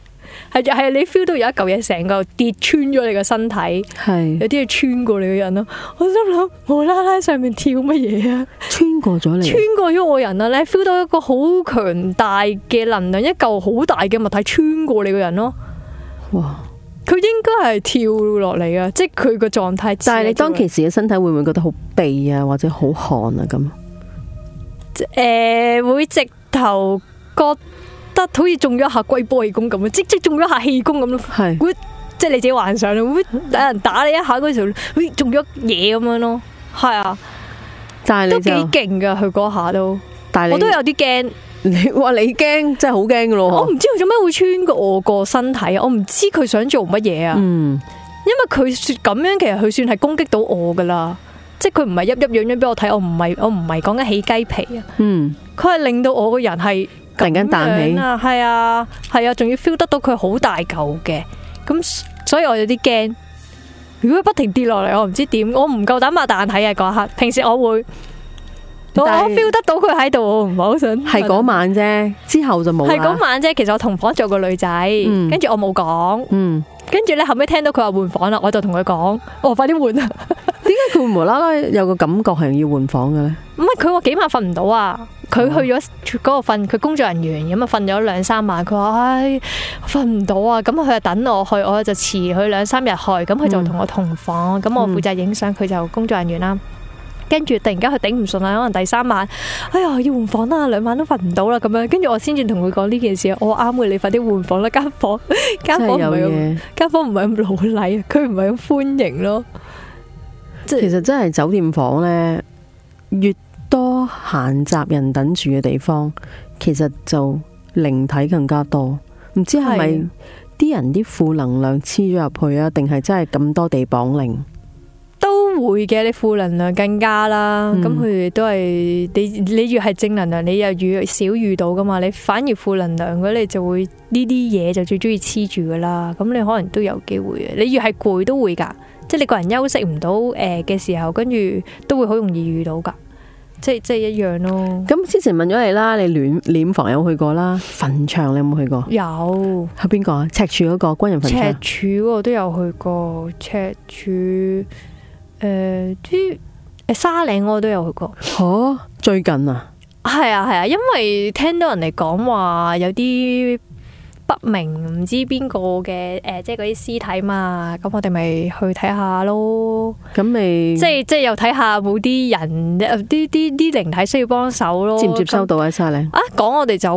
Speaker 2: 係就係你 feel 到有一嚿嘢成個跌穿咗你個身體，係是有啲嘢穿過你個人咯。我心諗無啦啦上面跳乜嘢啊？穿過咗你，穿過咗我人啦，你 feel 到一個好強大嘅能量，一嚿好大嘅物體穿過你個人咯。哇！佢應該係跳落嚟啊，即係佢個狀態。但係你當其
Speaker 1: 時嘅身體會唔會覺得好痹啊，或者好寒啊咁？誒、
Speaker 2: 呃，會直頭覺。好似中咗一下龜波氣功咁樣，即即中咗一下氣功咁咯，是即係你自己幻想啦。會有人打你一下嗰時候，喂，中咗嘢咁樣咯，係啊，但你都幾勁噶佢嗰下都。你我都有啲驚，你話你驚真係好驚噶咯？我唔知佢做咩會穿過我個身體，我唔知佢想做乜嘢啊。嗯，因為佢咁樣其實佢算係攻擊到我噶啦，即係佢唔係一樣樣俾我睇，我唔係我唔係講緊起雞皮啊。佢係、嗯、令到我個人係。突然間彈起，係啊，係啊，仲要 feel 得到佢好大嚿嘅，咁所以我有啲驚。如果佢不停跌落嚟，我唔知點，我唔夠膽擘大眼睇啊！嗰刻，平時我會，我 feel 得到佢喺度，我唔
Speaker 1: 好想。係嗰晚啫，之後就冇。係嗰晚
Speaker 2: 啫，其實我同房做個女仔，跟住我冇講，嗯，跟住咧後尾聽到佢話換房啦，我就同佢講，哦，快啲換啦！
Speaker 1: 點解佢無啦啦有個感覺係要換房嘅咧？
Speaker 2: 唔係，佢話幾晚瞓唔到啊！佢去咗嗰度瞓，佢工作人員咁啊，瞓咗兩三晚，佢話，唉，瞓唔到啊，咁佢就等我去，我就遲去兩三日去，咁佢就同我同房，咁、嗯、我負責影相，佢就工作人員啦。跟住、嗯、突然間佢頂唔順啦，可能第三晚，哎呀要換房啦，兩晚都瞓唔到啦，咁樣。跟住我先至同佢講呢件事，我啱會，你快啲換房啦，間房間 房唔係咁，間房唔係咁老禮，佢唔係咁歡迎咯。
Speaker 1: 即係其實真係 酒店房咧，越。多閒雜人等住嘅地方，其實就靈體更加多。唔知係咪啲人啲負能量黐咗入去啊？定係真係咁多地綁靈？
Speaker 2: 都會嘅。你負能量更加啦。咁佢哋都係你你越係正能量，你又越少遇到噶嘛。你反而負能量嘅，你就會呢啲嘢就最中意黐住噶啦。咁你可能都有機會嘅。你越係攰都會噶，即係你個人休息唔到誒嘅時候，跟住都會好容易遇到噶。即係即係一樣咯。哦。咁之前問咗你啦，你
Speaker 1: 殮房有去過啦，墳場你有冇去過？
Speaker 2: 有。係邊個啊？赤
Speaker 1: 柱嗰，那個軍人墳場。赤
Speaker 2: 柱我都有去過，赤柱誒，啲、呃、誒、就是，沙嶺我都有去過。吓，哦，最近啊？係啊係啊，因為聽到人哋講話有啲。不明唔知邊個嘅，誒，即係嗰啲屍體嘛，咁我哋咪去睇下咯。咁咪即係即係又睇下冇啲人，啲啲啲靈體需要幫手咯。接唔接收到啊，晒你？啊，講我哋走。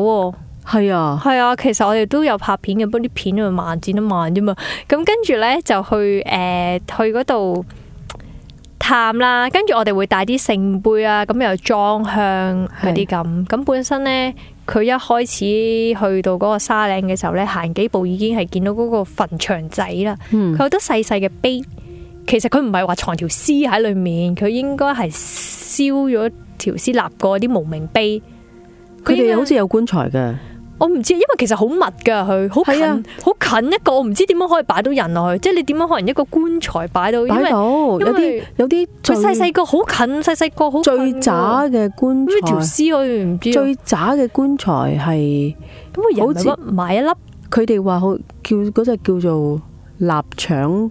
Speaker 2: 係啊，係啊，其實我哋都有拍片嘅，不過啲片就慢，剪得慢啫嘛。咁跟住咧就去誒，去嗰度探啦。跟住我哋會帶啲聖杯啊，咁又裝香嗰啲咁。咁本身咧。佢一開始去到嗰個沙嶺嘅時候咧，行幾步已經係見到嗰個墳場仔啦。佢有好多細細嘅碑，其實佢唔係話藏條屍喺裡面，佢應該係燒咗條屍立過啲無名碑。佢哋好似有棺材嘅。我唔知，因為其實好密㗎，佢好近，好近一個，我唔知點樣可以擺到人落去。即係你點樣可能一個棺材擺到，因為因為有啲佢細細個好近，細細個好。最渣嘅棺材。咩條屍我唔知。最
Speaker 1: 渣嘅棺材係咁，佢人唔買一粒。佢哋話佢叫嗰隻叫做臘腸，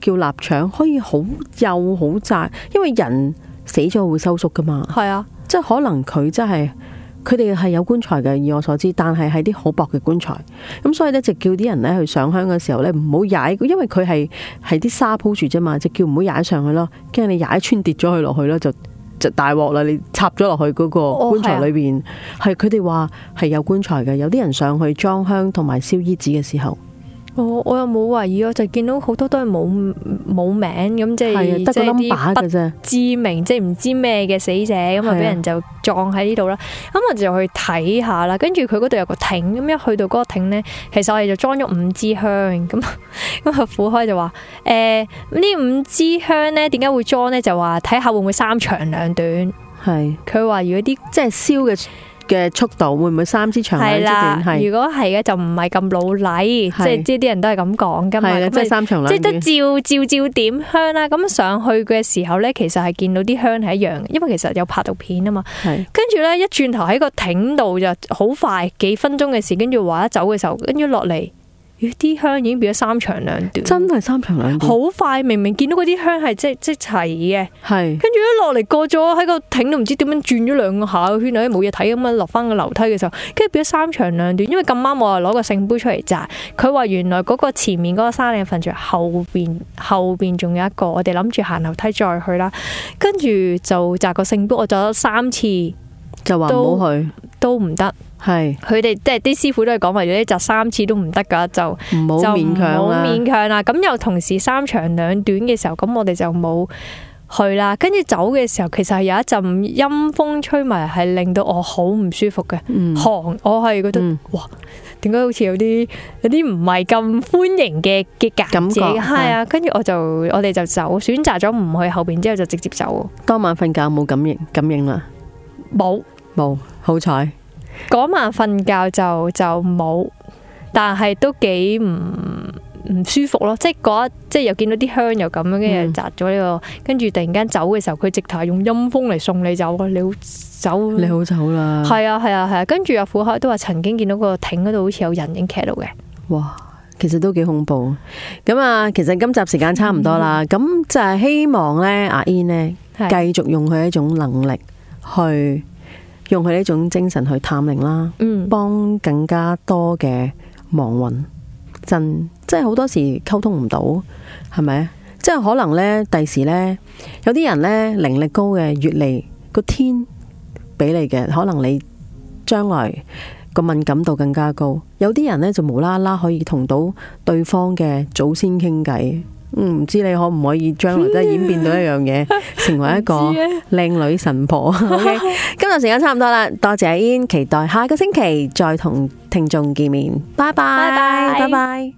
Speaker 1: 叫臘腸可以好幼好窄，因為人死咗會收縮㗎嘛。係啊，即係可能佢真係。佢哋係有棺材嘅，以我所知，但係係啲好薄嘅棺材，咁所以咧就叫啲人咧去上香嘅時候咧唔好踩，因為佢係係啲沙鋪住啫嘛，就叫唔好踩上去咯，驚你踩穿跌咗佢落去咧就就大鑊啦，你插咗落去嗰個棺材裏邊，係佢哋話係有棺材嘅，有啲人上去裝香同埋燒衣紙嘅時候。
Speaker 2: 我我又冇懷疑，我就見到好多都係冇冇名咁，即係即係啲不知名，即係唔知咩嘅死者咁啊，俾人就撞喺呢度啦。咁的我就去睇下啦，跟住佢嗰度有個艇，咁一去到嗰個艇咧，其實我哋就裝咗五支香，咁咁個副開就話：誒、呃，呢五支香咧，點解會裝咧？就話睇下會唔會三長兩短。係佢話如果啲即係燒嘅。嘅速度會唔會三支長兩支短？如果係嘅就唔係咁老禮，的即係啲啲人都係咁講㗎嘛。的就是、即係三即係都照，照照照點香啦。咁上去嘅時候咧，其實係見到啲香係一樣嘅，因為其實有拍到片啊嘛。跟住咧，一轉頭喺個挺度就好快幾分鐘嘅事，跟住話一走嘅時候，跟住落嚟。啲香已經變咗三長兩短，真係三長兩短，好快明明見到嗰啲香係即即齊嘅，係跟住一落嚟過咗喺個亭都唔知點樣轉咗兩個下圈，又冇嘢睇咁樣落翻個樓梯嘅時候，跟住變咗三長兩短，因為咁啱我又攞個聖杯出嚟扎，佢話原來嗰個前面嗰個沙嶺墳場後邊後邊仲有一個，我哋諗住行樓梯再去啦，跟住就扎個聖杯，我扎咗三次，就話唔好去，都唔得。係佢哋即係啲師傅都係講埋咗，你擲三次都唔得噶，就唔好勉強好勉強啦。咁又同時三長兩短嘅時候，咁我哋就冇去啦。跟住走嘅時候，其實係有一陣陰風吹埋，係令到我好唔舒服嘅寒。我係嗰度，哇，點解好似有啲有啲唔係咁歡迎嘅嘅感覺？係啊，跟住我就我哋就走，選擇咗唔去後面，之後就直接走。當晚瞓覺冇感應感應啦，冇冇好彩。嗰晚瞓覺就就冇，但係都幾唔唔舒服咯，即係嗰一即係又見到啲香又咁樣嘅嘢砸咗呢個，跟住、嗯、突然間走嘅時候，佢直頭係用陰風嚟送你走，你好走，你好
Speaker 1: 走啦，係
Speaker 2: 啊係啊係啊，跟住阿虎海都話曾經見到個艇嗰度好似有人影企到嘅，
Speaker 1: 哇！其實都幾恐怖。咁啊，其實今集時間差唔多啦，咁、嗯、就係希望呢，阿 Ian 咧繼續用佢一種能力去。用佢呢種精神去探靈啦，幫更加多嘅亡魂真，即係好多時溝通唔到，係咪？即係可能呢，第時呢，有啲人呢，能力高嘅，越嚟個天俾你嘅，可能你將來個敏感度更加高。有啲人呢，就無啦啦可以同到對方嘅祖先傾偈。嗯，唔知你可唔可以將來即係演變到一樣嘢， 成為一個靚女神婆 ？O Okay . K，今集時間差唔多啦，多謝阿煙，期待下個星期再同聽眾見面，拜拜，拜拜，拜拜。